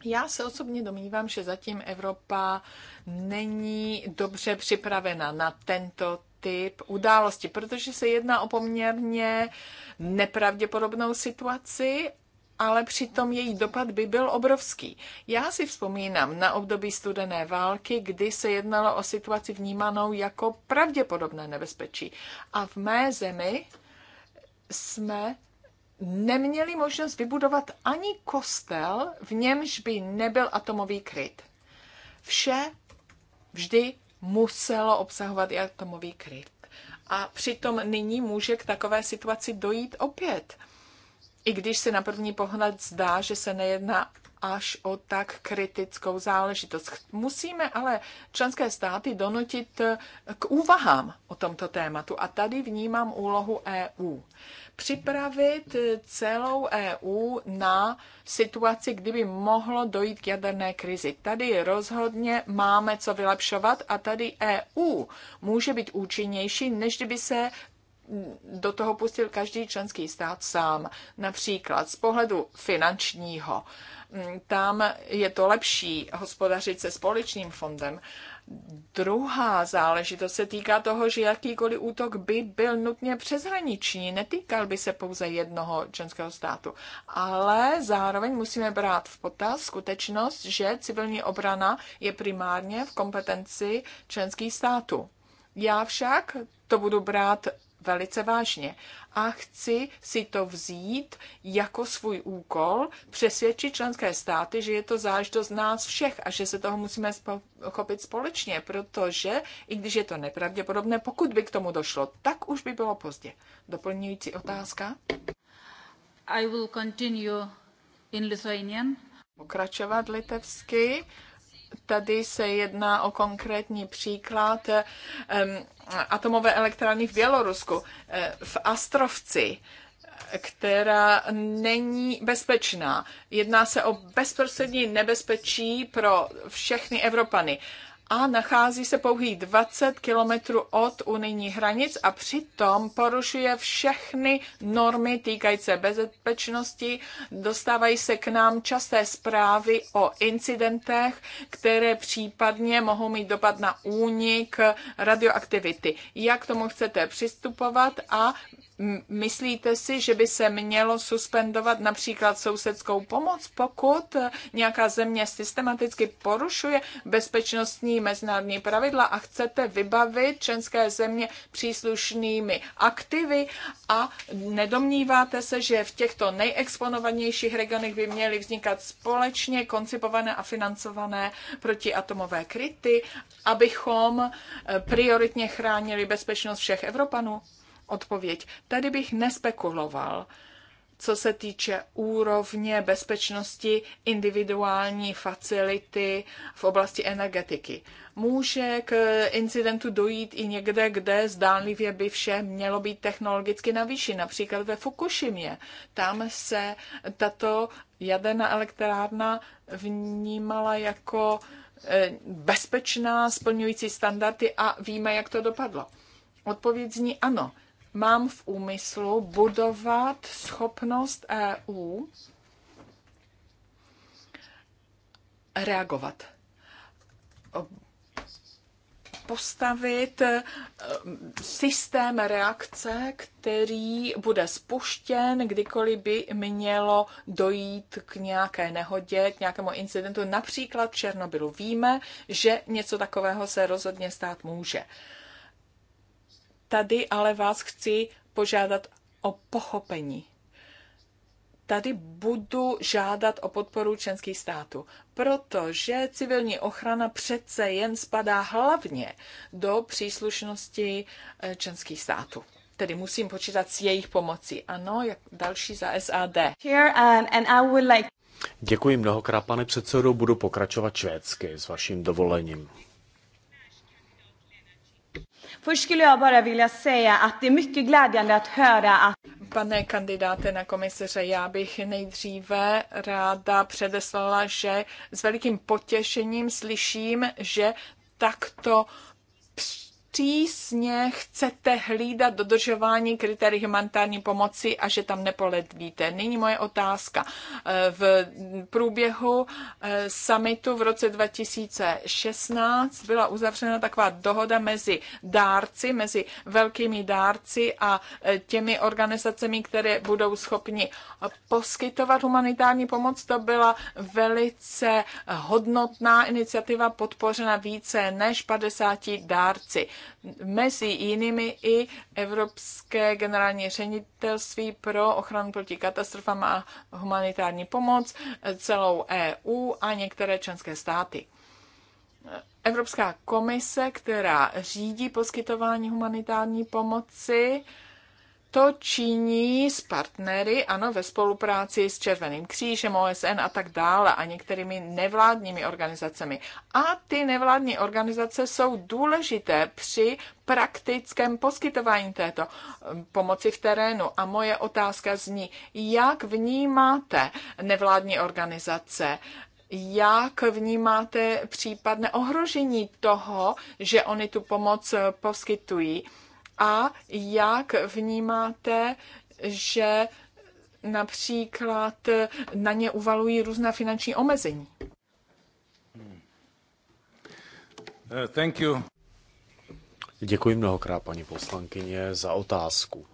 Já se osobně domnívám, že zatím Evropa není dobře připravena na tento typ události, protože se jedná o poměrně nepravděpodobnou situaci, ale přitom její dopad by byl obrovský. Já si vzpomínám na období studené války, kdy se jednalo o situaci vnímanou jako pravděpodobné nebezpečí. A v mé zemi jsme neměli možnost vybudovat ani kostel, v němž by nebyl atomový kryt. Vše vždy muselo obsahovat i atomový kryt. A přitom nyní může k takové situaci dojít opět. I když se na první pohled zdá, že se nejedná až o tak kritickou záležitost. Musíme ale členské státy donutit eh, k úvahám o tomto tématu a tady vnímám úlohu EU. Připravit eh, celou EU na situaci, kdyby mohlo dojít k jaderné krizi. Tady rozhodně máme co vylepšovat a tady EU může být účinnější, než kdyby se mm, do toho pustil každý členský stát sám. Například z pohledu finančního Mm, tam je to lepší hospodařit se společným fondem. Druhá záležitost se týká toho, že jakýkoliv útok by byl nutně přeshraniční, netýkal by se pouze jednoho členského státu. Ale zároveň musíme brát v potaz skutečnost, že civilní obrana je primárně v kompetenci členských států. Já však to budu brát velice vážně. A chci si to vzít jako svůj úkol, přesvědčit členské státy, že je to záždost nás všech a že se toho musíme chopit společně, protože i když je to nepravděpodobné, pokud by k tomu došlo, tak už by bylo pozdě. Doplňující otázka? I will continue in Lithuanian. Pokračovat litevsky. Tady se jedná o konkrétní příklad atomové elektrárny v Bělorusku, eh, v Astrovci která není bezpečná. Jedná se o bezprostřední nebezpečí pro všechny Evropany a nachází se pouhých 20 kilometrů od unijní hranic a přitom porušuje všechny normy týkající se bezpečnosti. Dostávají se k nám časté zprávy o incidentech, které případně mohou mít dopad na únik radioaktivity. Jak tomu chcete přistupovat a Myslíte si, že by se mělo suspendovat například sousedskou pomoc, pokud nějaká země systematicky porušuje bezpečnostní mezinárodní pravidla a chcete vybavit členské země příslušnými aktivy a nedomníváte se, že v těchto nejexponovanějších regionech by měly vznikat společně koncipované a financované protiatomové kryty, abychom eh, prioritně chránili bezpečnost všech Evropanů? odpověď. Tady bych nespekuloval, co se týče úrovně bezpečnosti individuální facility v oblasti energetiky. Může k incidentu dojít i někde, kde zdánlivě by vše mělo být technologicky na například ve Fukushimě. Tam se tato jaderná elektrárna vnímala jako e, bezpečná, splňující standardy a víme, jak to dopadlo. Odpověď zní ano mám v úmyslu budovat schopnost EU reagovat. Postavit eh, systém reakce, který bude spuštěn, kdykoliv by mělo dojít k nějaké nehodě, k nějakému incidentu. Například v Černobylu víme, že něco takového se rozhodně stát může. Uh, Tady ale vás chci požádat o pochopení. Tady budu žádat o podporu členských států, protože civilní ochrana přece jen spadá hlavně do příslušnosti eh, členských států. Tedy musím počítat s jejich pomocí. Ano, jak další za SAD. Here, um, and I would like... Děkuji mnohokrát, pane předsedo. Budu pokračovat švédsky s vaším dovolením. Först skulle jag bara vilja säga att det är mycket glädjande att höra att Pane kandidáte na komisaře, já bych nejdříve ráda předeslala, že s velikým potěšením slyším, že takto přísně chcete hlídat dodržování kritérií humanitární pomoci a že tam nepoledvíte. Nyní moje otázka. Eh, v průběhu eh, summitu v roce 2016 byla uzavřena taková dohoda mezi dárci, mezi velkými dárci a eh, těmi organizacemi, které budou schopni poskytovat humanitární pomoc. To byla velice hodnotná iniciativa podpořena více než 50 dárci mezi jinými i Evropské generální ředitelství pro ochranu proti katastrofám a humanitární pomoc, eh, celou EU a některé členské státy. Evropská komise, která řídí poskytování humanitární pomoci, to činí s partnery, ano, ve spolupráci s Červeným křížem, OSN a tak dále a některými nevládními organizacemi. A ty nevládní organizace jsou důležité při praktickém poskytování této ehm, pomoci v terénu. A moje otázka zní, jak vnímáte nevládní organizace? Jak vnímáte případné ohrožení toho, že oni tu pomoc ehm, poskytují? a jak vnímáte, že například na ně uvalují různá finanční omezení. Hmm. Eh, thank you. Děkuji mnohokrát, paní poslankyně, za otázku.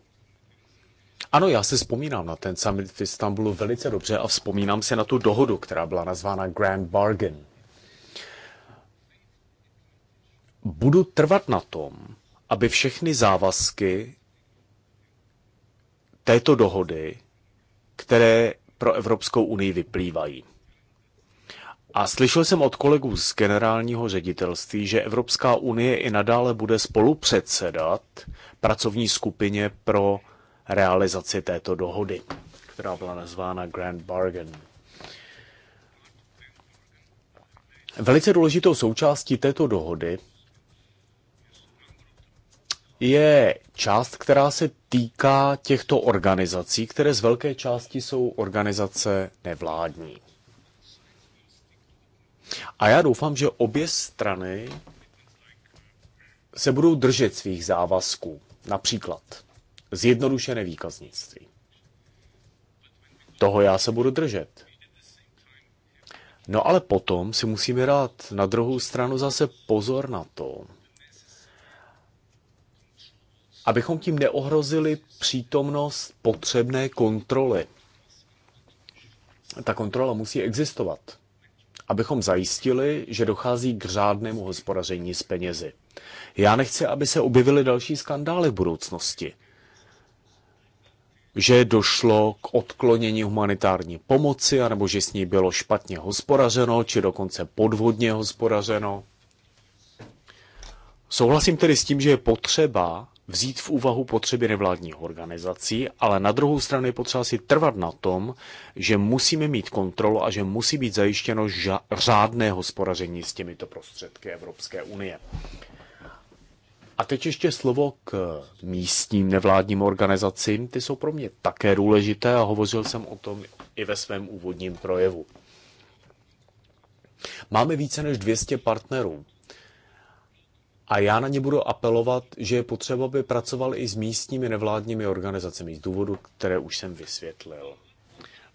Ano, já si vzpomínám na ten summit v Istanbulu velice dobře a vzpomínám si na tu dohodu, která byla nazvána Grand Bargain. Budu trvat na tom, aby všechny závazky této dohody, které pro Evropskou unii vyplývají. A slyšel jsem od kolegů z generálního ředitelství, že Evropská unie i nadále bude spolupředsedat pracovní skupině pro realizaci této dohody, která byla nazvána Grand Bargain. Velice důležitou součástí této dohody je část, která se týká těchto organizací, které z velké části jsou organizace nevládní. A já doufám, že obě strany se budou držet svých závazků. Například zjednodušené výkaznictví. Toho já se budu držet. No ale potom si musíme dát na druhou stranu zase pozor na to, abychom tím neohrozili přítomnost potřebné kontroly. Ta kontrola musí existovat, abychom zajistili, že dochází k řádnému hospodaření s penězi. Já nechci, aby se objevily další skandály v budoucnosti. Že došlo k odklonění humanitární pomoci, anebo že s ní bylo špatně hospodařeno, či dokonce podvodně hospodařeno. Souhlasím tedy s tím, že je potřeba vzít v úvahu potřeby nevládních organizací, ale na druhou stranu je potřeba si trvat na tom, že musíme mít kontrolu a že musí být zajištěno řádné hospodaření s těmito prostředky Evropské unie. A teď ještě slovo k místním nevládním organizacím. Ty jsou pro mě také důležité a hovořil jsem o tom i ve svém úvodním projevu. Máme více než 200 partnerů a já na ně budu apelovat, že je potřeba, aby pracoval i s místními nevládními organizacemi z důvodu, které už jsem vysvětlil.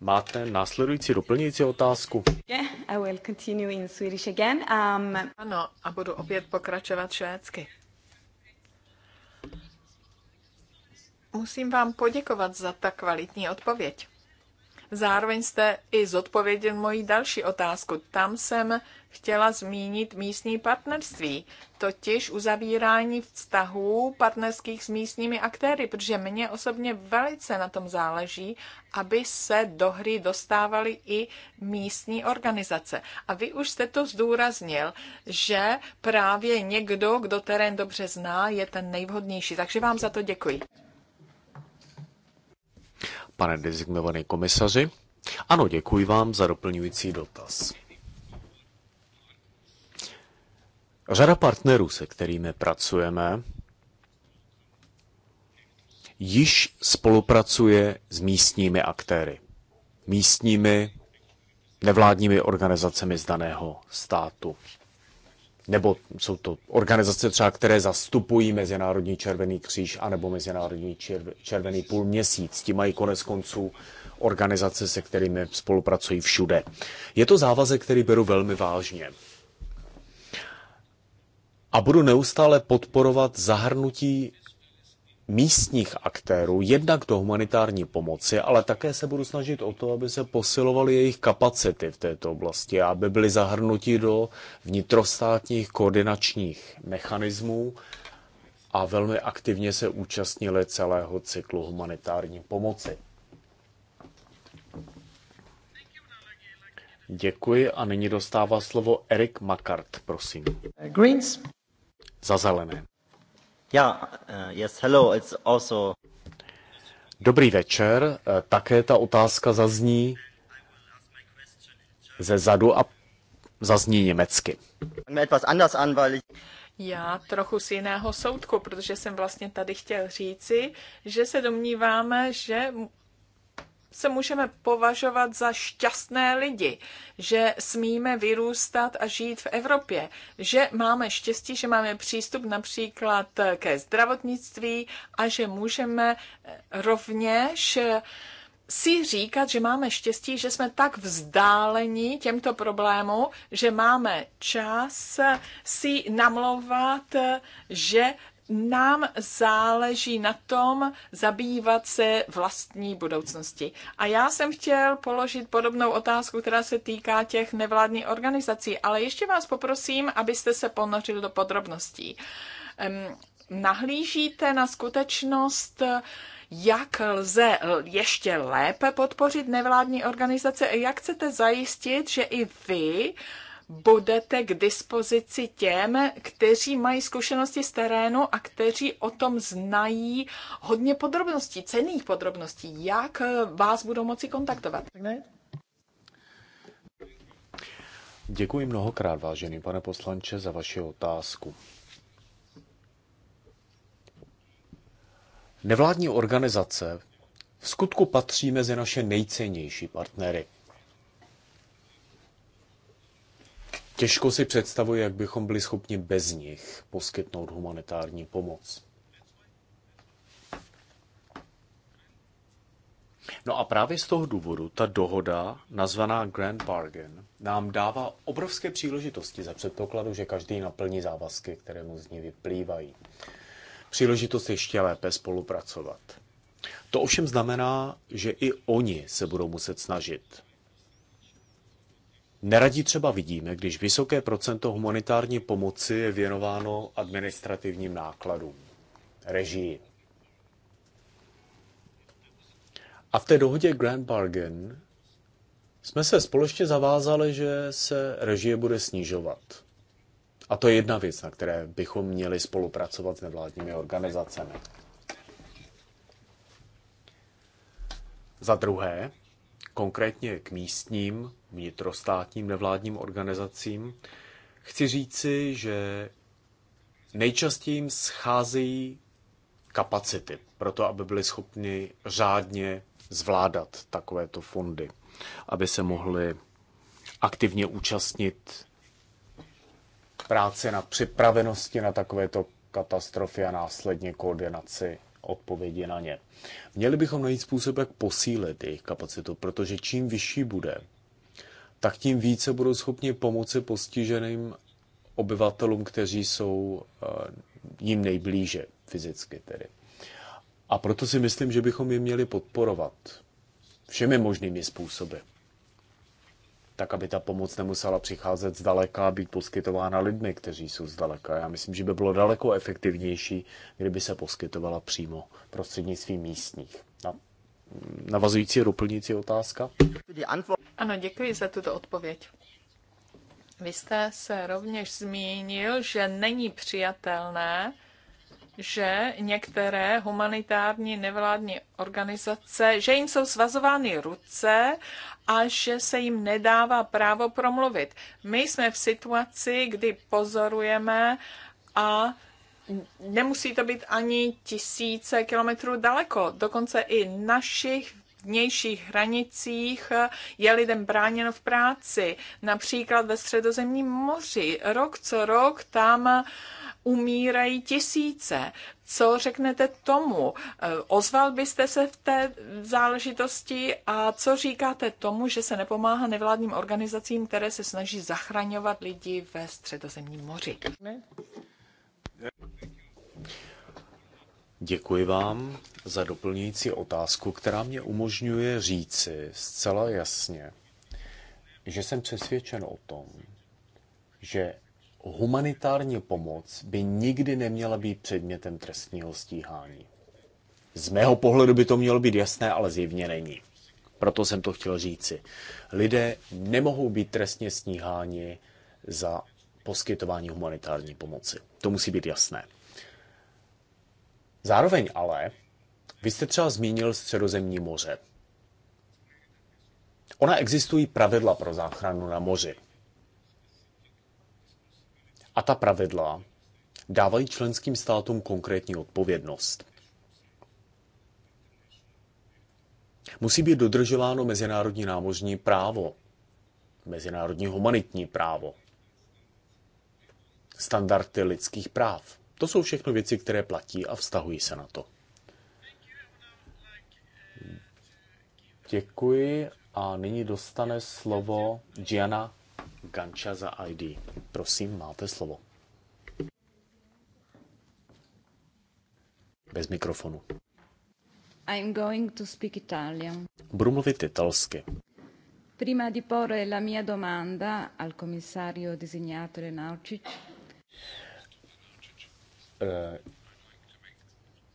Máte následující doplňující otázku? Yeah, I will continue in Swedish again. Um... Ano, a budu opět pokračovat švédsky. Musím vám poděkovat za tak kvalitní odpověď. Zároveň jste i zodpověděl moji další otázku. Tam jsem chtěla zmínit místní partnerství, totiž uzavírání vztahů partnerských s místními aktéry, protože mně osobně velice na tom záleží, aby se do hry dostávaly i místní organizace. A vy už jste to zdůraznil, že právě někdo, kdo terén dobře zná, je ten nejvhodnější. Takže vám za to děkuji. Pane designovaný komisaři, ano, děkuji vám za doplňující dotaz. Řada partnerů, se kterými pracujeme, již spolupracuje s místními aktéry, místními nevládními organizacemi z daného státu nebo jsou to organizace třeba, které zastupují Mezinárodní červený kříž anebo Mezinárodní červený půlměsíc. Ti mají konec konců organizace, se kterými spolupracují všude. Je to závazek, který beru velmi vážně. A budu neustále podporovat zahrnutí místních aktérů, jednak do humanitární pomoci, ale také se budu snažit o to, aby se posilovaly jejich kapacity v této oblasti, aby byly zahrnuti do vnitrostátních koordinačních mechanismů a velmi aktivně se účastnili celého cyklu humanitární pomoci. Děkuji a nyní dostává slovo Erik Makart, prosím. Greens. Za zelené. Yeah, uh, yes, hello, it's also... Dobrý večer, eh, také ta otázka zazní ze zadu a zazní německy. Já trochu z jiného soudku, protože jsem vlastně tady chtěl říci, že se domníváme, že se můžeme považovat za šťastné lidi, že smíme vyrůstat a žít v Evropě, že máme štěstí, že máme přístup například ke zdravotnictví a že můžeme eh, rovněž eh, si říkat, že máme štěstí, že jsme tak vzdáleni těmto problému, že máme čas eh, si namlouvat, že nám záleží na tom zabývat se vlastní budoucnosti. A já jsem chtěl položit podobnou otázku, která se týká těch nevládních organizací, ale ještě vás poprosím, abyste se ponořili do podrobností. Nahlížíte na skutečnost, jak lze ještě lépe podpořit nevládní organizace a jak chcete zajistit, že i vy uh, budete k dispozici těm, kteří mají zkušenosti z terénu a kteří o tom znají hodně podrobností, cených podrobností. Jak eh, vás budou moci kontaktovat? Děkuji mnohokrát, vážený pane poslanče, za vaši otázku. Nevládní organizace v skutku patří mezi naše nejcennější partnery – Těžko si představuji, jak bychom byli schopni bez nich poskytnout humanitární pomoc. No a právě z toho důvodu ta dohoda, nazvaná Grand Bargain, nám dává obrovské příležitosti za předpokladu, že každý naplní závazky, které mu z ní vyplývají. Příležitost ještě lépe spolupracovat. To ovšem znamená, že i oni se budou muset snažit. Neradí třeba vidíme, když vysoké procento humanitární pomoci je věnováno administrativním nákladům, režii. A v té dohodě Grand Bargain jsme se společně zavázali, že se režie bude snižovat. A to je jedna věc, na které bychom měli spolupracovat s nevládními organizacemi. Za druhé, konkrétně k místním vnitrostátním nevládním organizacím, chci říci, že nejčastěji scházejí kapacity pro to, aby byli schopni řádně zvládat takovéto fondy, aby se mohli aktivně účastnit práce na připravenosti na takovéto katastrofy a následně koordinaci odpovědi na ně. Měli bychom najít způsob, jak posílit jejich kapacitu, protože čím vyšší bude tak tím více budou schopni pomoci postiženým obyvatelům, kteří jsou eh, jim nejblíže fyzicky tedy. A proto si myslím, že bychom je měli podporovat všemi možnými způsoby. Tak, aby ta pomoc nemusela přicházet zdaleka a být poskytována lidmi, kteří jsou zdaleka. Já myslím, že by bylo daleko efektivnější, kdyby se poskytovala přímo prostřednictvím místních. Na, navazující doplňující otázka? Ano, děkuji za tuto odpověď. Vy jste se rovněž zmínil, že není přijatelné, že některé humanitární nevládní organizace, že jim jsou svazovány ruce a že se jim nedává právo promluvit. My jsme v situaci, kdy pozorujeme a nemusí to být ani tisíce kilometrů daleko. Dokonce i našich vnějších hranicích je lidem bráněno v práci. Například ve středozemním moři. Rok co rok tam umírají tisíce. Co řeknete tomu? Ozval byste se v té záležitosti a co říkáte tomu, že se nepomáhá nevládním organizacím, které se snaží zachraňovat lidi ve středozemním moři? Ne? Děkuji vám za doplňující otázku, která mě umožňuje říci zcela jasně, že jsem přesvědčen o tom, že humanitární pomoc by nikdy neměla být předmětem trestního stíhání. Z mého pohledu by to mělo být jasné, ale zjevně není. Proto jsem to chtěl říci. Lidé nemohou být trestně stíháni za poskytování humanitární pomoci. To musí být jasné. Zároveň ale, vy jste třeba zmínil Středozemní moře. Ona existují pravidla pro záchranu na moři. A ta pravidla dávají členským státům konkrétní odpovědnost. Musí být dodržováno mezinárodní námořní právo, mezinárodní humanitní právo, standardy lidských práv. To jsou všechno věci, které platí a vztahují se na to. Děkuji a nyní dostane slovo Gianna Ganča za ID. Prosím, máte slovo. Bez mikrofonu. I'm going to speak Italian. Budu mluvit italsky. Prima di porre la mia domanda al commissario designato Renaucic. Eh,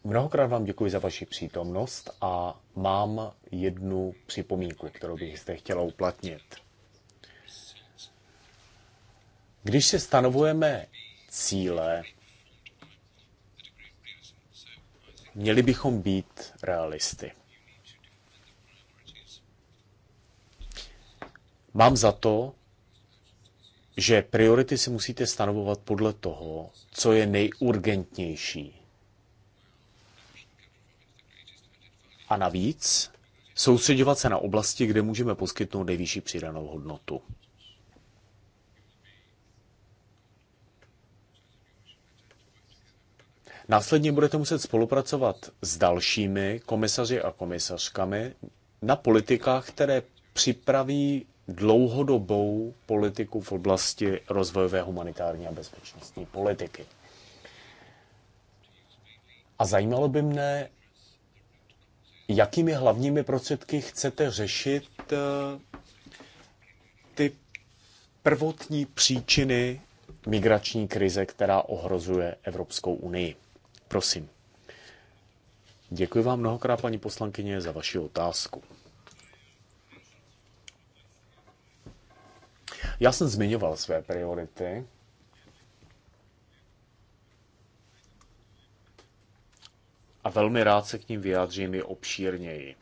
mnohokrát vám děkuji za vaši přítomnost a mám jednu připomínku, kterou bych zde chtěla uplatnit. Když se stanovujeme cíle, měli bychom být realisty. Mám za to, že priority si musíte stanovovat podle toho, co je nejurgentnější. A navíc soustředovat se na oblasti, kde můžeme poskytnout nejvyšší přidanou hodnotu. Následně budete muset spolupracovat s dalšími komisaři a komisařkami na politikách, které připraví dlouhodobou politiku v oblasti rozvojové humanitární a bezpečnostní politiky. A zajímalo by mne, jakými hlavními prostředky chcete řešit eh, ty prvotní příčiny migrační krize, která ohrozuje Evropskou unii. Prosím. Děkuji vám mnohokrát, paní poslankyně, za vaši otázku. Já jsem zmiňoval své priority. A velmi rád se k ním vyjádřím i obšírněji.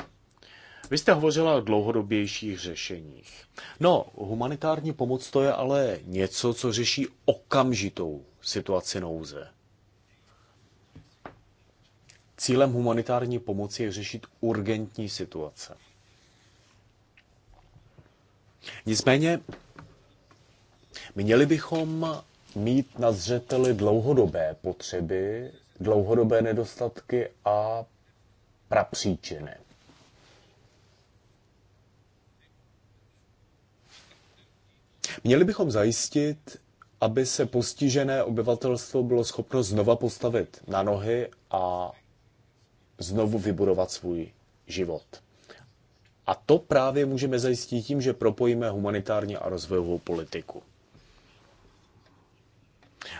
Vy jste hovořila o dlouhodobějších řešeních. No, humanitární pomoc to je ale něco, co řeší okamžitou situaci nouze. Cílem humanitární pomoci je řešit urgentní situace. Nicméně Měli bychom mít na zřeteli dlouhodobé potřeby, dlouhodobé nedostatky a prapříčiny. Měli bychom zajistit, aby se postižené obyvatelstvo bylo schopno znova postavit na nohy a znovu vybudovat svůj život. A to právě můžeme zajistit tím, že propojíme humanitární a rozvojovou politiku.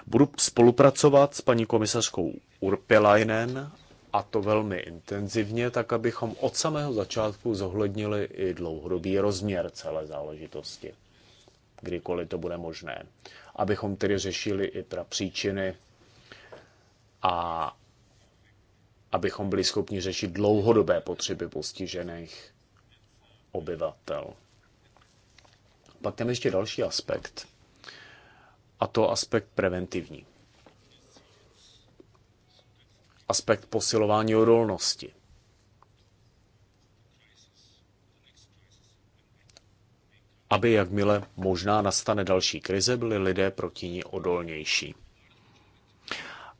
Budu spolupracovat s paní komisařkou Urpilainen a to velmi intenzivně, tak abychom od samého začátku zohlednili i dlouhodobý rozměr celé záležitosti, kdykoliv to bude možné. Abychom tedy řešili i pra příčiny a abychom byli schopni řešit dlouhodobé potřeby postižených obyvatel. Pak tam ještě další aspekt, a to aspekt preventivní. Aspekt posilování odolnosti. Aby jakmile možná nastane další krize, byli lidé proti ní odolnější.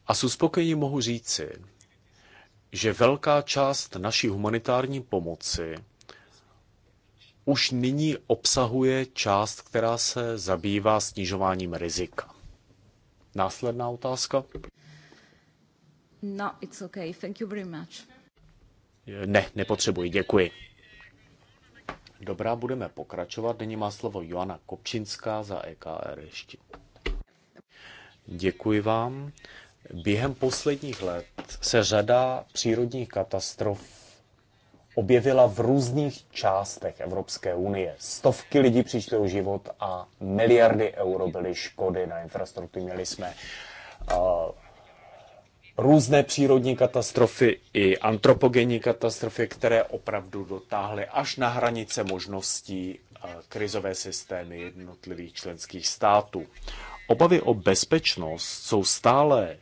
A s uspokojením mohu říci, že velká část naší humanitární pomoci už nyní obsahuje část, která se zabývá snižováním rizika. Následná otázka? No, it's okay. Thank you very much. Ne, nepotřebuji, děkuji. Dobrá, budeme pokračovat. Nyní má slovo Joana Kopčinská za EKR ještě. Děkuji vám. Během posledních let se řada přírodních katastrof objevila v různých částech Evropské unie. Stovky lidí přišly o život a miliardy euro byly škody na infrastruktuře. Měli jsme eh, různé přírodní katastrofy i antropogenní katastrofy, které opravdu dotáhly až na hranice možností eh, krizové systémy jednotlivých členských států. Obavy o bezpečnost jsou stále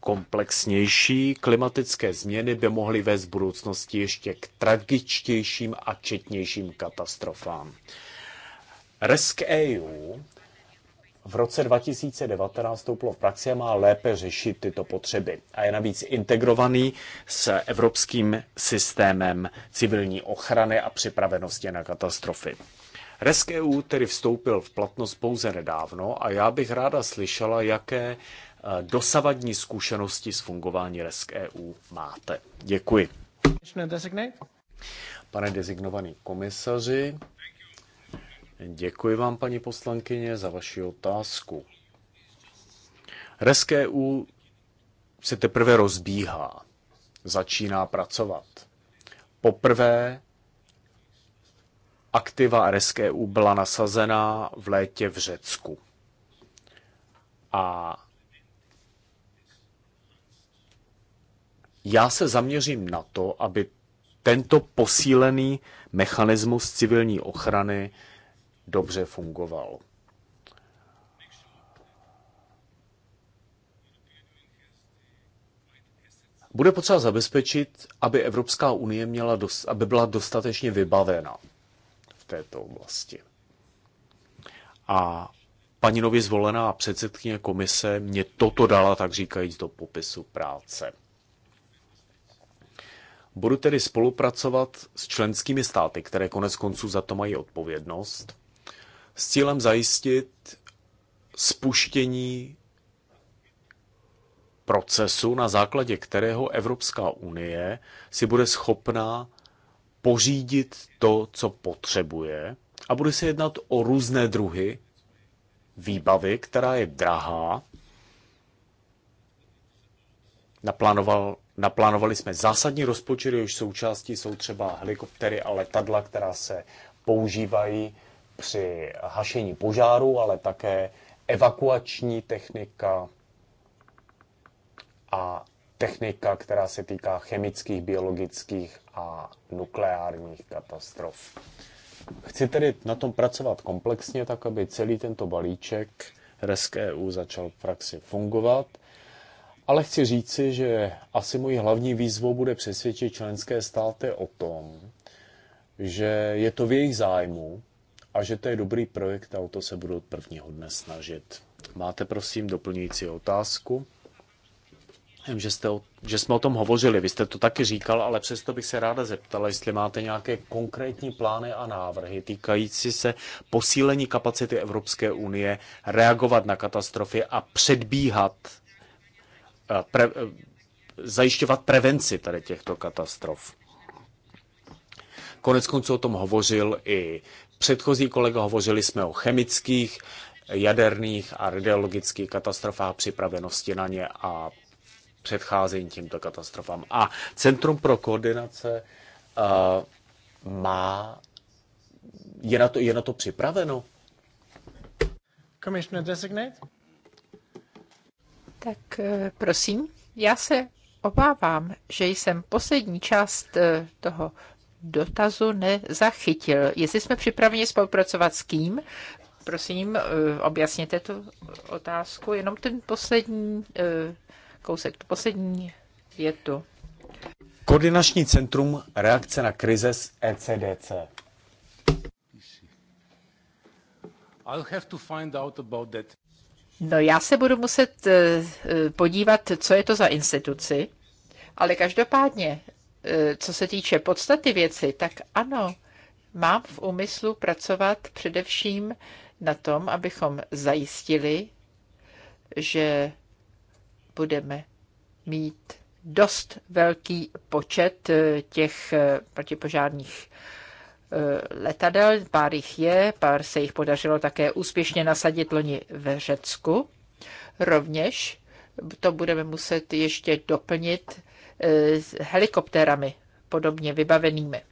komplexnější. Klimatické změny by mohly vést v budoucnosti ještě k tragičtějším a četnějším katastrofám. Risk EU v roce 2019 vstoupilo v praxi a má lépe řešit tyto potřeby. A je navíc integrovaný s evropským systémem civilní ochrany a připravenosti na katastrofy. Resk EU tedy vstoupil v platnost pouze nedávno a já bych ráda slyšela, jaké Eh, dosavadní zkušenosti s fungování RESK EU máte. Děkuji. Pane designovaný komisaři, děkuji vám, paní poslankyně, za vaši otázku. RESK EU se teprve rozbíhá, začíná pracovat. Poprvé aktiva EU e byla nasazená v létě v Řecku. A já se zaměřím na to, aby tento posílený mechanismus civilní ochrany dobře fungoval. Bude potřeba zabezpečit, aby Evropská unie měla dost, aby byla dostatečně vybavena v této oblasti. A paní nově zvolená předsedkyně komise mě toto dala, tak říkajíc, do popisu práce. Budu tedy spolupracovat s členskými státy, které konec konců za to mají odpovědnost, s cílem zajistit spuštění procesu, na základě kterého Evropská unie si bude schopná pořídit to, co potřebuje, a bude se jednat o různé druhy výbavy, která je drahá. Naplánoval Naplánovali jsme zásadní rozpočet, jehož součástí jsou třeba helikoptery a letadla, která se používají při hašení požáru, ale také evakuační technika a technika, která se týká chemických, biologických a nukleárních katastrof. Chci tedy na tom pracovat komplexně, tak aby celý tento balíček RESC EU začal v praxi fungovat. Ale chci říci, že asi mojí hlavní výzvou bude přesvědčit členské státy o tom, že je to v jejich zájmu a že to je dobrý projekt a o to se budu od prvního dne snažit. Máte prosím doplňující otázku? Vím, že, jste o, že jsme o tom hovořili, vy jste to taky říkal, ale přesto bych se ráda zeptala, jestli máte nějaké konkrétní plány a návrhy týkající se posílení kapacity Evropské unie reagovat na katastrofy a předbíhat pre, e, zajišťovat prevenci tady těchto katastrof. Konec konců o tom hovořil i předchozí kolega, hovořili jsme o chemických, jaderných a radiologických katastrofách, připravenosti na ně a předcházení těmto katastrofám. A Centrum pro koordinace uh, má, je na, to, je na to připraveno? Commissioner designate? Tak eh, prosím, já se obávám, že jsem poslední část eh, toho dotazu nezachytil. Jestli jsme připraveni spolupracovat s kým, prosím, eh, objasněte tu otázku, jenom ten poslední kousek, tu poslední větu. Koordinační centrum reakce na krize z ECDC. I'll have to find out about that. No já se budu muset eh, eh, podívat, co je to za instituci, ale každopádně, eh, co se týče podstaty věci, tak ano, mám v úmyslu pracovat především na tom, abychom zajistili, že budeme mít dost velký počet těch protipožárních Eh, letadel, pár jich je, pár se jich podařilo také úspěšně nasadit loni ve Řecku. Rovněž to budeme muset ještě doplnit eh, s helikoptérami podobně vybavenými.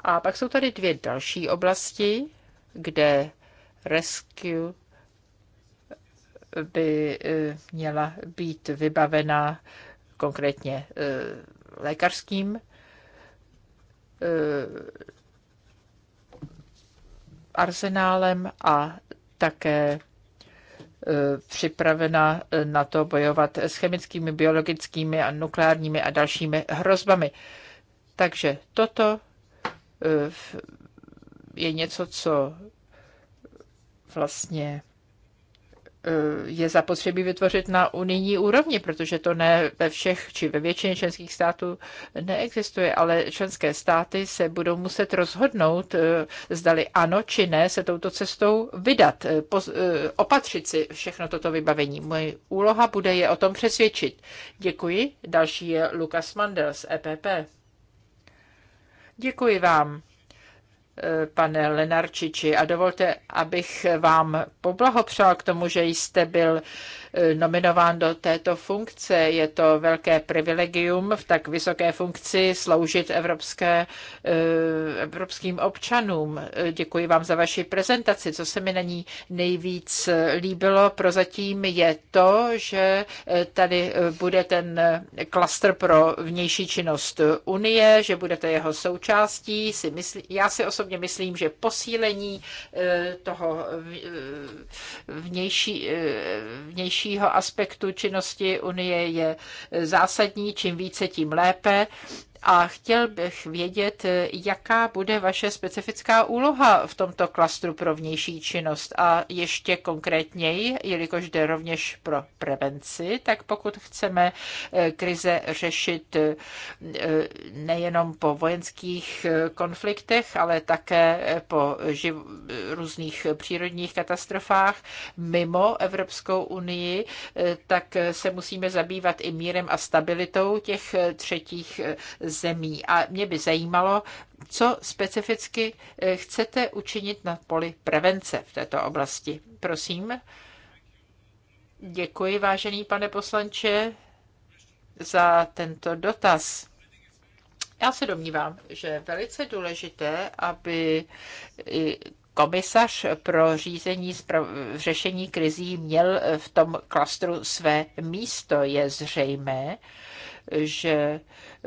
A pak jsou tady dvě další oblasti, kde rescue by eh, měla být vybavena konkrétně lékařským Eh, arzenálem a také eh, připravena eh, na to bojovat s chemickými, biologickými a nukleárními a dalšími hrozbami. Takže toto je něco, co vlastně Eh, je zapotřebí vytvořit na unijní úrovni, protože to ne ve všech či ve většině členských států neexistuje, ale členské státy se budou muset rozhodnout, eh, zdali ano či ne se touto cestou vydat, eh, opatřit si všechno toto vybavení. Moje úloha bude je o tom přesvědčit. Děkuji. Další je Lukas Mandel z EPP. Děkuji vám pane Lenarčiči, a dovolte, abych vám poblahopřál k tomu, že jste byl Eh, nominován do této funkce. Je to velké privilegium v tak vysoké funkci sloužit evropské, eh, evropským občanům. Eh, děkuji vám za vaši prezentaci. Co se mi na ní nejvíc líbilo prozatím je to, že tady bude ten klaster pro vnější činnost Unie, že budete jeho součástí. Si já si osobně myslím, že posílení toho vnější, vnější vnějšího aspektu činnosti Unie je zásadní, čím více, tím lépe a chtěl bych vědět, jaká bude vaše specifická úloha v tomto klastru pro vnější činnost a ještě konkrétněji, jelikož jde rovněž pro prevenci, tak pokud chceme eh, krize řešit eh, nejenom po vojenských eh, konfliktech, ale také po živ- různých přírodních katastrofách mimo Evropskou unii, tak se musíme zabývat i mírem a stabilitou těch třetích zemí. A mě by zajímalo, co specificky eh, chcete učinit na poli prevence v této oblasti. Prosím. Děkuji, vážený pane poslanče, za tento dotaz. Já se domnívám, že je velice důležité, aby komisař pro řízení řešení krizí měl v tom klastru své místo. Je zřejmé, že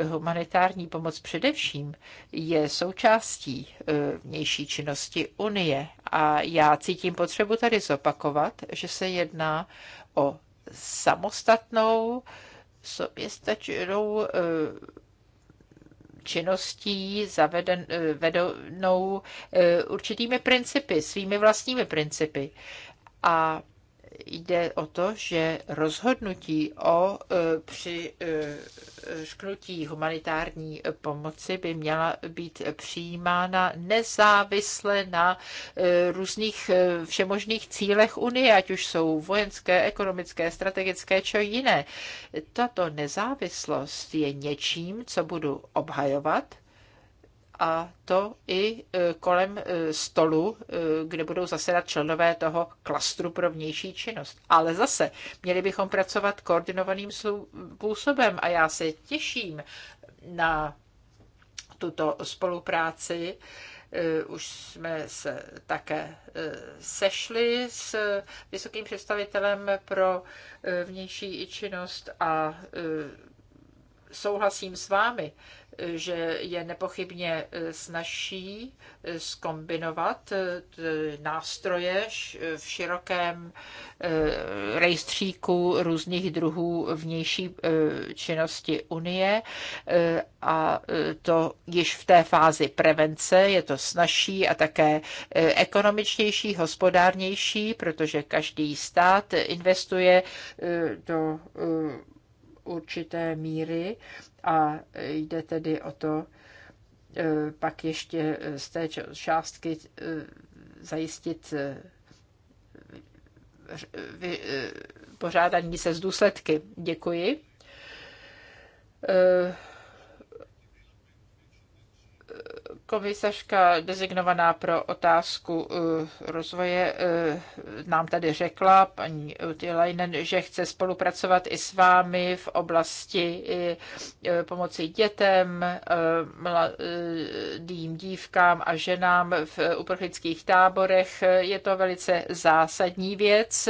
Humanitární pomoc především je součástí eh, vnější činnosti Unie a já cítím potřebu tady zopakovat, že se jedná o samostatnou, soběstačnou eh, činností zaveden, eh, vedenou určitými principy, svými vlastními principy. A jde o to, že rozhodnutí o e, při e, šknutí humanitární pomoci by měla být přijímána nezávisle na e, různých všemožných cílech Unie, ať už jsou vojenské, ekonomické, strategické či jiné. Tato nezávislost je něčím, co budu obhajovat a to i e, kolem e, stolu, e, kde budou zasedat členové toho klastru pro vnější činnost. Ale zase měli bychom pracovat koordinovaným způsobem a já se těším na tuto spolupráci. Už jsme se také sešli s vysokým představitelem pro vnější činnost a souhlasím s vámi, že je nepochybně e, snažší e, skombinovat e, nástroje v širokém rejstříku různých druhů vnější činnosti Unie a to již v té fázi prevence je to snažší a také ekonomičtější, hospodárnější, protože každý stát investuje do určité míry a jde tedy o to, eh, pak ještě z té částky eh, zajistit eh, pořádání se z důsledky. Děkuji komisařka designovaná pro otázku eh, rozvoje eh, nám tady řekla, paní Utilainen, že chce spolupracovat i s vámi v oblasti eh, pomoci dětem, mladým dívkám a ženám v uprchlických táborech. Je to velice zásadní věc.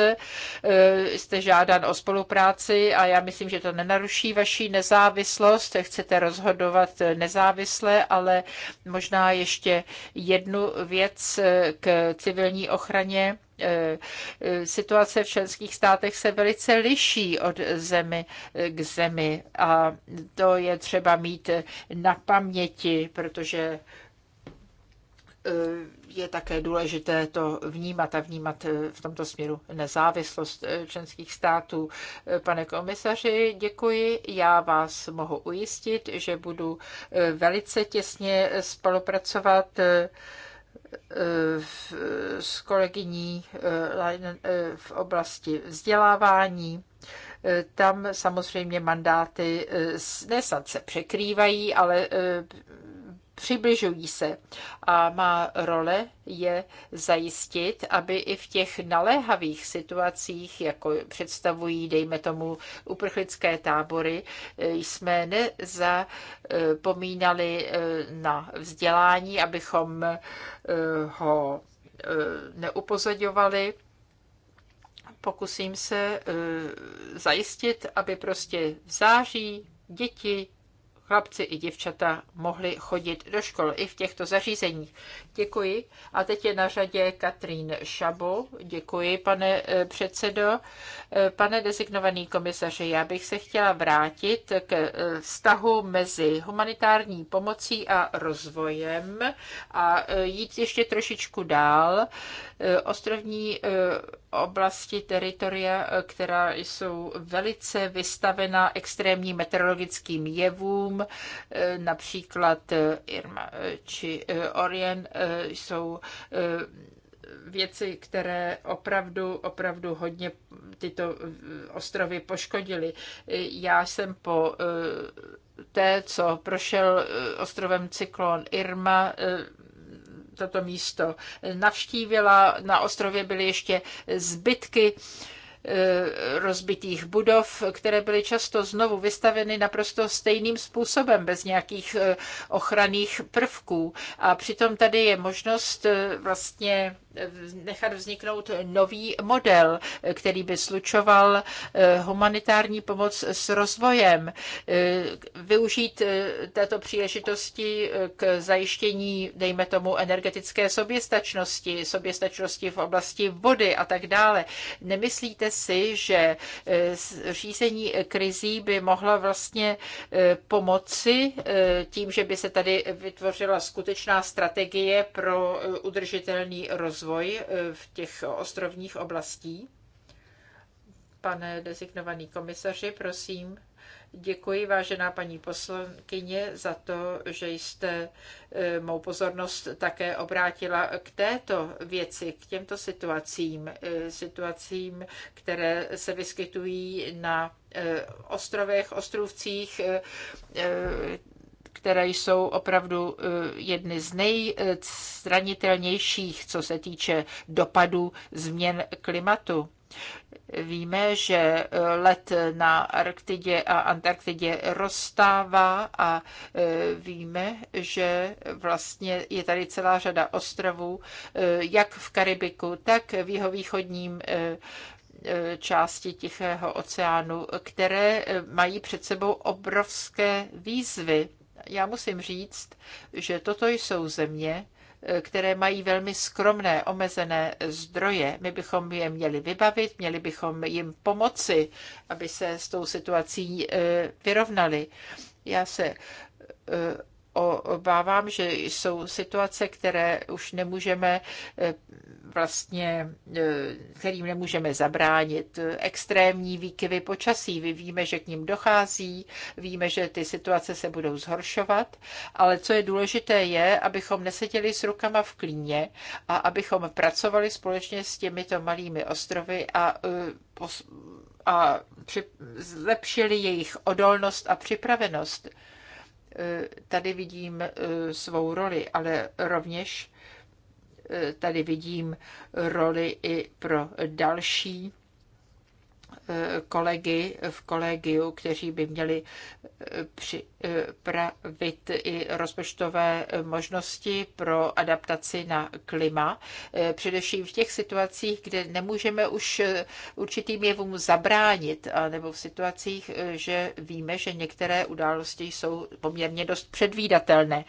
Jste žádan o spolupráci a já myslím, že to nenaruší vaši nezávislost. Chcete rozhodovat nezávisle, ale Možná ještě jednu věc eh, k civilní ochraně eh, eh, situace v členských státech se velice liší od zemi k zemi a to je třeba mít na paměti, protože Eh, je také důležité to vnímat a vnímat eh, v tomto směru nezávislost eh, členských států. Pane komisaři, děkuji. Já vás mohu ujistit, že budu velice těsně spolupracovat s kolegyní v oblasti vzdělávání. Tam samozřejmě mandáty ne snad se překrývají, ale přibližují se. A má role je zajistit, aby i v těch naléhavých situacích, jako představují, dejme tomu, uprchlické tábory, eh, jsme nezapomínali eh, na vzdělání, abychom eh, ho neupozorňovali. Pokusím se zajistit, aby prostě v září děti chlapci i děvčata mohli chodit do škol i v těchto zařízeních. Děkuji. A teď je na řadě Katrín Šabo. Děkuji, pane eh, předsedo. Eh, pane designovaný komisaři, já bych se chtěla vrátit k eh, vztahu mezi humanitární pomocí a rozvojem a jít ještě trošičku dál Eh, ostrovní eh, oblasti, teritoria, eh, která jsou velice vystavena extrémním meteorologickým jevům, například Irma či Orien, jsou věci, které opravdu, opravdu hodně tyto ostrovy poškodily. Já jsem po té, co prošel ostrovem cyklon Irma, toto místo navštívila. Na ostrově byly ještě zbytky eh, rozbitých budov, které byly často znovu vystaveny naprosto stejným způsobem, bez nějakých eh, ochranných prvků. A přitom tady je možnost eh, vlastně nechat vzniknout nový model, který by slučoval eh, humanitární pomoc s rozvojem, eh, využít eh, této příležitosti k zajištění, dejme tomu, energetické soběstačnosti, soběstačnosti v oblasti vody a tak dále. Nemyslíte si, že řízení krizí by mohla vlastně pomoci tím, že by se tady vytvořila skutečná strategie pro udržitelný rozvoj? rozvoj eh, v těch ostrovních oblastí. Pane designovaný komisaři, prosím, Děkuji, vážená paní poslankyně, za to, že jste eh, mou pozornost také obrátila k této věci, k těmto situacím, eh, situacím, které se vyskytují na ostrovech, ostrovcích, které jsou opravdu eh, jedny z nejzranitelnějších, co se týče dopadu změn klimatu. Víme, že eh, let na Arktidě a Antarktidě rozstává a eh, víme, že vlastně je tady celá řada ostrovů, jak v Karibiku, tak v jeho východním části Tichého oceánu, které mají před sebou obrovské výzvy já musím říct, že toto jsou země, eh, které mají velmi skromné, omezené zdroje. My bychom je měli vybavit, měli bychom jim pomoci, aby se s tou situací eh, vyrovnali. Já se eh, obávám, že jsou situace, které už nemůžeme eh, vlastně, eh, kterým nemůžeme zabránit. Extrémní výkyvy počasí, my víme, že k ním dochází, víme, že ty situace se budou zhoršovat, ale co je důležité je, abychom neseděli s rukama v klíně a abychom pracovali společně s těmito malými ostrovy a eh, a zlepšili jejich odolnost a připravenost. Eh, tady vidím eh, svou roli, ale rovněž eh, tady vidím roli i pro další kolegy v kolegiu, kteří by měli při upravit i rozpočtové možnosti pro adaptaci na klima, především v těch situacích, kde nemůžeme už určitým jevům zabránit, nebo v situacích, že víme, že některé události jsou poměrně dost předvídatelné.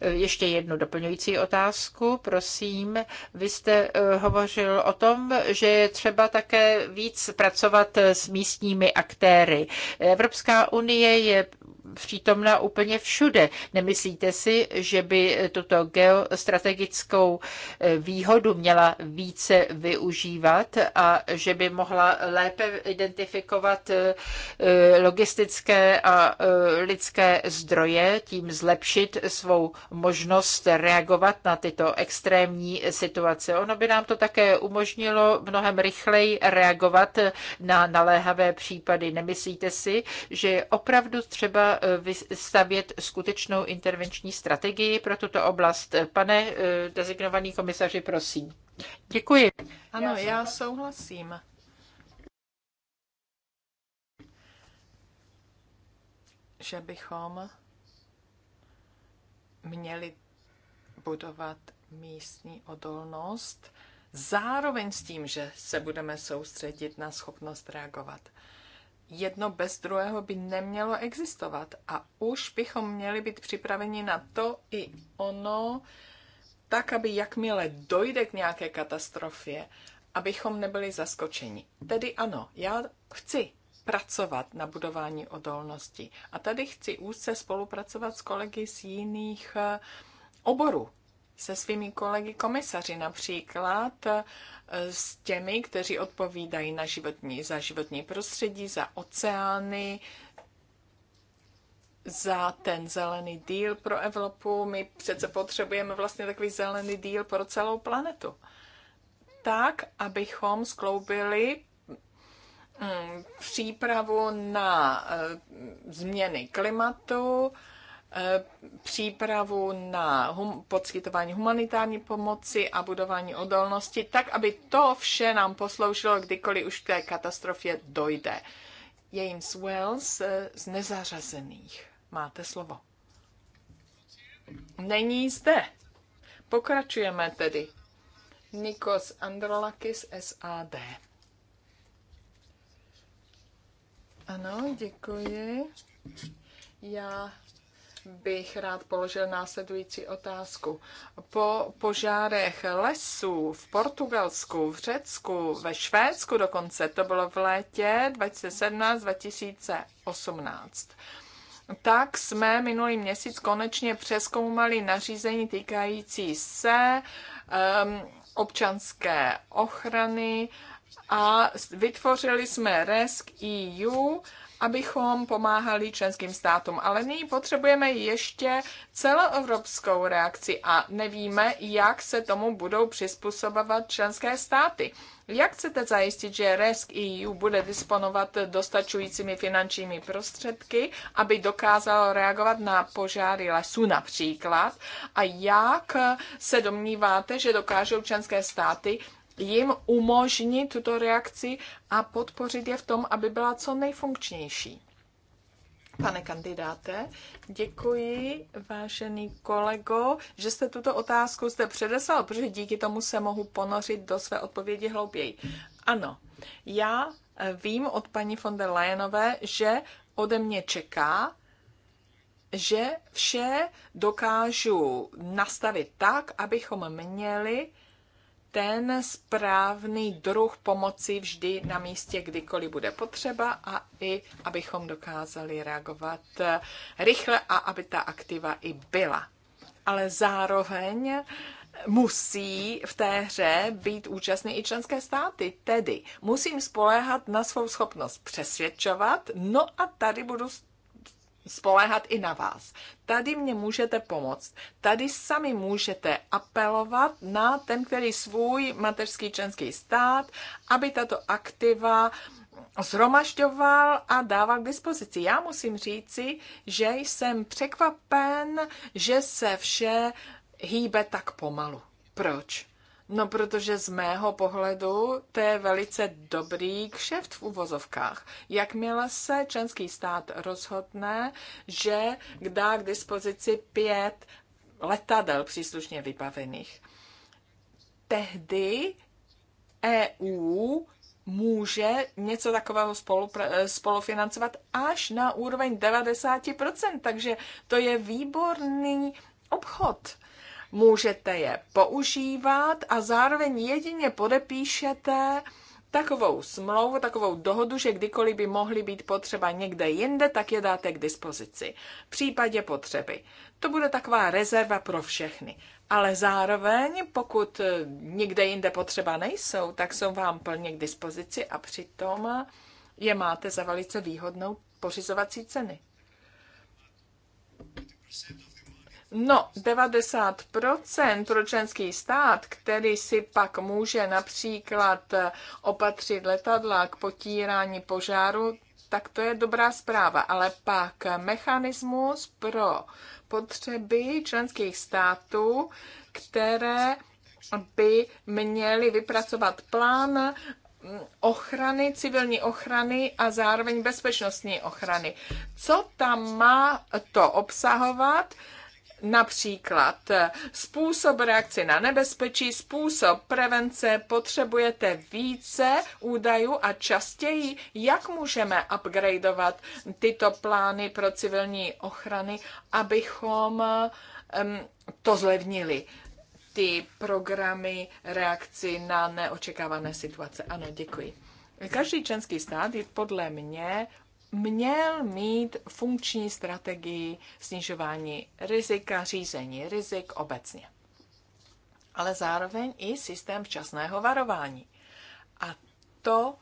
Ještě jednu doplňující otázku, prosím. Vy jste eh, hovořil o tom, že je třeba také víc pracovat s místními aktéry. Evropská unie je přitom přítomna úplně všude. Nemyslíte si, že by tuto geostrategickou eh, výhodu měla více využívat a že by mohla lépe identifikovat eh, eh, logistické a lidské zdroje, tím zlepšit svou možnost reagovat na tyto extrémní situace. Ono by nám to také umožnilo mnohem rychleji reagovat na naléhavé případy. Nemyslíte si, že je opravdu třeba stavět skutečnou intervenční strategii pro tuto oblast. Pane eh, designovaný komisaři, prosím. Děkuji. Ano, já souhlasím. Že bychom měli budovat místní odolnost, zároveň s tím, že se budeme soustředit na schopnost reagovat jedno bez druhého by nemělo existovat. A už bychom měli být připraveni na to i ono, tak, aby jakmile dojde k nějaké katastrofě, abychom nebyli zaskočeni. Tedy ano, já chci pracovat na budování odolnosti. A tady chci úzce spolupracovat s kolegy z jiných eh, oborů se svými kolegy komisaři, například eh, s těmi, kteří odpovídají na životní, za životní prostředí, za oceány, za ten zelený díl pro Evropu. My přece potřebujeme vlastně takový zelený díl pro celou planetu. Tak, abychom skloubili mm, přípravu na eh, změny klimatu, Eh, přípravu na hum, poskytování humanitární pomoci a budování odolnosti, tak aby to vše nám posloužilo, kdykoliv už k té katastrofě dojde. James Wells eh, z nezařazených. Máte slovo. Není zde. Pokračujeme tedy. Nikos Androlakis SAD. Ano, děkuji. Já bych rád položil následující otázku. Po požárech lesů v Portugalsku, v Řecku, ve Švédsku dokonce, to bylo v létě 2017-2018, tak jsme minulý měsíc konečně přeskoumali nařízení týkající se um, občanské ochrany, uh, a vytvořili jsme RESK EU, abychom pomáhali členským státům. Ale nyní potřebujeme ještě celoevropskou reakci a nevíme, jak se tomu budou přizpůsobovat členské státy. Jak chcete zajistit, že RESK EU bude disponovat dostačujícími finančními prostředky, aby dokázalo reagovat na požáry lesů například? A jak se domníváte, že dokážou členské státy jim umožnit tuto reakci a podpořit je v tom, aby byla co nejfunkčnější. Pane kandidáte, děkuji, vážený kolego, že jste tuto otázku zde předeslal, protože díky tomu se mohu ponořit do své odpovědi hlouběji. Ano, já eh, vím od paní von der Leyenové, že ode mě čeká, že vše dokážu nastavit tak, abychom měli ten správný druh pomoci vždy na místě, kdykoliv bude potřeba a i abychom dokázali reagovat eh, rychle a aby ta aktiva i byla. Ale zároveň musí v té hře být účastny i členské státy. Tedy musím spoléhat na svou schopnost přesvědčovat, no a tady budu spoléhat i na vás. Tady mě můžete pomoct. Tady sami můžete apelovat na ten, který svůj mateřský členský stát, aby tato aktiva zhromažďoval a dával k dispozici. Já musím říci, že jsem překvapen, že se vše hýbe tak pomalu. Proč? No, protože z mého pohledu to je velice dobrý kšeft v uvozovkách. Jakmile se členský stát rozhodne, že dá k dispozici pět letadel příslušně vybavených, tehdy EU může něco takového spolufinancovat až na úroveň 90%. Takže to je výborný obchod můžete je používat a zároveň jedině podepíšete takovou smlouvu, takovou dohodu, že kdykoliv by mohly být potřeba někde jinde, tak je dáte k dispozici. V případě potřeby. To bude taková rezerva pro všechny. Ale zároveň, pokud nikde jinde potřeba nejsou, tak jsou vám plně k dispozici a přitom je máte za velice výhodnou pořizovací ceny. No, 90% pro členský stát, který si pak může například eh, opatřit letadla k potírání požáru, tak to je dobrá zpráva. Ale pak mechanismus pro potřeby členských států, které by měly vypracovat plán mm, ochrany, civilní ochrany a zároveň bezpečnostní ochrany. Co tam má to obsahovat? Například eh, způsob reakce na nebezpečí, způsob prevence, potřebujete více údajů a častěji, jak můžeme upgradeovat tyto plány pro civilní ochrany, abychom to zlevnili ty programy reakci na neočekávané situace. Ano, děkuji. Každý členský stát je podle mě měl mít funkční strategii snižování rizika, řízení rizik obecně. Ale zároveň i systém včasného varování. A to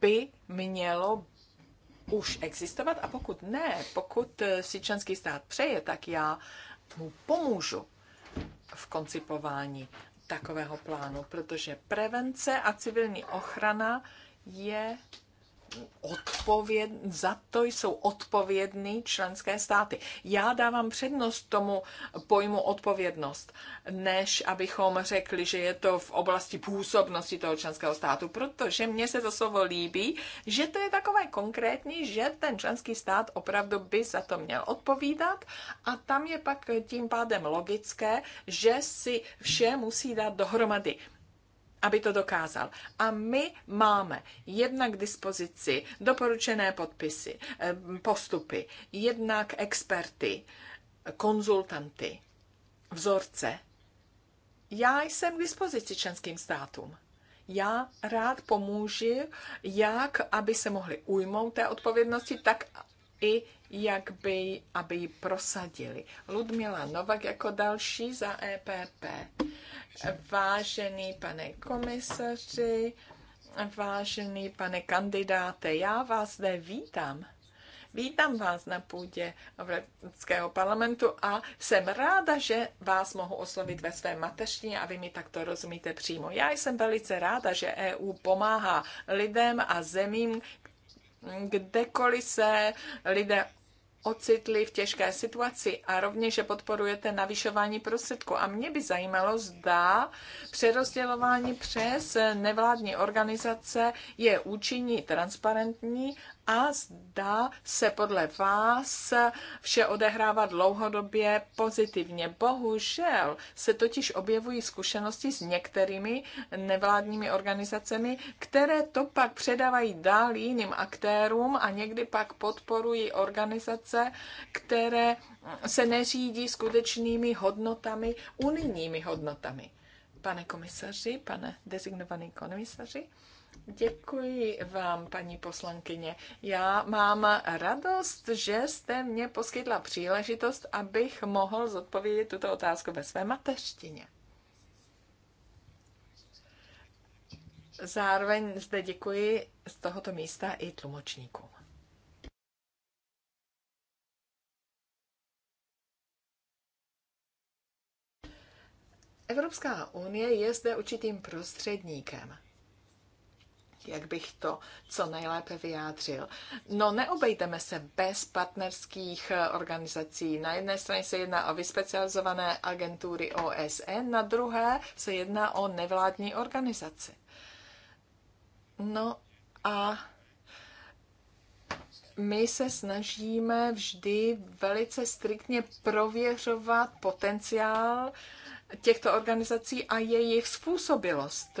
by mělo už existovat a pokud ne, pokud si členský stát přeje, tak já mu pomůžu v koncipování takového plánu, protože prevence a civilní ochrana je odpověd, za to jsou odpovědný členské státy. Já dávám přednost tomu pojmu odpovědnost, než abychom řekli, že je to v oblasti působnosti toho členského státu, protože mně se to slovo líbí, že to je takové konkrétní, že ten členský stát opravdu by za to měl odpovídat a tam je pak tím pádem logické, že si vše musí dát dohromady aby to dokázal. A my máme jednak k dispozici doporučené podpisy, eh, postupy, jednak experty, konzultanty, vzorce. Já jsem k dispozici členským státům. Já rád pomůžu, jak aby se mohli ujmout té odpovědnosti, tak i jak by, aby ji prosadili. Ludmila Novak jako další za EPP. Vážený pane komisaři, vážený pane kandidáte, já vás zde vítám. Vítám vás na půdě Evropského parlamentu a jsem ráda, že vás mohu oslovit ve své mateřštině a vy mi takto rozumíte přímo. Já jsem velice ráda, že EU pomáhá lidem a zemím, kdekoliv se lidé ocitli v těžké situaci a rovněž, že podporujete navyšování prostředků. A mě by zajímalo, zda přerozdělování přes nevládní organizace je účinní, transparentní a zda se podle vás vše odehrává dlouhodobě pozitivně. Bohužel se totiž objevují zkušenosti s některými nevládními organizacemi, které to pak předávají dál jiným aktérům a někdy pak podporují organizace, které se neřídí skutečnými hodnotami, unijními hodnotami. Pane komisaři, pane designovaný komisaři, Děkuji vám, paní poslankyně. Já mám radost, že jste mě poskytla příležitost, abych mohl zodpovědět tuto otázku ve své mateřtině. Zároveň zde děkuji z tohoto místa i tlumočníkům. Evropská unie je zde určitým prostředníkem jak bych to co nejlépe vyjádřil. No neobejdeme se bez partnerských eh, organizací. Na jedné straně se jedná o vyspecializované agentury OSN, na druhé se jedná o nevládní organizace. No a my se snažíme vždy velice striktně prověřovat potenciál těchto organizací a jejich způsobilost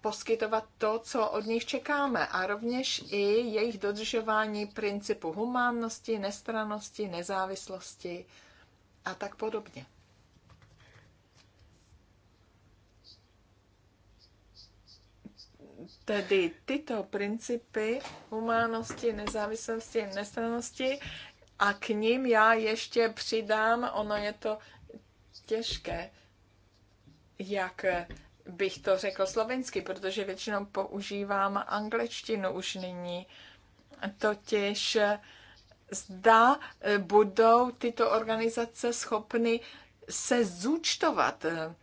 poskytovat to, co od nich čekáme a rovněž i jejich dodržování principu humánnosti, nestranosti, nezávislosti a tak podobně. Tedy tyto principy humánnosti, nezávislosti, nestranosti a k ním já ještě přidám, ono je to těžké, jak bych to řekl slovensky, protože většinou používám angličtinu už nyní. Totiž zda eh, budou tyto organizace schopny se zúčtovat eh,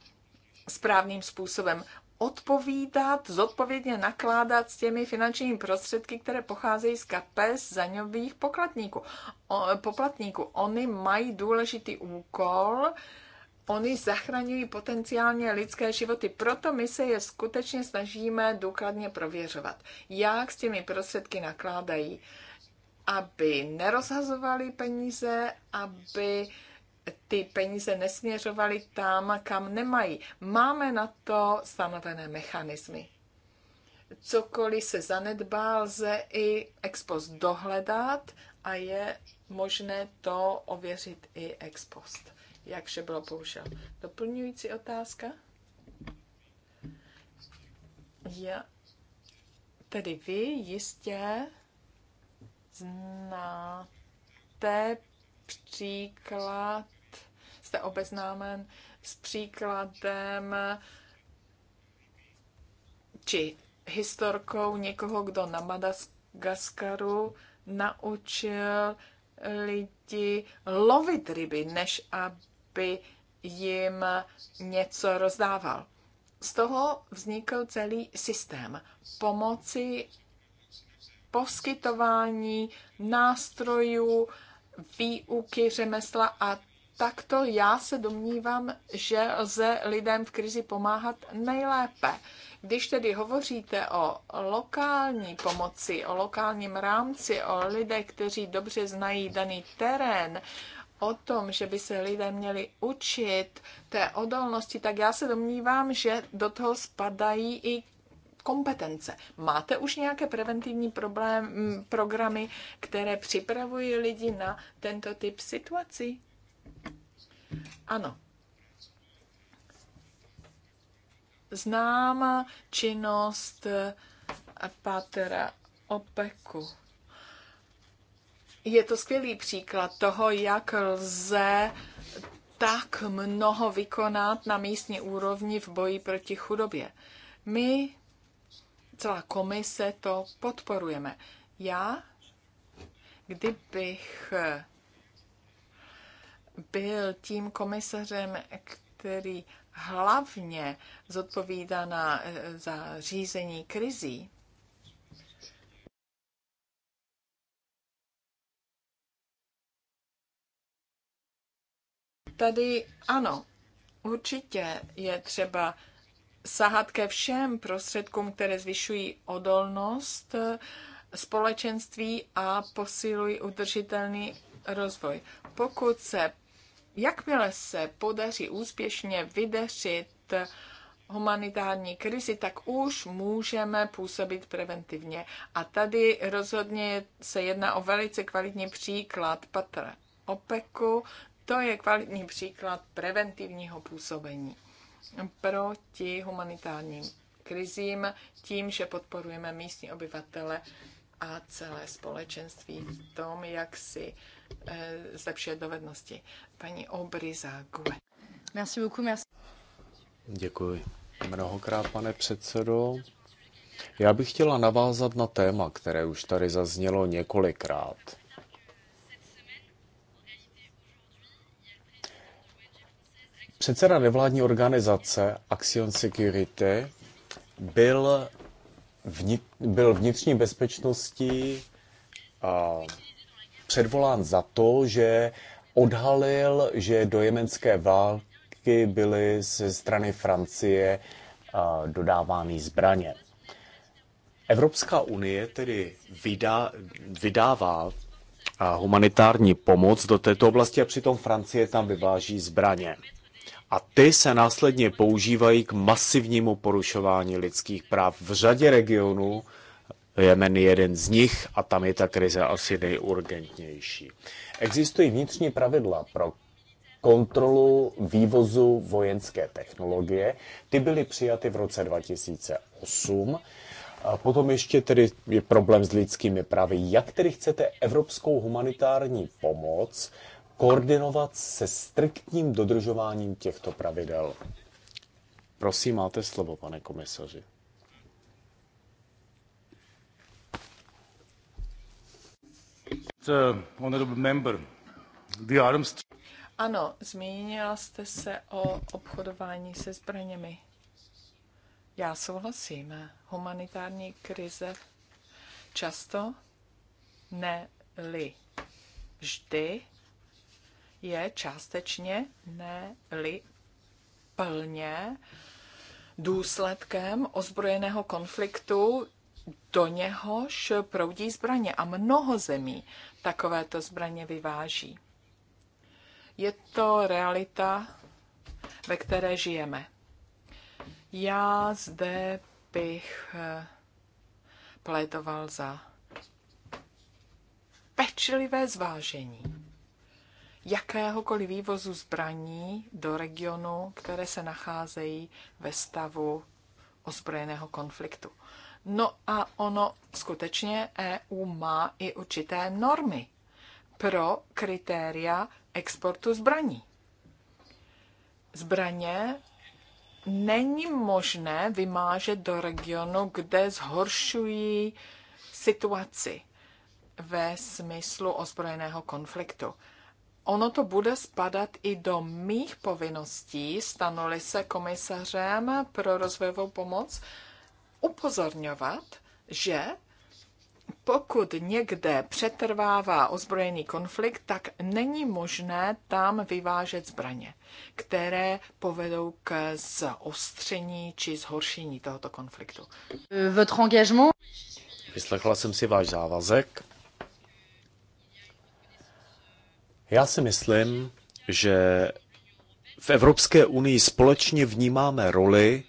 správným způsobem, odpovídat, zodpovědně nakládat s těmi finančními prostředky, které pocházejí z kapes zaňových poplatníků. poplatníku. Oni mají důležitý úkol, Oni zachraňují potenciálně lidské životy, proto my se je skutečně snažíme důkladně prověřovat, jak s těmi prostředky nakládají, aby nerozhazovali peníze, aby ty peníze nesměřovaly tam, kam nemají. Máme na to stanovené mechanismy. Cokoliv se zanedbá, lze i ex post dohledat a je možné to ověřit i ex post jak vše bylo použito. Doplňující otázka? Já, tedy vy jistě znáte příklad, jste obeznámen s příkladem či historkou někoho, kdo na Madagaskaru naučil lidi lovit ryby, než aby by jim něco rozdával. Z toho vznikl celý systém pomoci poskytování nástrojů, výuky řemesla a takto já se domnívám, že lze lidem v krizi pomáhat nejlépe. Když tedy hovoříte o lokální pomoci, o lokálním rámci, o lidech, kteří dobře znají daný terén, o tom, že by se lidé měli učit té odolnosti, tak já se domnívám, že do toho spadají i kompetence. Máte už nějaké preventivní problém, programy, které připravují lidi na tento typ situací? Ano. Znám činnost eh, Patera Opeku je to skvělý příklad toho, jak lze tak mnoho vykonat na místní úrovni v boji proti chudobě. My, celá komise, to podporujeme. Já, kdybych byl tím komisařem, který hlavně zodpovídá na, za řízení krizí, Tady ano, určitě je třeba sahat ke všem prostředkům, které zvyšují odolnost eh, společenství a posilují udržitelný rozvoj. Pokud se, jakmile se podaří úspěšně vydeřit humanitární krizi, tak už můžeme působit preventivně. A tady rozhodně se jedná o velice kvalitní příklad Patr Opeku, to je kvalitní příklad preventivního působení proti humanitárním krizím tím, že podporujeme místní obyvatele a celé společenství v tom, jak si eh, zlepšuje dovednosti. Paní Obry Zague. Merci beaucoup, merci. Děkuji mnohokrát, pane předsedo. Já bych chtěla navázat na téma, které už tady zaznělo několikrát. Předseda nevládní organizace Action Security byl, vnit, byl vnitřní bezpečnosti a, předvolán za to, že odhalil, že do jemenské války byly ze strany Francie dodávány zbraně. Evropská unie tedy vydá, vydává a humanitární pomoc do této oblasti a přitom Francie tam vyváží zbraně a ty se následně používají k masivnímu porušování lidských práv v řadě regionů. Jemen je jeden z nich a tam je ta krize asi nejurgentnější. Existují vnitřní pravidla pro kontrolu vývozu vojenské technologie. Ty byly přijaty v roce 2008. A potom ještě tedy je problém s lidskými právy. Jak tedy chcete evropskou humanitární pomoc koordinovat se striktním dodržováním těchto pravidel. Prosím, máte slovo, pane komisaři. Uh, ano, zmínila jste se o obchodování se zbraněmi. Já souhlasím. Humanitární krize často, ne-li vždy, je částečně, ne-li plně, důsledkem ozbrojeného konfliktu, do něhož proudí zbraně a mnoho zemí takovéto zbraně vyváží. Je to realita, ve které žijeme. Já zde bych eh, plédoval za pečlivé zvážení jakéhokoliv vývozu zbraní do regionu, které se nacházejí ve stavu ozbrojeného konfliktu. No a ono skutečně EU má i určité normy pro kritéria exportu zbraní. Zbraně není možné vymážet do regionu, kde zhoršují situaci ve smyslu ozbrojeného konfliktu ono to bude spadat i do mých povinností, stanuli se komisařem pro rozvojovou pomoc, upozorňovat, že pokud někde přetrvává ozbrojený konflikt, tak není možné tam vyvážet zbraně, které povedou k zostření či zhoršení tohoto konfliktu. Votre engagement? Vyslechla jsem si váš závazek Já si myslím, že v Evropské unii společně vnímáme roli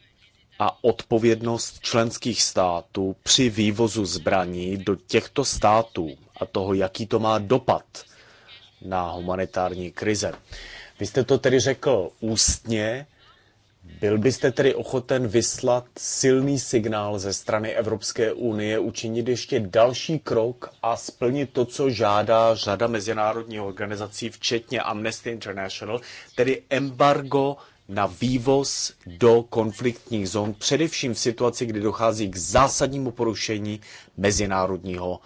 a odpovědnost členských států při vývozu zbraní do těchto států a toho, jaký to má dopad na humanitární krize. Vy jste to tedy řekl ústně, byl byste tedy ochoten vyslat silný signál ze strany Evropské unie, učinit ještě další krok a splnit to, co žádá řada mezinárodních organizací, včetně Amnesty International, tedy embargo na vývoz do konfliktních zón, především v situaci, kdy dochází k zásadnímu porušení mezinárodního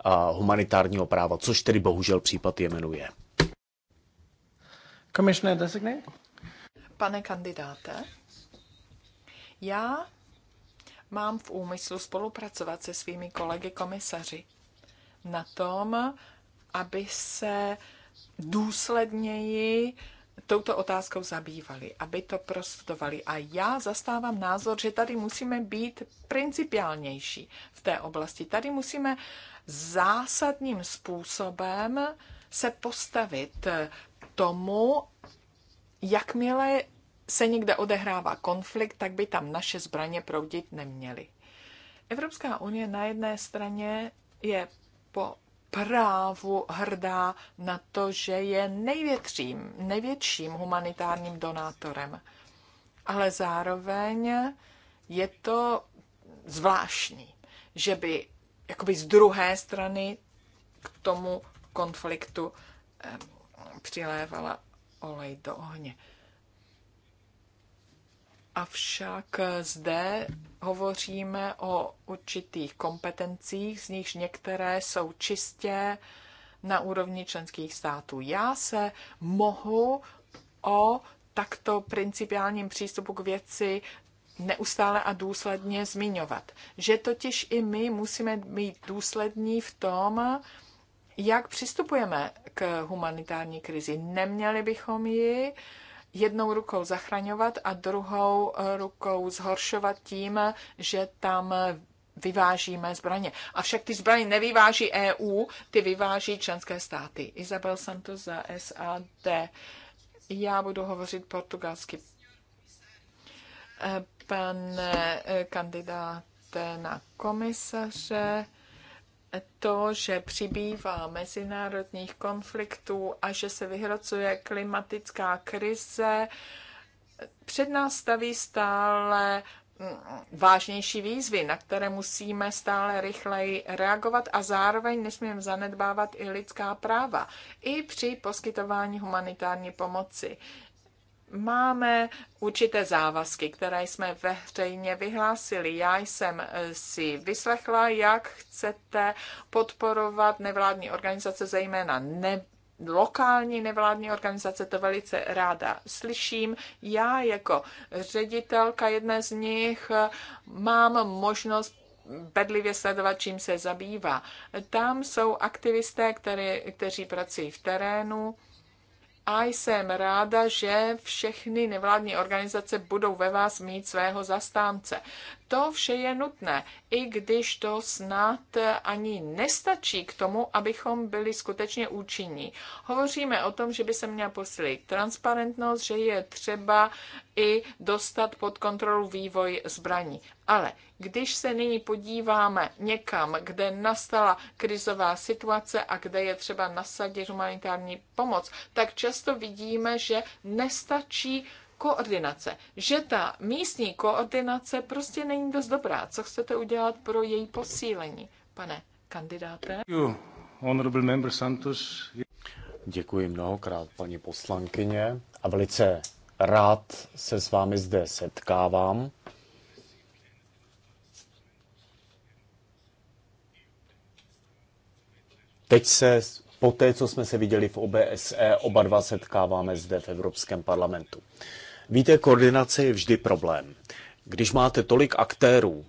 a humanitárního práva, což tedy bohužel případ Jemenu je. Commissioner designate? Pane kandidáte, já mám v úmyslu spolupracovat se svými kolegy komisaři na tom, aby se důsledněji touto otázkou zabývali, aby to prostudovali. A já zastávám názor, že tady musíme být principiálnější v té oblasti. Tady musíme zásadním způsobem se postavit tomu, jakmile se někde odehrává konflikt, tak by tam naše zbraně proudit neměly. Evropská unie na jedné straně je po právu hrdá na to, že je největším, největším humanitárním donátorem. Ale zároveň je to zvláštní, že by jakoby z druhé strany k tomu konfliktu eh, přilévala olej do ohně. Avšak zde hovoříme o určitých kompetencích, z nichž některé jsou čistě na úrovni členských států. Já se mohu o takto principiálním přístupu k věci neustále a důsledně zmiňovat. Že totiž i my musíme být důslední v tom, jak přistupujeme k humanitární krizi. Neměli bychom ji jednou rukou zachraňovat a druhou rukou zhoršovat tím, že tam vyvážíme zbraně. však ty zbraně nevyváží EU, ty vyváží členské státy. Isabel Santos za SAD. Já budu hovořit portugalsky. Pane kandidáte na komisaře, to, že přibývá mezinárodních konfliktů a že se vyhrocuje klimatická krize, před nás staví stále mm, vážnější výzvy, na které musíme stále rychleji reagovat a zároveň nesmíme zanedbávat i lidská práva, i při poskytování humanitární pomoci máme určité závazky, které jsme veřejně vyhlásili. Já jsem eh, si vyslechla, jak chcete podporovat nevládní organizace, zejména ne lokální nevládní organizace, to velice ráda slyším. Já jako ředitelka jedné z nich eh, mám možnost bedlivě sledovat, čím se zabývá. Tam jsou aktivisté, které, kteří pracují v terénu, a jsem ráda, že všechny nevládní organizace budou ve vás mít svého zastánce. To vše je nutné, i když to snad ani nestačí k tomu, abychom byli skutečně účinní. Hovoříme o tom, že by se měla posílit transparentnost, že je třeba i dostat pod kontrolu vývoj zbraní. Ale když se nyní podíváme někam, kde nastala krizová situace a kde je třeba nasadit humanitární pomoc, tak často vidíme, že nestačí koordinace. Že ta místní koordinace prostě není dost dobrá. Co chcete udělat pro její posílení, pane kandidáte? Děkuji mnohokrát, paní poslankyně, a velice rád se s vámi zde setkávám. Teď se po té, co jsme se viděli v OBSE, oba dva setkáváme zde v Evropském parlamentu. Víte, koordinace je vždy problém. Když máte tolik aktérů,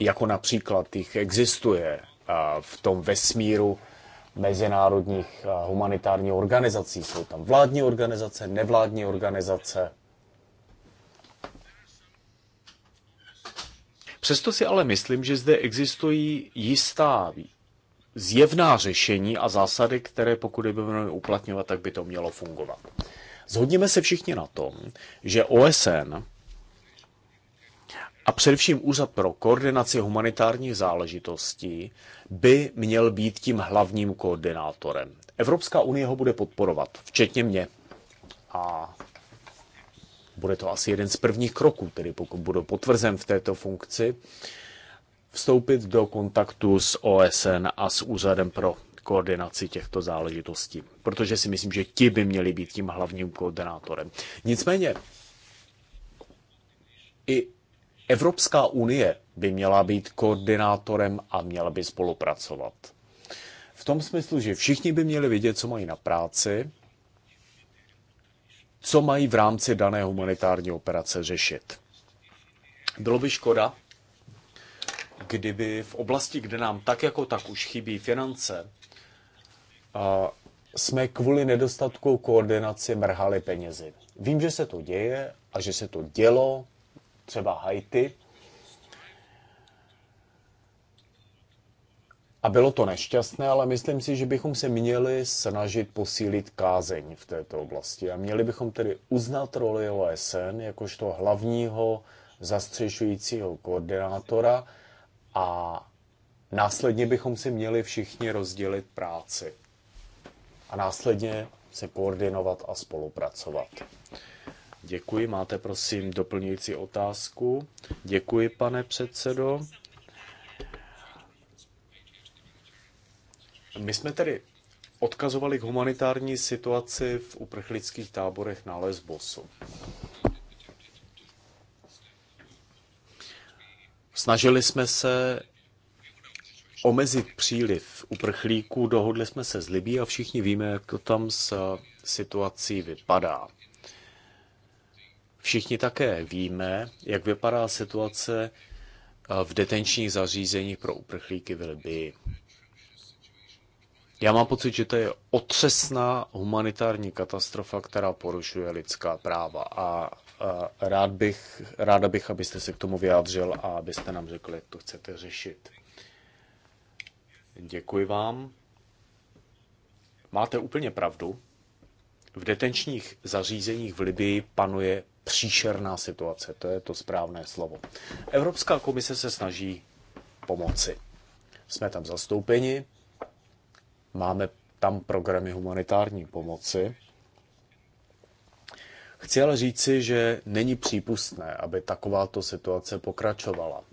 jako například jich existuje v tom vesmíru mezinárodních humanitárních organizací, jsou tam vládní organizace, nevládní organizace, Přesto si ale myslím, že zde existují jistá zjevná řešení a zásady, které pokud by měly uplatňovat, tak by to mělo fungovat. Zhodněme se všichni na tom, že OSN a především Úřad pro koordinaci humanitárních záležitostí by měl být tím hlavním koordinátorem. Evropská unie ho bude podporovat, včetně mě. A bude to asi jeden z prvních kroků, tedy pokud budu potvrzen v této funkci, vstoupit do kontaktu s OSN a s Úřadem pro koordinaci těchto záležitostí, protože si myslím, že ti by měli být tím hlavním koordinátorem. Nicméně i Evropská unie by měla být koordinátorem a měla by spolupracovat. V tom smyslu, že všichni by měli vědět, co mají na práci, co mají v rámci dané humanitární operace řešit. Bylo by škoda, kdyby v oblasti, kde nám tak jako tak už chybí finance, jsme kvůli nedostatku koordinace mrhali penězi. Vím, že se to děje a že se to dělo, třeba Haiti, A bylo to nešťastné, ale myslím si, že bychom se měli snažit posílit kázeň v této oblasti. A měli bychom tedy uznat roli OSN jakožto hlavního zastřešujícího koordinátora a následně bychom si měli všichni rozdělit práci a následně se koordinovat a spolupracovat. Děkuji. Máte prosím doplňující otázku? Děkuji, pane předsedo. My jsme tedy odkazovali k humanitární situaci v uprchlických táborech na Lesbosu. Snažili jsme se omezit příliv uprchlíků. Dohodli jsme se s Libí a všichni víme, jak to tam s eh, situací vypadá. Všichni také víme, jak vypadá situace eh, v detenčních zařízeních pro uprchlíky v Libii. Já mám pocit, že to je otřesná humanitární katastrofa, která porušuje lidská práva a eh, rád bych, ráda bych, abyste se k tomu vyjádřil a abyste nám řekl, jak to chcete řešit. Děkuji vám. Máte úplně pravdu. V detenčních zařízeních v Libii panuje příšerná situace, to je to správné slovo. Evropská komise se snaží pomoci. Jsme tam zastoupeni, máme tam programy humanitární pomoci. Chci ale říci, že není přípustné, aby takováto situace pokračovala.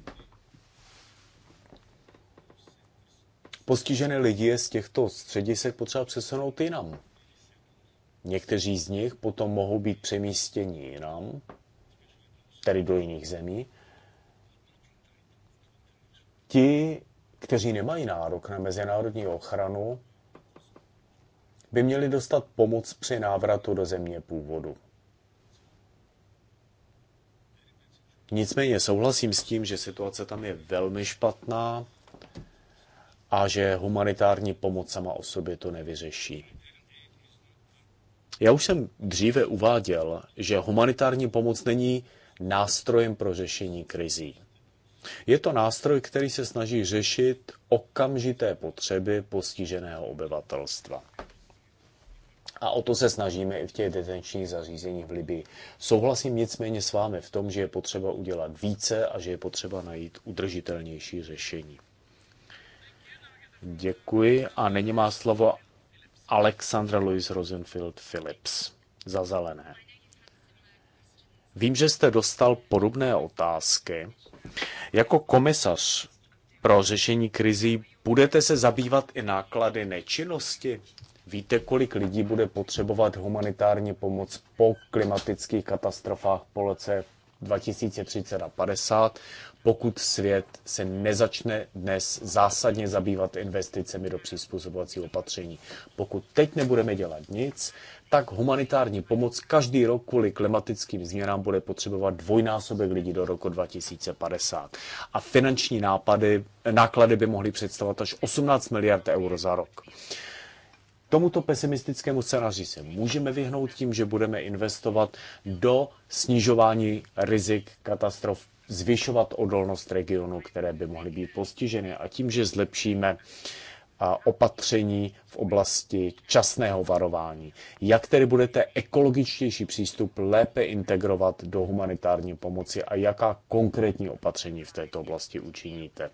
Postižené lidi je z těchto středisek potřeba přesunout jinam. Někteří z nich potom mohou být přemístěni jinam, tedy do jiných zemí. Ti, kteří nemají nárok na mezinárodní ochranu, by měli dostat pomoc při návratu do země původu. Nicméně souhlasím s tím, že situace tam je velmi špatná a že humanitární pomoc sama o sobě to nevyřeší. Já už jsem dříve uváděl, že humanitární pomoc není nástrojem pro řešení krizí. Je to nástroj, který se snaží řešit okamžité potřeby postiženého obyvatelstva. A o to se snažíme i v těch detenčních zařízeních v Libii. Souhlasím nicméně s vámi v tom, že je potřeba udělat více a že je potřeba najít udržitelnější řešení. Děkuji a nyní má slovo Alexandra Louis Rosenfield Phillips za zelené. Vím, že jste dostal podobné otázky. Jako komisař pro řešení krizí budete se zabývat i náklady nečinnosti? Víte, kolik lidí bude potřebovat humanitární pomoc po klimatických katastrofách po roce, 2030 a 50, pokud svět se nezačne dnes zásadně zabývat investicemi do přizpůsobovacího opatření. Pokud teď nebudeme dělat nic, tak humanitární pomoc každý rok kvůli klimatickým změnám bude potřebovat dvojnásobek lidí do roku 2050. A finanční nápady, náklady by mohly představovat až 18 miliard euro za rok. Tomuto pesimistickému scénáři se můžeme vyhnout tím, že budeme investovat do snižování rizik katastrof, zvyšovat odolnost regionu, které by mohly být postiženy a tím, že zlepšíme opatření v oblasti časného varování. Jak tedy budete ekologičtější přístup lépe integrovat do humanitární pomoci a jaká konkrétní opatření v této oblasti učiníte?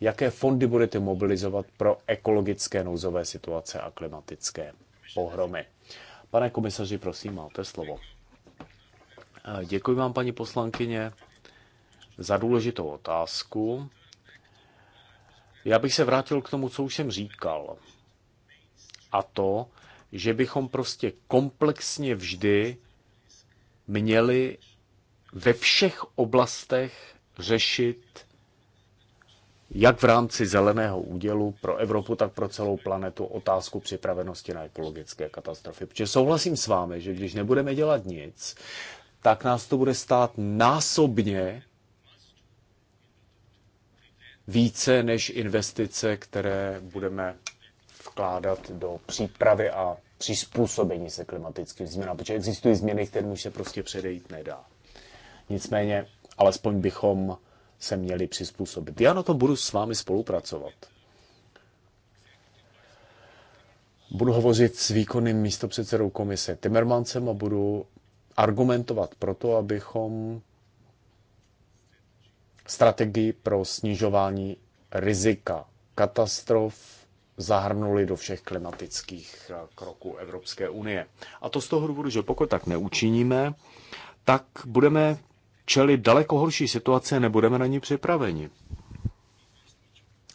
Jaké fondy budete mobilizovat pro ekologické nouzové situace a klimatické pohromy? Pane komisaři, prosím, máte slovo. Děkuji vám, paní poslankyně, za důležitou otázku. Já bych se vrátil k tomu, co už jsem říkal. A to, že bychom prostě komplexně vždy měli ve všech oblastech řešit jak v rámci zeleného údělu pro Evropu, tak pro celou planetu otázku připravenosti na ekologické katastrofy. Protože souhlasím s vámi, že když nebudeme dělat nic, tak nás to bude stát násobně více než investice, které budeme vkládat do přípravy a přizpůsobení se klimatickým změnám, protože existují změny, kterým už se prostě předejít nedá. Nicméně, alespoň bychom se měli přizpůsobit. Já na to budu s vámi spolupracovat. Budu hovořit s výkonným místopředsedou komise Timmermansem a budu argumentovat proto, abychom strategii pro snižování rizika katastrof zahrnuli do všech klimatických eh, kroků Evropské unie. A to z toho důvodu, že pokud tak neučiníme, tak budeme čelit daleko horší situace, nebudeme na ní připraveni.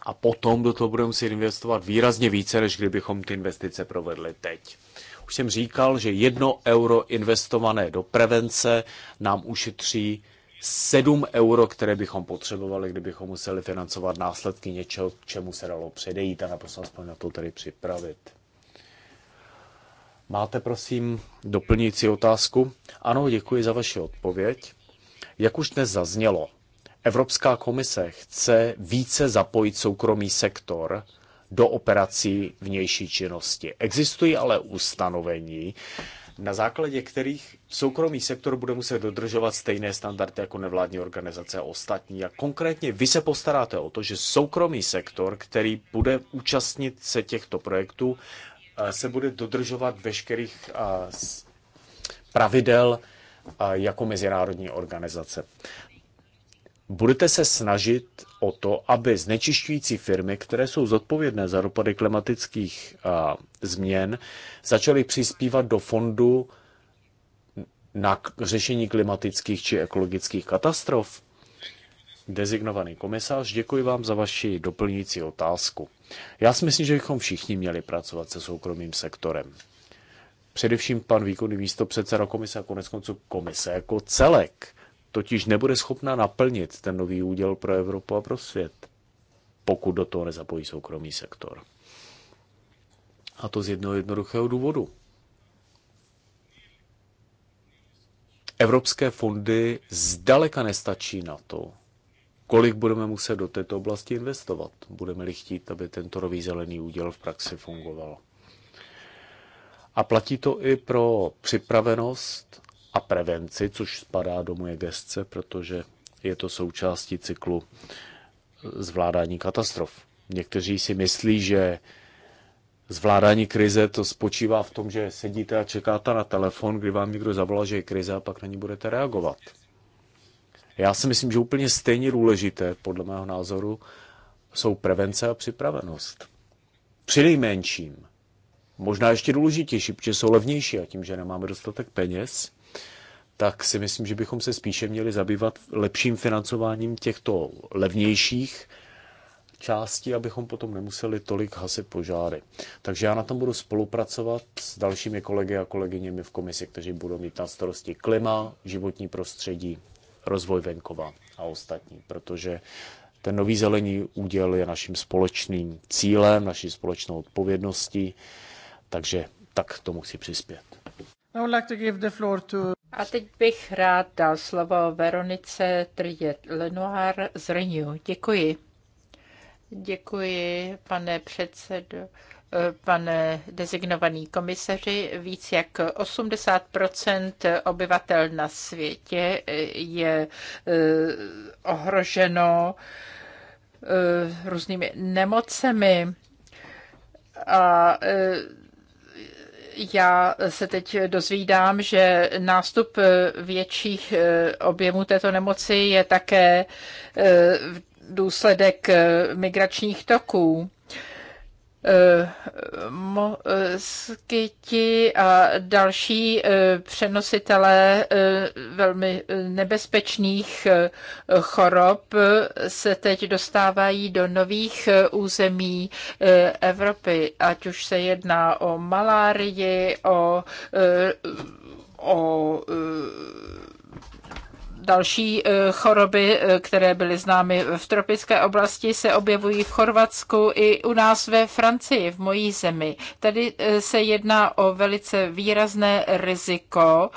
A potom do toho budeme muset investovat výrazně více, než kdybychom ty investice provedli teď. Už jsem říkal, že jedno euro investované do prevence nám ušetří 7 euro, které bychom potřebovali, kdybychom museli financovat následky něčeho, k čemu se dalo předejít a naposled aspoň na to tady připravit. Máte, prosím, doplňující otázku? Ano, děkuji za vaši odpověď. Jak už dnes zaznělo, Evropská komise chce více zapojit soukromý sektor do operací vnější činnosti. Existují ale ustanovení, na základě kterých soukromý sektor bude muset dodržovat stejné standardy jako nevládní organizace a ostatní. A konkrétně vy se postaráte o to, že soukromý sektor, který bude účastnit se těchto projektů, eh, se bude dodržovat veškerých eh, pravidel eh, jako mezinárodní organizace budete se snažit o to, aby znečišťující firmy, které jsou zodpovědné za dopady klimatických a, změn, začaly přispívat do fondu na řešení klimatických či ekologických katastrof? Dezignovaný komisář, děkuji vám za vaši doplňující otázku. Já si myslím, že bychom všichni měli pracovat se soukromým sektorem. Především pan výkonný místo předseda komise a konec konců komise jako celek totiž nebude schopna naplnit ten nový úděl pro Evropu a pro svět, pokud do toho nezapojí soukromý sektor. A to z jednoho jednoduchého důvodu. Evropské fondy zdaleka nestačí na to, kolik budeme muset do této oblasti investovat, budeme-li chtít, aby tento nový zelený úděl v praxi fungoval. A platí to i pro připravenost a prevenci, což spadá do moje gestce, protože je to součástí cyklu zvládání katastrof. Někteří si myslí, že zvládání krize to spočívá v tom, že sedíte a čekáte na telefon, kdy vám někdo zavolá, že je krize a pak na ní budete reagovat. Já si myslím, že úplně stejně důležité, podle mého názoru, jsou prevence a připravenost. Přinejmenším. Možná ještě důležitější, protože jsou levnější a tím, že nemáme dostatek peněz, tak si myslím, že bychom se spíše měli zabývat lepším financováním těchto levnějších částí, abychom potom nemuseli tolik hasit požáry. Takže já na tom budu spolupracovat s dalšími kolegy a kolegyněmi v komisi, kteří budou mít na starosti klima, životní prostředí, rozvoj venkova a ostatní, protože ten nový zelený úděl je naším společným cílem, naší společnou odpovědností, takže tak tomu chci přispět. To... A teď bych rád dal slovo Veronice Triet-Lenoir z Renew. Děkuji. Děkuji, pane předsedo pane designovaný komisaři, víc jak 80 obyvatel na světě je eh, ohroženo eh, různými nemocemi a eh, já se teď dozvídám, že nástup větších eh, objemů této nemoci je také eh, důsledek eh, migračních toků. Eh, moskyti a další eh, přenositelé eh, velmi nebezpečných chorob se teď dostávají do nových území Evropy, ať už se jedná o malárii, o o další eh, choroby, eh, které byly známy v tropické oblasti, se objevují v Chorvatsku i u nás ve Francii, v mojí zemi. Tady eh, se jedná o velice výrazné riziko,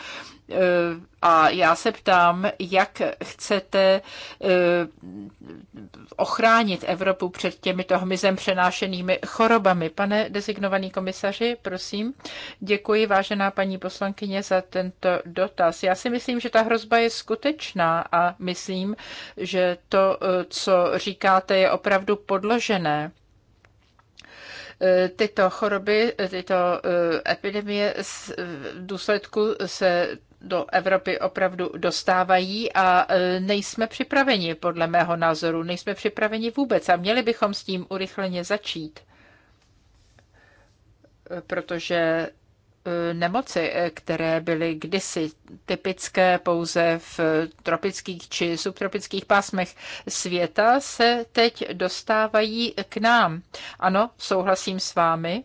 Eh, a já se ptám, jak chcete eh, ochránit Evropu před těmito hmyzem přenášenými chorobami. Pane designovaný komisaři, prosím, děkuji vážená paní poslankyně za tento dotaz. Já si myslím, že ta hrozba je skutečná a myslím, že to, eh, co říkáte, je opravdu podložené tyto choroby, tyto epidemie v důsledku se do Evropy opravdu dostávají a e, nejsme připraveni, podle mého názoru, nejsme připraveni vůbec a měli bychom s tím urychleně začít, e, protože e, nemoci, které byly kdysi typické pouze v tropických či subtropických pásmech světa, se teď dostávají k nám. Ano, souhlasím s vámi,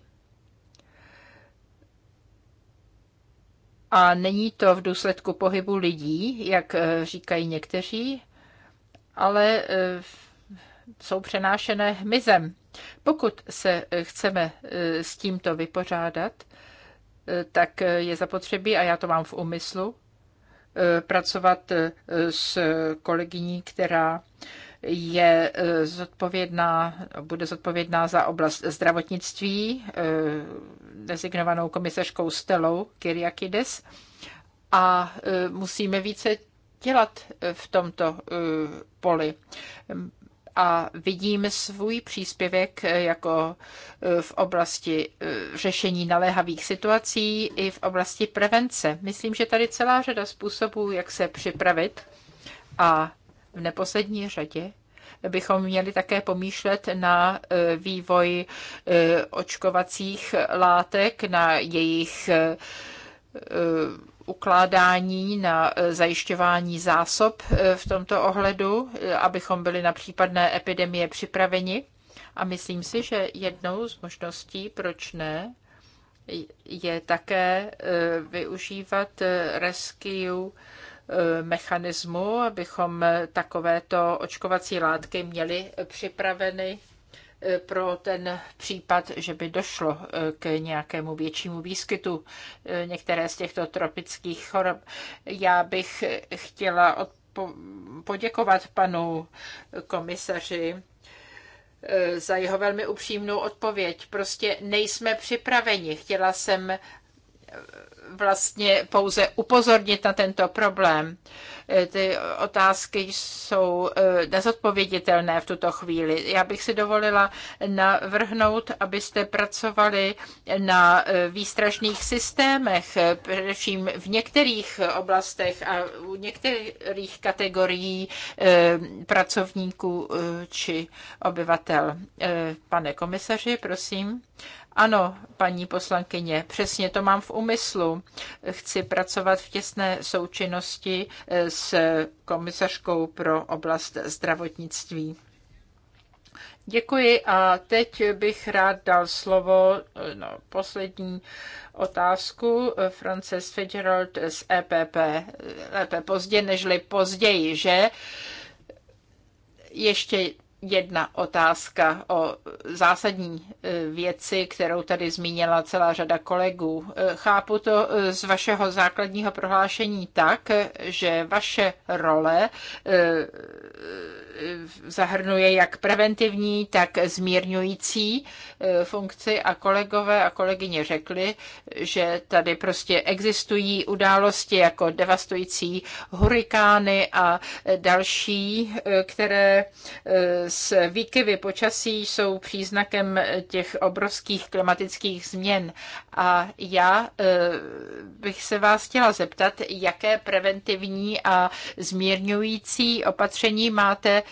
A není to v důsledku pohybu lidí, jak eh, říkají někteří, ale eh, jsou přenášené hmyzem. Pokud se eh, chceme s tímto vypořádat, tak je zapotřebí, a já to mám v úmyslu, pracovat s kolegyní, která je eh, zodpovědná, bude zodpovědná za oblast zdravotnictví, eh, designovanou komisařkou Stelou Kyriakides. A eh, musíme více dělat v tomto poli a vidím svůj příspěvek jako v oblasti řešení naléhavých situací i v oblasti prevence. Myslím, že tady celá řada způsobů, jak se připravit a v neposlední řadě bychom měli také pomýšlet na e, vývoj e, očkovacích látek, na jejich e, ukládání, na zajišťování zásob v tomto ohledu, abychom byli na případné epidemie připraveni. A myslím si, že jednou z možností, proč ne, je také využívat rescue Eh, mechanismu, abychom takovéto očkovací látky měli připraveny eh, pro ten případ, že by došlo eh, k nějakému většímu výskytu některé z těchto tropických chorob. Já bych chtěla poděkovat panu komisaři za jeho velmi upřímnou odpověď. Prostě nejsme připraveni. Chtěla jsem vlastně pouze upozornit na tento problém. E, ty otázky jsou e, nezodpověditelné v tuto chvíli. Já bych si dovolila navrhnout, abyste pracovali na e, výstražných systémech, především v některých oblastech a u některých kategorií pracovníků či obyvatel. Pane komisaři, prosím. Ano, paní poslankyně, přesně to mám v úmyslu. Chci pracovat v těsné součinnosti eh, s komisařkou pro oblast zdravotnictví. Děkuji a teď bych rád dal slovo eh, no, poslední otázku eh, Frances Fitzgerald z EPP. Lépe pozdě nežli později, že? Ještě jedna otázka o zásadní e, věci, kterou tady zmínila celá řada kolegů. E, chápu to e, z vašeho základního prohlášení tak, že vaše role zahrnuje jak preventivní, tak zmírňující eh, funkci a kolegové a kolegyně řekli, že tady prostě existují události jako devastující hurikány a další, eh, které eh, s výkyvy počasí jsou příznakem těch obrovských klimatických změn. A já bych se vás chtěla zeptat, jaké preventivní a zmírňující opatření máte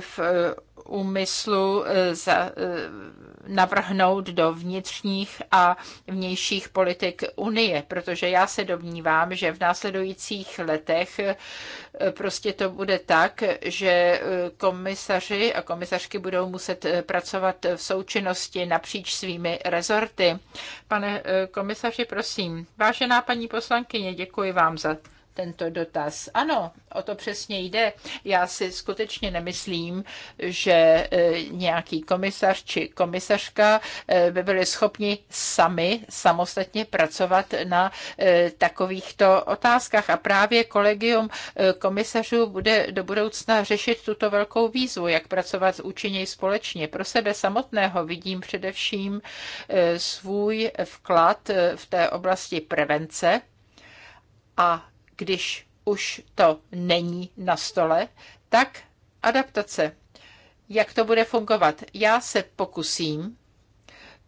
v úmyslu eh, za, eh, navrhnout do vnitřních a vnějších politik Unie, protože já se domnívám, že v následujících letech eh, prostě to bude tak, že komisaři a komisařky budou muset pracovat v součinnosti napříč svými rezorty. Pane komisaři, prosím. Vážená paní poslankyně, děkuji vám za tento dotaz. Ano, o to přesně jde. Já si skutečně nemyslím, že e, nějaký komisař či komisařka e, by byli schopni sami samostatně pracovat na e, takovýchto otázkách. A právě kolegium komisařů bude do budoucna řešit tuto velkou výzvu, jak pracovat účinněji společně. Pro sebe samotného vidím především svůj vklad v té oblasti prevence a když už to není na stole, tak adaptace. Jak to bude fungovat? Já se pokusím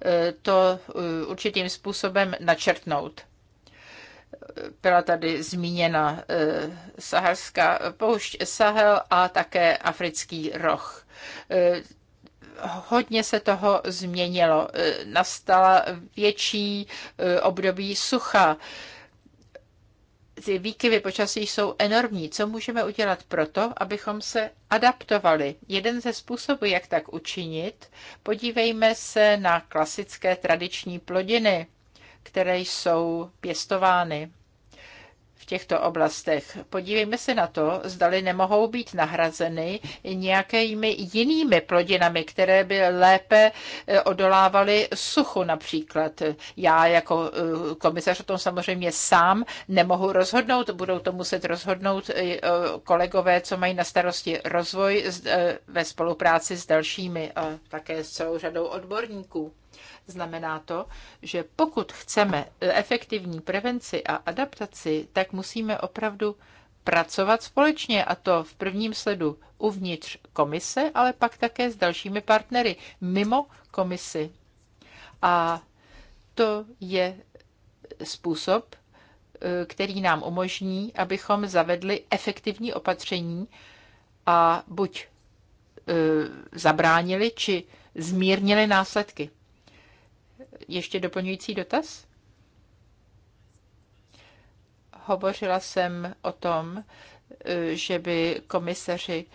eh, to eh, určitým způsobem načrtnout. Byla tady zmíněna eh, saharská poušť Sahel a také africký roh hodně se toho změnilo. Nastala větší období sucha ty výkyvy počasí jsou enormní. Co můžeme udělat proto, abychom se adaptovali? Jeden ze způsobů, jak tak učinit, podívejme se na klasické tradiční plodiny, které jsou pěstovány těchto oblastech. Podívejme se na to, zdali nemohou být nahrazeny nějakými jinými plodinami, které by lépe eh, odolávaly suchu například. Já jako eh, komisař o tom samozřejmě sám nemohu rozhodnout, budou to muset rozhodnout eh, kolegové, co mají na starosti rozvoj ve spolupráci s dalšími a také s celou řadou odborníků. Znamená to, že pokud chceme efektivní prevenci a adaptaci, tak musíme opravdu pracovat společně, a to v prvním sledu uvnitř komise, ale pak také s dalšími partnery mimo komisi. A to je způsob, který nám umožní, abychom zavedli efektivní opatření a buď e, zabránili či zmírnili následky ještě doplňující dotaz? Hovořila jsem o tom, eh, že by komisaři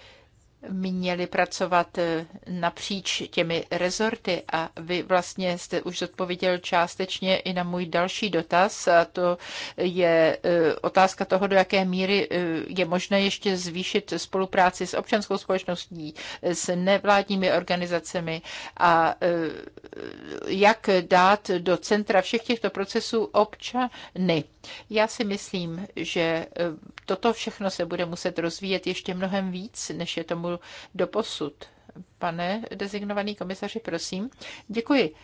měli pracovat eh, napříč těmi rezorty a vy vlastně jste už odpověděl částečně i na můj další dotaz a to je eh, otázka toho, do jaké míry eh, je možné ještě zvýšit spolupráci s občanskou společností, s nevládními organizacemi a jak dát do centra všech těchto procesů občany. Já si myslím, že toto všechno se bude muset rozvíjet ještě mnohem víc, než je tomu do posud, Pane designovaný komisaři, prosím. Děkuji.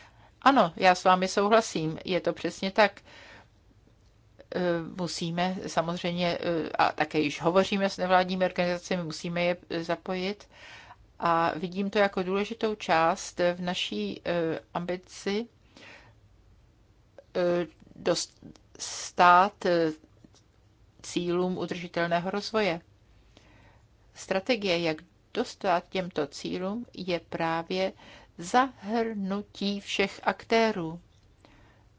Ano, já s vámi souhlasím, je to přesně tak e, musíme samozřejmě, e, a také již hovoříme s nevládními organizacemi, musíme je zapojit. A vidím to jako důležitou část v naší e, ambici dostat cílům udržitelného rozvoje. Strategie, jak dostat těmto cílům, je právě zahrnutí všech aktérů,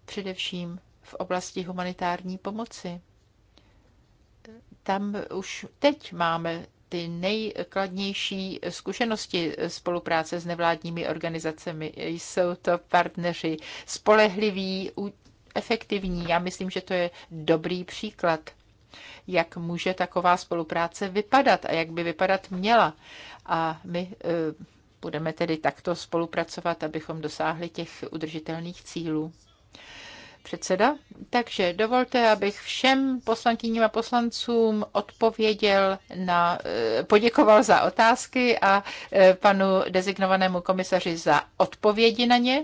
především v oblasti humanitární pomoci. Tam už teď máme ty nejkladnější zkušenosti spolupráce s nevládními organizacemi. Jsou to partneři spolehliví, efektivní. Já myslím, že to je dobrý příklad jak může taková spolupráce vypadat a jak by vypadat měla. A my eh, budeme tedy takto spolupracovat, abychom dosáhli těch udržitelných cílů předseda. Takže dovolte, abych všem poslankyním a poslancům odpověděl na, eh, poděkoval za otázky a eh, panu dezignovanému komisaři za odpovědi na ně.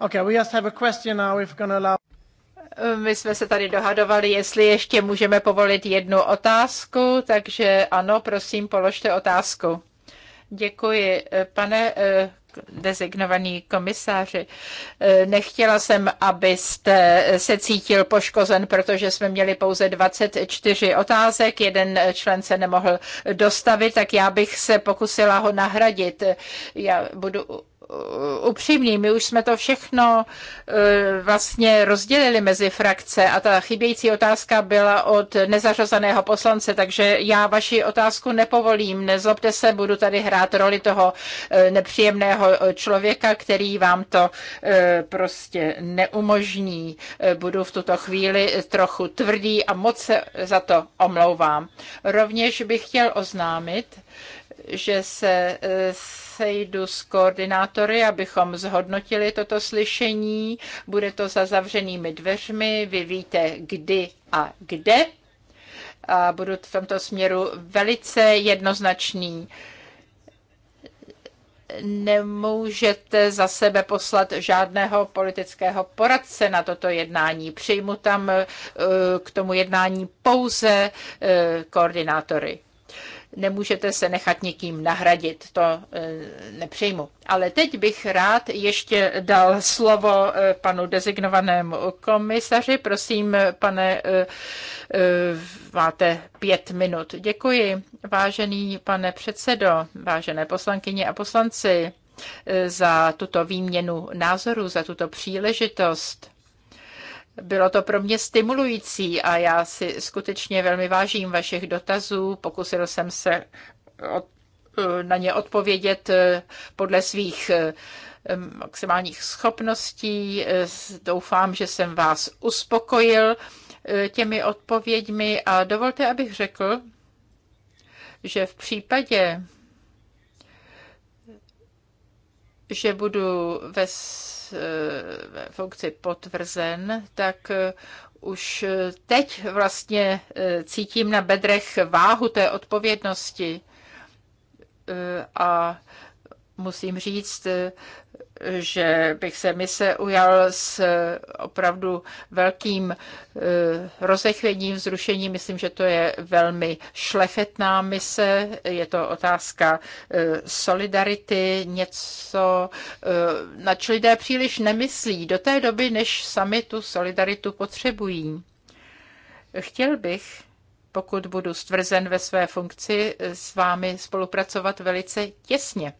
Okay, we just have a question now if allow... My jsme se tady dohadovali, jestli ještě můžeme povolit jednu otázku, takže ano, prosím, položte otázku. Děkuji. Pane eh, designovaný komisáři. Eh, nechtěla jsem, abyste se cítil poškozen, protože jsme měli pouze 24 otázek, jeden člen se nemohl dostavit, tak já bych se pokusila ho nahradit. Já budu Eh, upřímní, my už jsme to všechno eh, vlastně rozdělili mezi frakce a ta chybějící otázka byla od nezařazeného poslance, takže já vaši otázku nepovolím, nezlobte se, budu tady hrát roli toho eh, nepříjemného člověka, který vám to prostě neumožní. Budu v tuto chvíli trochu tvrdý a moc se za to omlouvám. Rovněž bych chtěl oznámit, že se e, sejdu s koordinátory, abychom zhodnotili toto slyšení. Bude to za zavřenými dveřmi, vy víte kdy a kde. A budu v tomto směru velice jednoznačný nemůžete za sebe poslat žádného politického poradce na toto jednání. Přijmu tam e, k tomu jednání pouze e, koordinátory nemůžete se nechat nikým nahradit, to eh, nepřejmu. Ale teď bych rád ještě dal slovo eh, panu dezignovanému komisaři. Prosím, pane, eh, máte pět minut. Děkuji, vážený pane předsedo, vážené poslankyně a poslanci, za tuto výměnu názorů, za tuto příležitost bylo to pro mě stimulující a já si skutečně velmi vážím vašich dotazů. Pokusil jsem se na ně odpovědět eh, podle svých eh, maximálních schopností. Eh, doufám, že jsem vás uspokojil těmi odpověďmi a dovolte, abych řekl, že v případě že budu ve, eh, ve funkci potvrzen, tak eh, už eh, teď vlastně cítím na bedrech váhu té odpovědnosti a musím říct, že bych se mise ujal s opravdu velkým eh, rozechvěním, vzrušením. Myslím, že to je velmi šlechetná mise. Je to otázka eh, solidarity, něco, eh, na co lidé příliš nemyslí do té doby, než sami tu solidaritu potřebují. Chtěl bych, pokud budu stvrzen ve své funkci, s vámi spolupracovat velice těsně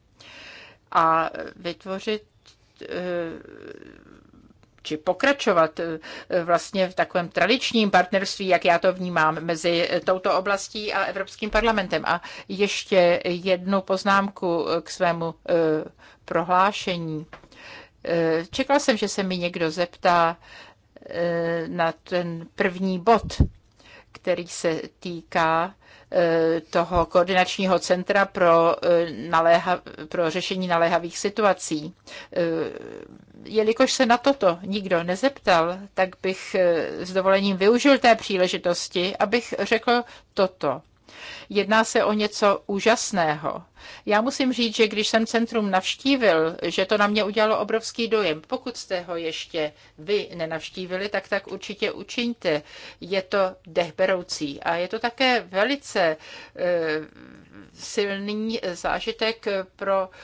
a vytvořit eh, či pokračovat eh, vlastně v takovém tradičním partnerství, jak já to vnímám, mezi touto oblastí a Evropským parlamentem. A ještě jednu poznámku eh, k svému prohlášení. Čekala jsem, že se mi někdo zeptá na ten první bod, který se týká E, toho koordinačního centra pro, e, naléha, pro řešení naléhavých situací. E, jelikož se na toto nikdo nezeptal, tak bych s dovolením využil té příležitosti, abych řekl toto. Jedná se o něco úžasného. Já musím říct, že když jsem centrum navštívil, že to na mě udělalo obrovský dojem. Pokud jste ho ještě vy nenavštívili, tak tak určitě učiňte. Je to dechberoucí a je to také velice e, silný zážitek pro e,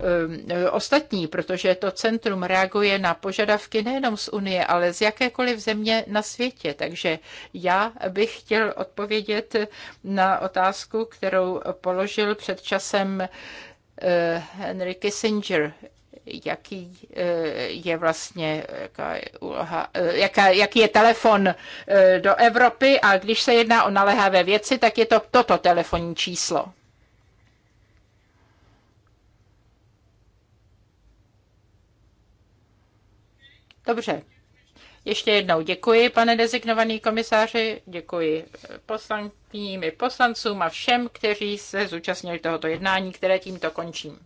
Eh, ostatní, protože to centrum reaguje na požadavky nejenom z Unie, ale z jakékoliv země na světě. Takže já bych chtěl odpovědět na otázku, kterou položil před časem eh, Henry Kissinger jaký eh, je vlastně, jaká je úloha, jaká, jaký je telefon do Evropy a když se jedná o naléhavé věci, tak je to toto telefonní číslo. Dobře. Ještě jednou děkuji, pane dezignovaný komisáři, děkuji poslankyním i poslancům a všem, kteří se zúčastnili tohoto jednání, které tímto končím.